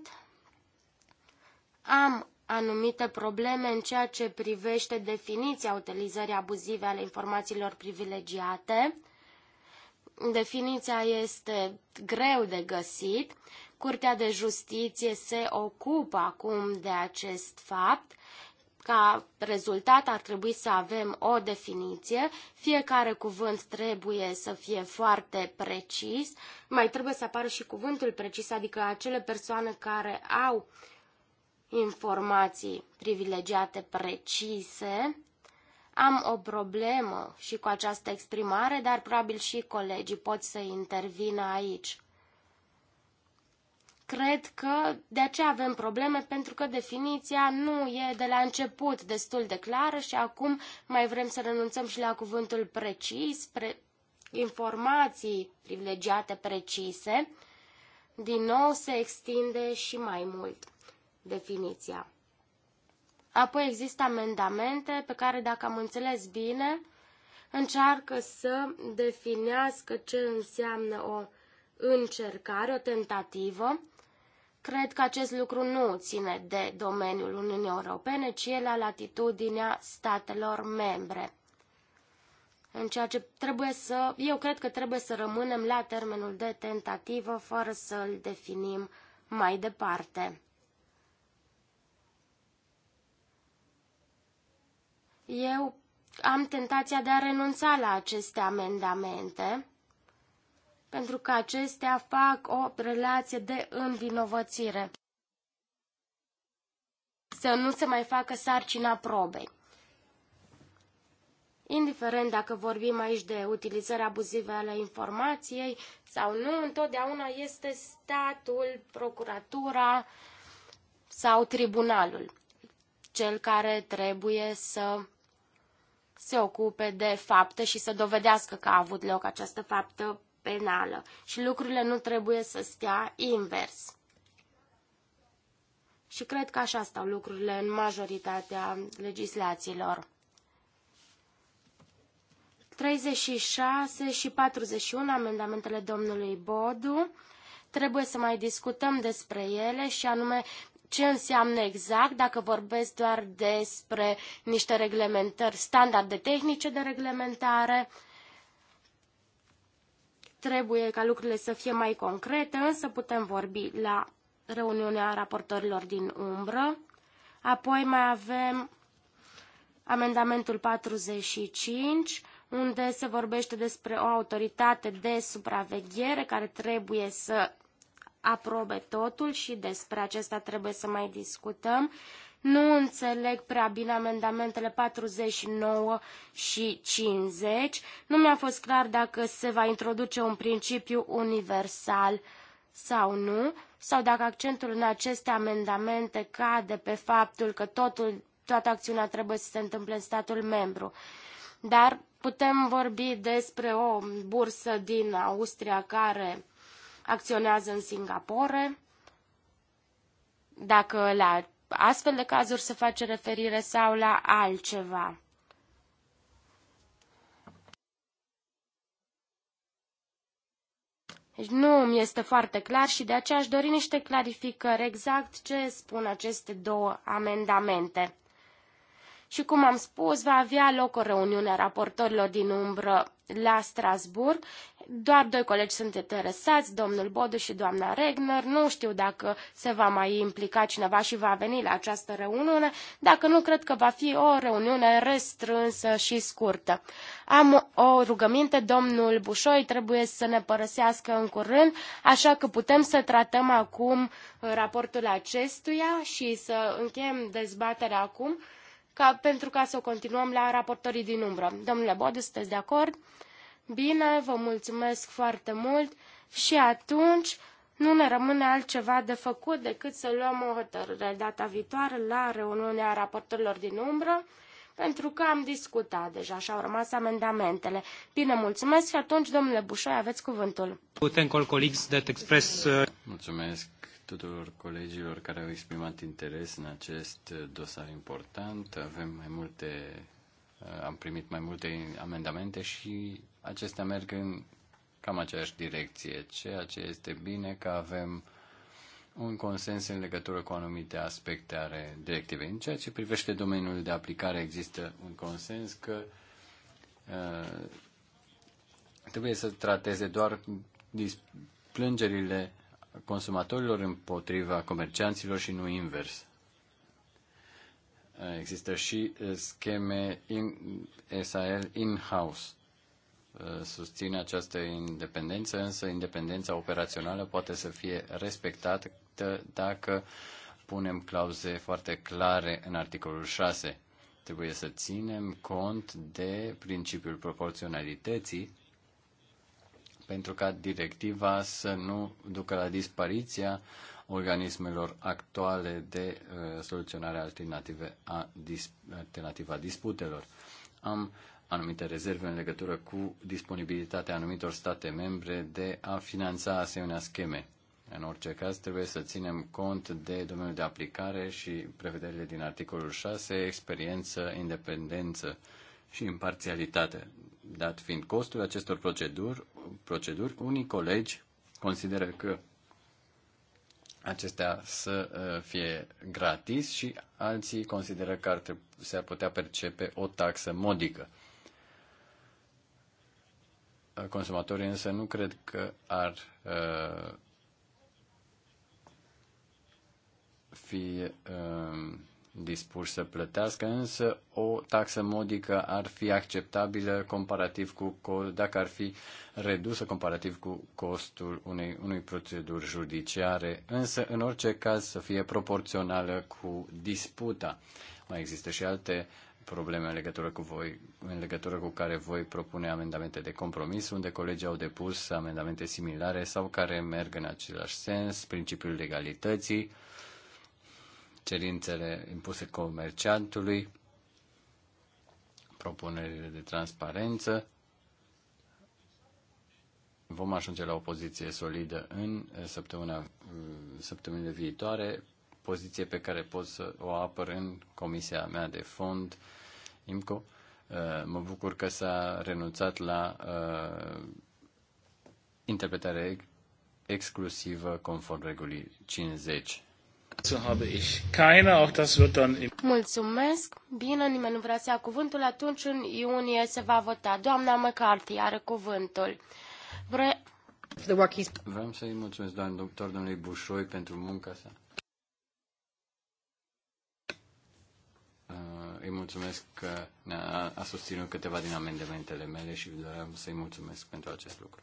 Speaker 2: am anumite probleme în ceea ce privește definiția utilizării abuzive ale informațiilor privilegiate. Definiția este greu de găsit. Curtea de Justiție se ocupă acum de acest fapt. Ca rezultat ar trebui să avem o definiție, fiecare cuvânt trebuie să fie foarte precis, mai trebuie să apară și cuvântul precis, adică acele persoane care au uh, informații privilegiate precise. Am o problemă și cu această exprimare, dar probabil și colegii pot să intervină aici. Cred că de aceea avem probleme, pentru că definiția nu e de la început destul de clară și acum mai vrem să renunțăm și la cuvântul precis, pre- informații privilegiate precise. Din nou se extinde și mai mult definiția. Apoi există amendamente pe care, dacă am înțeles bine, încearcă să definească ce înseamnă o încercare, o tentativă. Cred că acest lucru nu ține de domeniul Uniunii Europene, ci e la latitudinea statelor membre. În ceea ce trebuie să, eu cred că trebuie să rămânem la termenul de tentativă fără să îl definim mai departe. Eu am tentația de a renunța la aceste amendamente, pentru că acestea fac o relație de învinovățire. Să nu se mai facă sarcina probei. Indiferent dacă vorbim aici de utilizări abuzive ale informației sau nu, întotdeauna este statul, procuratura sau tribunalul cel care trebuie să se ocupe de fapte și să dovedească că a avut loc această faptă penală și lucrurile nu trebuie să stea invers. Și cred că așa stau lucrurile în majoritatea legislațiilor. 36 și 41, amendamentele domnului Bodu, trebuie să mai discutăm despre ele și anume ce înseamnă exact, dacă vorbesc doar despre niște reglementări, standarde tehnice de reglementare, trebuie ca lucrurile să fie mai concrete, însă putem vorbi la reuniunea raportorilor din umbră. Apoi mai avem amendamentul 45, unde se vorbește despre o autoritate de supraveghere care trebuie să aprobe totul și despre acesta trebuie să mai discutăm. Nu înțeleg prea bine amendamentele 49 și 50. Nu mi-a fost clar dacă se va introduce un principiu universal sau nu, sau dacă accentul în aceste amendamente cade pe faptul că totul, toată acțiunea trebuie să se întâmple în statul membru. Dar putem vorbi despre o bursă din Austria care acționează în Singapore, dacă la astfel de cazuri se face referire sau la altceva. Deci nu mi este foarte clar și de aceea aș dori niște clarificări exact ce spun aceste două amendamente. Și cum am spus, va avea loc o reuniune a raportorilor din umbră la Strasburg. Doar doi colegi sunt interesați, domnul Bodu și doamna Regner. Nu știu dacă se va mai implica cineva și va veni la această reuniune. Dacă nu, cred că va fi o reuniune restrânsă și scurtă. Am o rugăminte, domnul Bușoi trebuie să ne părăsească în curând, așa că putem să tratăm acum raportul acestuia și să încheiem dezbaterea acum ca, pentru ca să o continuăm la raportorii din umbră. Domnule Bode, sunteți de acord? Bine, vă mulțumesc foarte mult și atunci nu ne rămâne altceva de făcut decât să luăm o hotărâre data viitoare la reuniunea raportorilor din umbră, pentru că am discutat deja și au rămas amendamentele. Bine, mulțumesc și atunci, domnule Bușoi, aveți cuvântul.
Speaker 1: Uh, mulțumesc tuturor colegilor care au exprimat interes în acest dosar important. Avem mai multe, am primit mai multe amendamente și acestea merg în cam aceeași direcție, ceea ce este bine că avem un consens în legătură cu anumite aspecte ale directivei. În ceea ce privește domeniul de aplicare, există un consens că uh, trebuie să trateze doar plângerile consumatorilor împotriva comercianților și nu invers. Există și eh, scheme in, SAL in-house. Eh, susține această independență, însă independența operațională poate să fie respectată dacă punem clauze foarte clare în articolul 6. Trebuie să ținem cont de principiul proporționalității pentru ca directiva să nu ducă la dispariția organismelor actuale de uh, soluționare alternative a dis- alternativă a disputelor. Am anumite rezerve în legătură cu disponibilitatea anumitor state membre de a finanța asemenea scheme. În orice caz, trebuie să ținem cont de domeniul de aplicare și prevederile din articolul 6, experiență, independență și imparțialitate. Dat fiind costul acestor proceduri, proceduri unii colegi consideră că acestea să uh, fie gratis și alții consideră că ar trebui, se ar putea percepe o taxă modică. Uh, consumatorii însă nu cred că ar uh, fi dispuși să plătească, însă o taxă modică ar fi acceptabilă comparativ cu dacă ar fi redusă comparativ cu costul unei, unei proceduri judiciare, însă în orice caz să fie proporțională cu disputa. Mai există și alte probleme în legătură cu voi, în legătură cu care voi propune amendamente de compromis, unde colegii au depus amendamente similare sau care merg în același sens, principiul legalității, cerințele impuse comerciantului, propunerile de transparență, vom ajunge la o poziție solidă în eh, săptămâna, mm, săptămâna viitoare, poziție pe care pot să o apăr în comisia mea de fond, IMCO. Eh, mă bucur că s-a renunțat la eh, interpretare exclusivă conform regulii 50.
Speaker 2: Mulțumesc. Bine, nimeni nu vrea să ia cuvântul. Atunci, în iunie se va vota. Doamna McCarthy are cuvântul.
Speaker 3: Vre...
Speaker 1: Vreau să-i mulțumesc, doamne doctor, domnului Bușoi, pentru munca sa. Uh, îi mulțumesc că ne-a a susținut câteva din amendamentele mele și vreau să-i mulțumesc pentru acest lucru.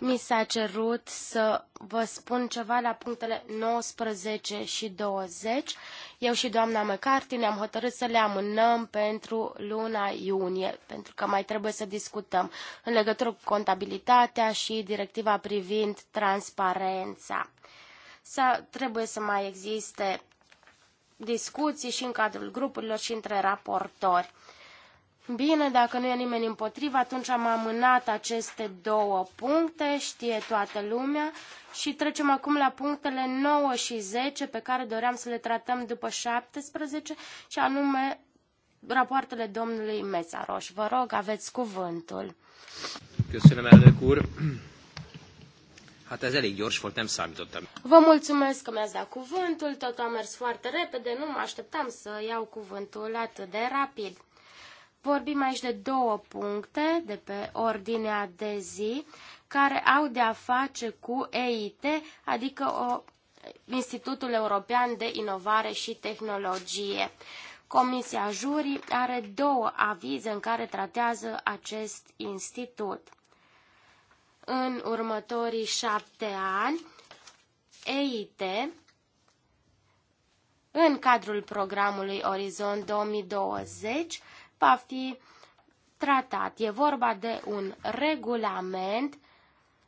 Speaker 2: Mi s-a cerut să vă spun ceva la punctele 19 și 20. Eu și doamna McCarthy ne-am hotărât să le amânăm pentru luna iunie, pentru că mai trebuie să discutăm în legătură cu contabilitatea și directiva privind transparența. Să trebuie să mai existe discuții și în cadrul grupurilor și între raportori. Bine, dacă nu e nimeni împotrivă, atunci am amânat aceste două puncte, știe toată lumea. Și trecem acum la punctele 9 și 10 pe care doream să le tratăm după 17 și anume rapoartele domnului Mețaroș. Vă rog, aveți cuvântul.
Speaker 1: Köszönöm, elnök úr. Hát
Speaker 2: Vă mulțumesc că mi-ați dat cuvântul, tot a mers foarte repede, nu mă așteptam să iau cuvântul atât de rapid. Vorbim aici de două puncte de pe ordinea de zi care au de a face cu EIT, adică o, Institutul European de Inovare și Tehnologie. Comisia Jurii are două avize în care tratează acest institut. În următorii șapte ani, EIT, în cadrul programului Orizont 2020, va fi tratat. E vorba de un regulament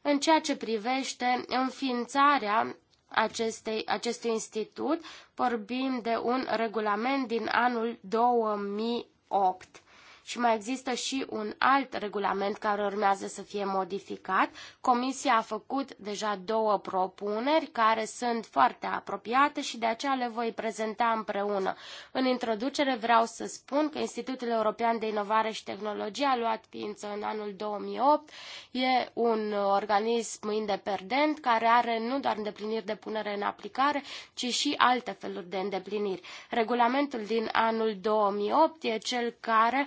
Speaker 2: în ceea ce privește înființarea acestei, acestui institut. Vorbim de un regulament din anul 2008. Și mai există și un alt regulament care urmează să fie modificat. Comisia a făcut deja două propuneri care sunt foarte apropiate și de aceea le voi prezenta împreună. În introducere vreau să spun că Institutul European de Inovare și Tehnologie a luat ființă în anul 2008. E un organism independent care are nu doar îndepliniri de punere în aplicare, ci și alte feluri de îndepliniri. Regulamentul din anul 2008 e cel care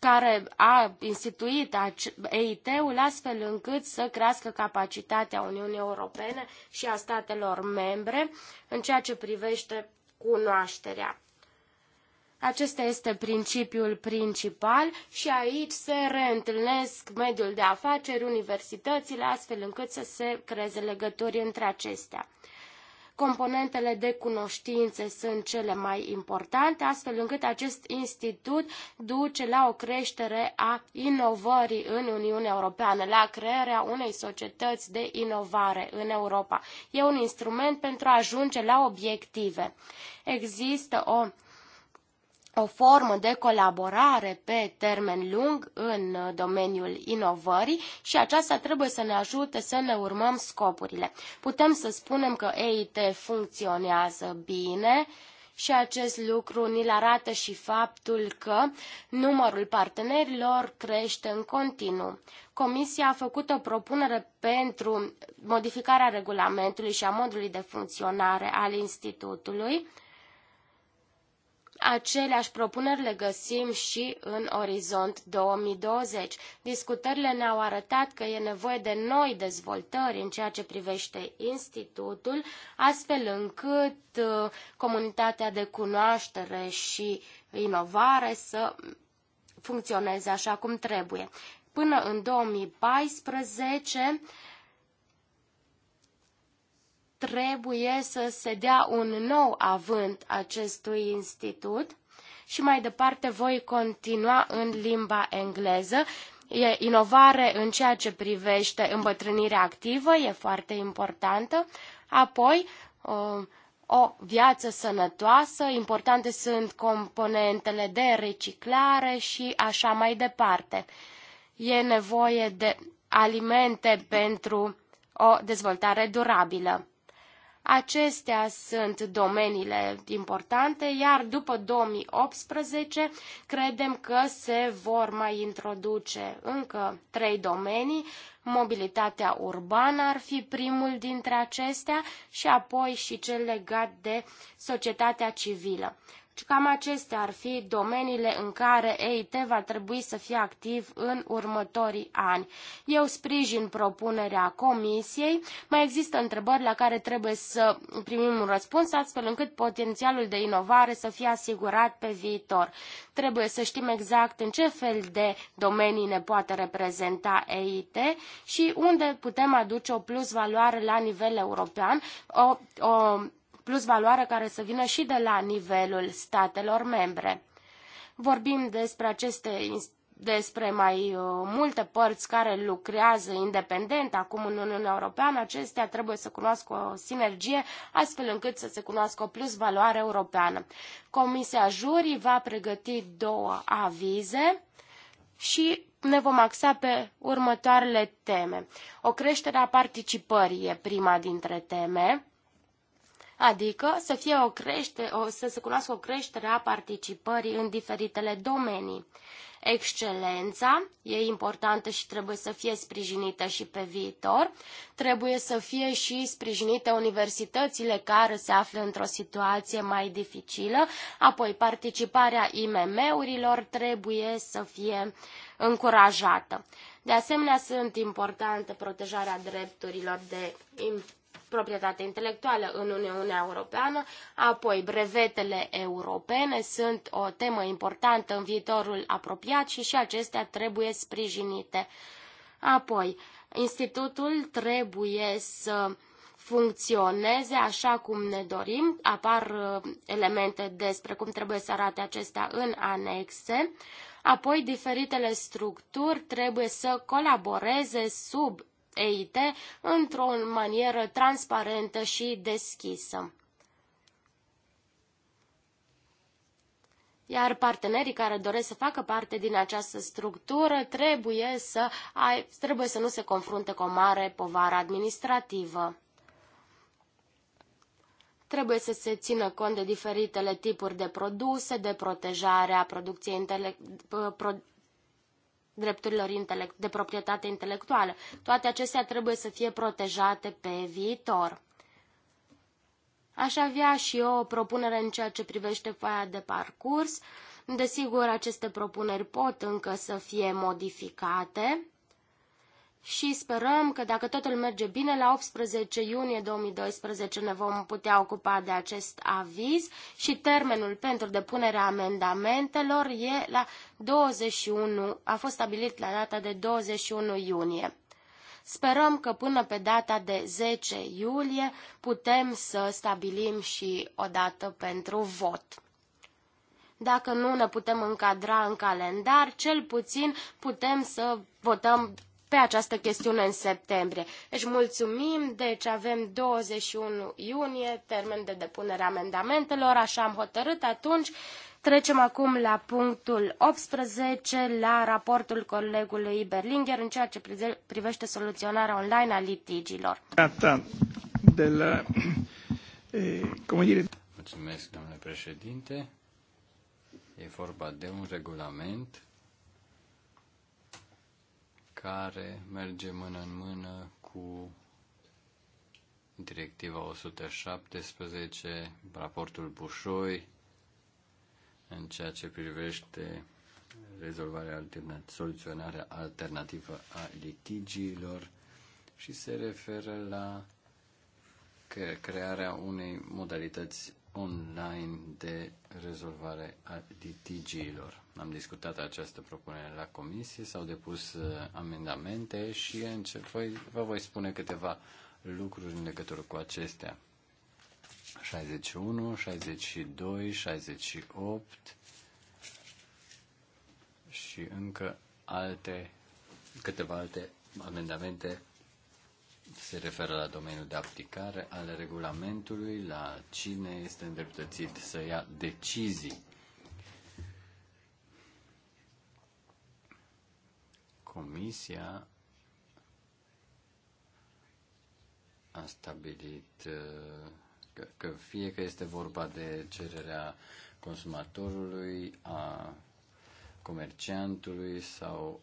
Speaker 2: care a instituit EIT-ul astfel încât să crească capacitatea Uniunii Europene și a statelor membre în ceea ce privește cunoașterea. Acesta este principiul principal și aici se reîntâlnesc mediul de afaceri, universitățile, astfel încât să se creeze legături între acestea componentele de cunoștințe sunt cele mai importante, astfel încât acest institut duce la o creștere a inovării în Uniunea Europeană, la crearea unei societăți de inovare în Europa. E un instrument pentru a ajunge la obiective. Există o o formă de colaborare pe termen lung în uh, domeniul inovării și aceasta trebuie să ne ajute să ne urmăm scopurile. Putem să spunem că EIT funcționează bine, și acest lucru ni-l arată și faptul că numărul partenerilor crește în continuu. Comisia a făcut o propunere pentru modificarea regulamentului și a modului de funcționare al Institutului Aceleași propuneri le găsim și în Orizont 2020. Discutările ne-au arătat că e nevoie de noi dezvoltări în ceea ce privește institutul, astfel încât uh, comunitatea de cunoaștere și inovare să funcționeze așa cum trebuie. Până în 2014, trebuie să se dea un nou avânt acestui institut și mai departe voi continua în limba engleză. E inovare în ceea ce privește îmbătrânirea activă, e foarte importantă. Apoi, o viață sănătoasă, importante sunt componentele de reciclare și așa mai departe. E nevoie de alimente pentru o dezvoltare durabilă. Acestea sunt domeniile importante, iar după 2018 credem că se vor mai introduce încă trei domenii. Mobilitatea urbană ar fi primul dintre acestea și apoi și cel legat de societatea civilă. Deci cam acestea ar fi domeniile în care EIT va trebui să fie activ în următorii ani. Eu sprijin propunerea comisiei. Mai există întrebări la care trebuie să primim un răspuns, astfel încât potențialul de inovare să fie asigurat pe viitor. Trebuie să știm exact în ce fel de domenii ne poate reprezenta EIT și unde putem aduce o plus valoare la nivel european, o, o plus valoare care să vină și de la nivelul statelor membre. Vorbim despre aceste despre mai uh, multe părți care lucrează independent acum în Uniunea Europeană, acestea trebuie să cunoască o sinergie astfel încât să se cunoască o plus valoare europeană. Comisia Jurii va pregăti două avize și ne vom axa pe următoarele teme. O creștere a participării e prima dintre teme adică să, fie o crește, o, să se cunoască o creștere a participării în diferitele domenii. Excelența e importantă și trebuie să fie sprijinită și pe viitor. Trebuie să fie și sprijinite universitățile care se află într-o situație mai dificilă. Apoi participarea IMM-urilor trebuie să fie încurajată. De asemenea, sunt importante protejarea drepturilor de proprietatea intelectuală în Uniunea Europeană, apoi brevetele europene sunt o temă importantă în viitorul apropiat și și acestea trebuie sprijinite. Apoi, institutul trebuie să funcționeze așa cum ne dorim. Apar uh, elemente despre cum trebuie să arate acestea în anexe. Apoi, diferitele structuri trebuie să colaboreze sub EIT într-o manieră transparentă și deschisă. iar partenerii care doresc să facă parte din această structură trebuie să, ai, trebuie să nu se confrunte cu o mare povară administrativă. Trebuie să se țină cont de diferitele tipuri de produse, de protejarea producției intele- drepturilor de proprietate intelectuală. Toate acestea trebuie să fie protejate pe viitor. Aș avea și eu o propunere în ceea ce privește foaia de parcurs. Desigur, aceste propuneri pot încă să fie modificate și sperăm că dacă totul merge bine, la 18 iunie 2012 ne vom putea ocupa de acest aviz și termenul pentru depunerea amendamentelor e la 21, a fost stabilit la data de 21 iunie. Sperăm că până pe data de 10 iulie putem să stabilim și o dată pentru vot. Dacă nu ne putem încadra în calendar, cel puțin putem să votăm pe această chestiune în septembrie. Deci mulțumim, deci avem 21 iunie, termen de depunere a amendamentelor, așa am hotărât atunci. Trecem acum la punctul 18, la raportul colegului Berlinger în ceea ce privește soluționarea online a litigiilor.
Speaker 1: De la, eh, e, cum dire... Mulțumesc, domnule președinte. E vorba de un regulament care merge mână în mână cu Directiva 117, raportul Bușoi, în ceea ce privește rezolvarea alternat- soluționarea alternativă a litigiilor și se referă la crearea unei modalități online de rezolvare a litigiilor. Am discutat această propunere la comisie, s-au depus uh, amendamente și încep, voi, vă voi spune câteva lucruri în legătură cu acestea. 61, 62, 68 și încă alte, câteva alte amendamente se referă la domeniul de aplicare al regulamentului, la cine este îndreptățit să ia decizii Comisia a stabilit uh, că, că fie că este vorba de cererea consumatorului, a comerciantului sau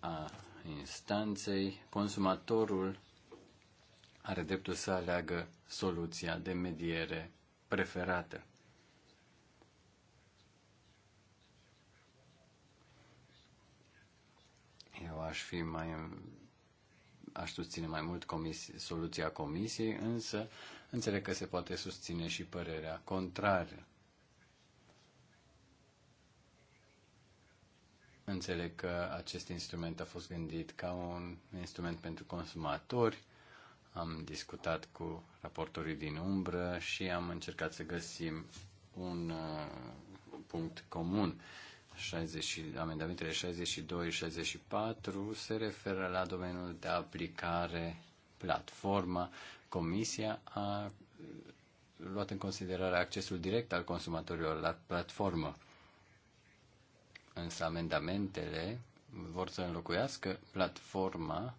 Speaker 1: a instanței, consumatorul are dreptul să aleagă soluția de mediere preferată. Eu aș fi mai aș susține mai mult comisi, soluția comisiei, însă înțeleg că se poate susține și părerea contrară. Înțeleg că acest instrument a fost gândit ca un instrument pentru consumatori. Am discutat cu raportorii din umbră și am încercat să găsim un uh, punct comun. 60, amendamentele 62 și 64 se referă la domeniul de aplicare, platforma. Comisia a luat în considerare accesul direct al consumatorilor la platformă. Însă amendamentele vor să înlocuiască platforma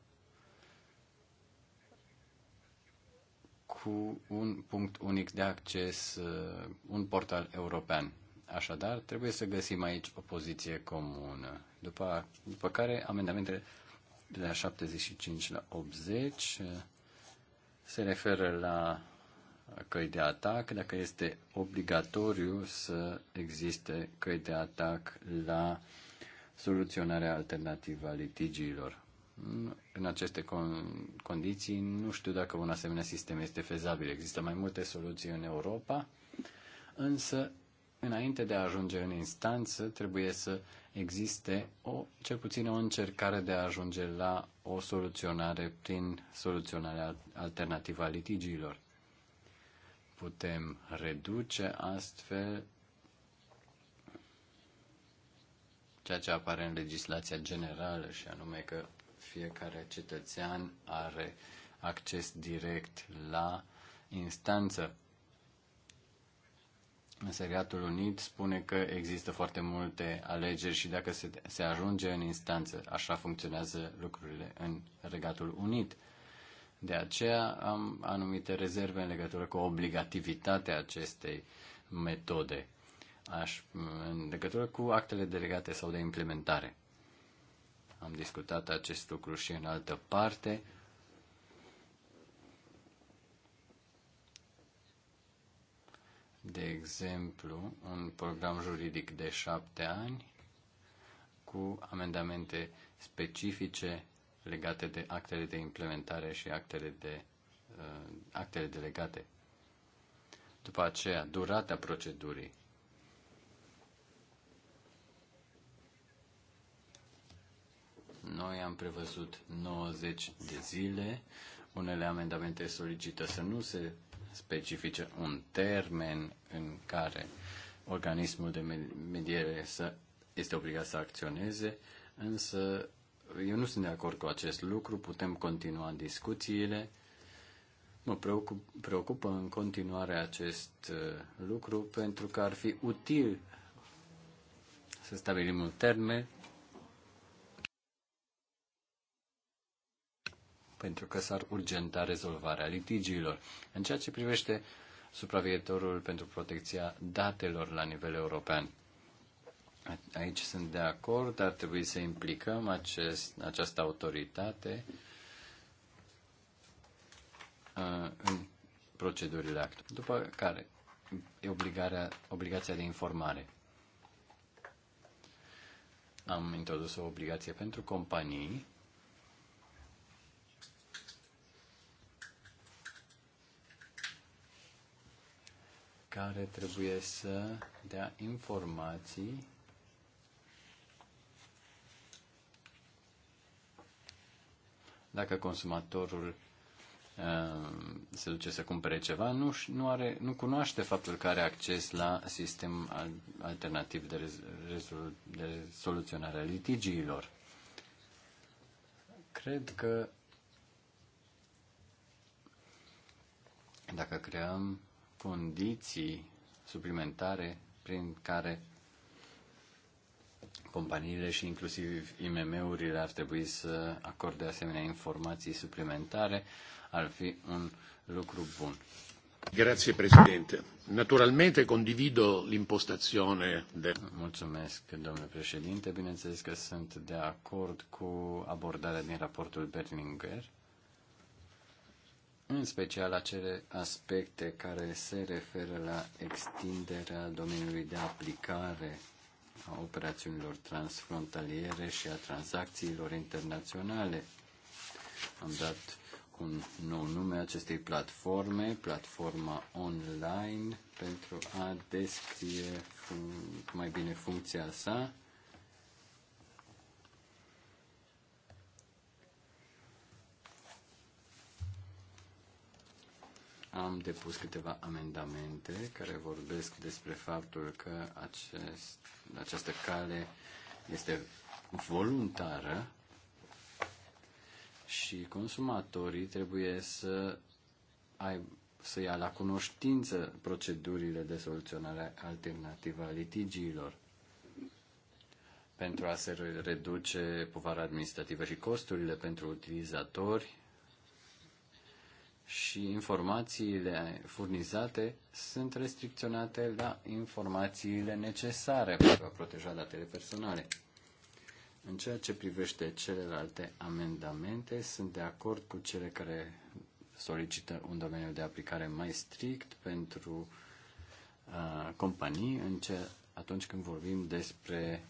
Speaker 1: cu un punct unic de acces, uh, un portal european. Așadar, trebuie să găsim aici o poziție comună, după, după care amendamentele de la 75 la 80 eh, se referă la căi de atac, dacă este obligatoriu să existe căi de atac la soluționarea alternativă a litigiilor. În aceste con- condiții, nu știu dacă un asemenea sistem este fezabil. Există mai multe soluții în Europa, însă înainte de a ajunge în instanță, trebuie să existe o, cel puțin o încercare de a ajunge la o soluționare prin soluționarea alternativă a litigiilor. Putem reduce astfel ceea ce apare în legislația generală și anume că fiecare cetățean are acces direct la instanță Seriatul Unit spune că există foarte multe alegeri și dacă se, se ajunge în instanță, așa funcționează lucrurile în Regatul Unit. De aceea am anumite rezerve în legătură cu obligativitatea acestei metode aș, în legătură cu actele delegate sau de implementare. Am discutat acest lucru și în altă parte de exemplu, un program juridic de șapte ani cu amendamente specifice legate de actele de implementare și actele, de, uh, actele delegate. După aceea, durata procedurii. Noi am prevăzut 90 de zile. Unele amendamente solicită să nu se specifice un termen în care organismul de mediere să, este obligat să acționeze, însă eu nu sunt de acord cu acest lucru, putem continua discuțiile. Mă preocup, preocupă în continuare acest uh, lucru pentru că ar fi util să stabilim un termen pentru că s-ar urgenta rezolvarea litigiilor. În ceea ce privește supraviețorul pentru protecția datelor la nivel european. Aici sunt de acord, ar trebui să implicăm acest, această autoritate uh, în procedurile actuale. După care e obligarea, obligația de informare. Am introdus o obligație pentru companii care trebuie să dea informații dacă consumatorul uh, se duce să cumpere ceva, nu, nu, are, nu cunoaște faptul că are acces la sistem alternativ de, rezol, de soluționare a litigiilor. Cred că dacă creăm condiții suplimentare prin care companiile și inclusiv IMM-urile ar trebui să acorde asemenea informații suplimentare, ar fi un lucru bun. Grazie Presidente. Naturalmente condivido l'impostazione de... Mulțumesc, domnule președinte. Bineînțeles că sunt de acord cu abordarea din raportul Berlinger în special acele aspecte care se referă la extinderea domeniului de aplicare a operațiunilor transfrontaliere și a tranzacțiilor internaționale. Am dat un nou nume acestei platforme, platforma online, pentru a descrie mai bine funcția sa am depus câteva amendamente care vorbesc despre faptul că acest, această cale este voluntară și consumatorii trebuie să, ai, să ia la cunoștință procedurile de soluționare alternativă a litigiilor pentru a se reduce povara administrativă și costurile pentru utilizatori și informațiile furnizate sunt restricționate la informațiile necesare pentru a proteja datele personale. În ceea ce privește celelalte amendamente, sunt de acord cu cele care solicită un domeniu de aplicare mai strict pentru uh, companii în ce, atunci când vorbim despre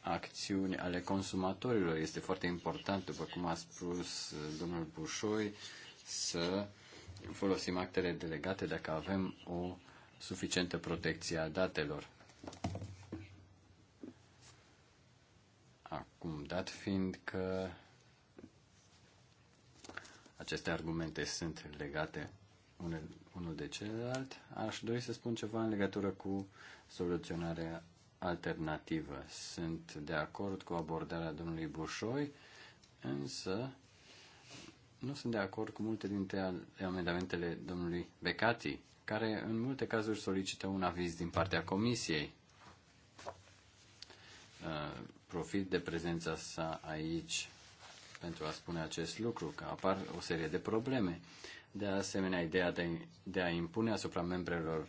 Speaker 1: acțiuni ale consumatorilor. Este foarte important, după cum a spus domnul Bușoi, uh, să folosim actele delegate dacă avem o suficientă protecție a datelor. Acum, dat fiind că aceste argumente sunt legate unul, unul de celălalt, aș dori să spun ceva în legătură cu soluționarea alternativă. Sunt de acord cu abordarea domnului Bușoi, însă nu sunt de acord cu multe dintre amendamentele domnului Becati, care în multe cazuri solicită un aviz din partea comisiei. Uh, profit de prezența sa aici pentru a spune acest lucru, că apar o serie de probleme. De asemenea, ideea de, de a impune asupra membrelor,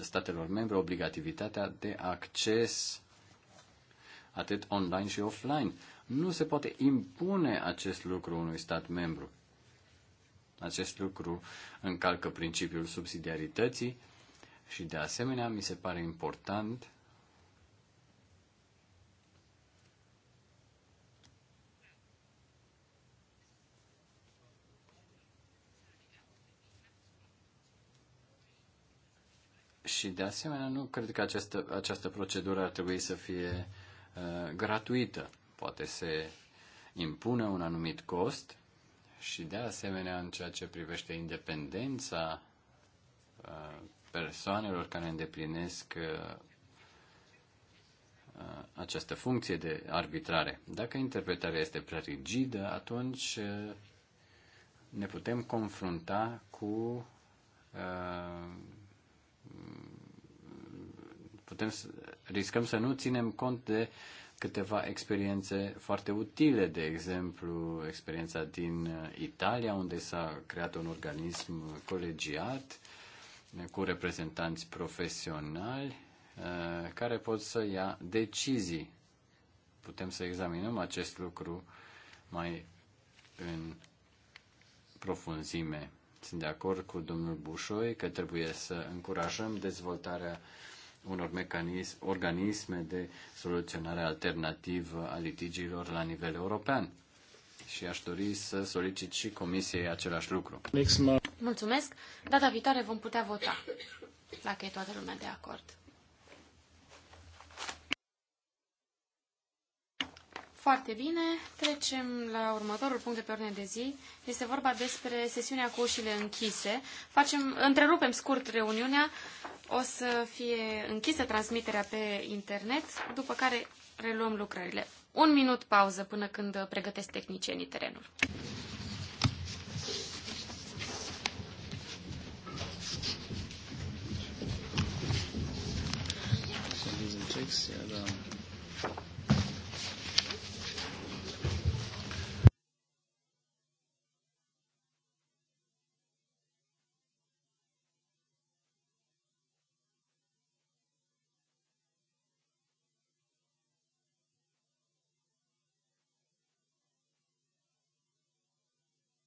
Speaker 1: statelor membre obligativitatea de acces atât online și offline nu se poate impune acest lucru unui stat membru. Acest lucru încalcă principiul subsidiarității și de asemenea mi se pare important Și de asemenea nu cred că această, această procedură ar trebui să fie uh, gratuită. Poate se impune un anumit cost și de asemenea în ceea ce privește independența uh, persoanelor care îndeplinesc uh, uh, această funcție de arbitrare. Dacă interpretarea este prea rigidă, atunci ne putem confrunta cu putem riscăm să nu ținem cont de câteva experiențe foarte utile, de exemplu, experiența din uh, Italia, unde s-a creat un organism colegiat uh, cu reprezentanți profesionali uh, care pot să ia decizii. Putem să examinăm acest lucru mai în profunzime. Sunt de acord cu domnul Bușoi că trebuie să încurajăm dezvoltarea uh, unor mecanism, organisme de soluționare alternativă a litigiilor la nivel european. Și aș dori să solicit și Comisiei același lucru.
Speaker 3: Mulțumesc. Data viitoare vom putea vota, dacă e toată lumea de acord. Foarte bine, trecem la următorul punct de pe ordine de zi. Este vorba despre sesiunea cu ușile închise. Facem, întrerupem scurt reuniunea, o să fie închisă transmiterea pe internet, după care reluăm lucrările. Un minut pauză până când pregătesc tehnicienii terenul.
Speaker 1: Yeah,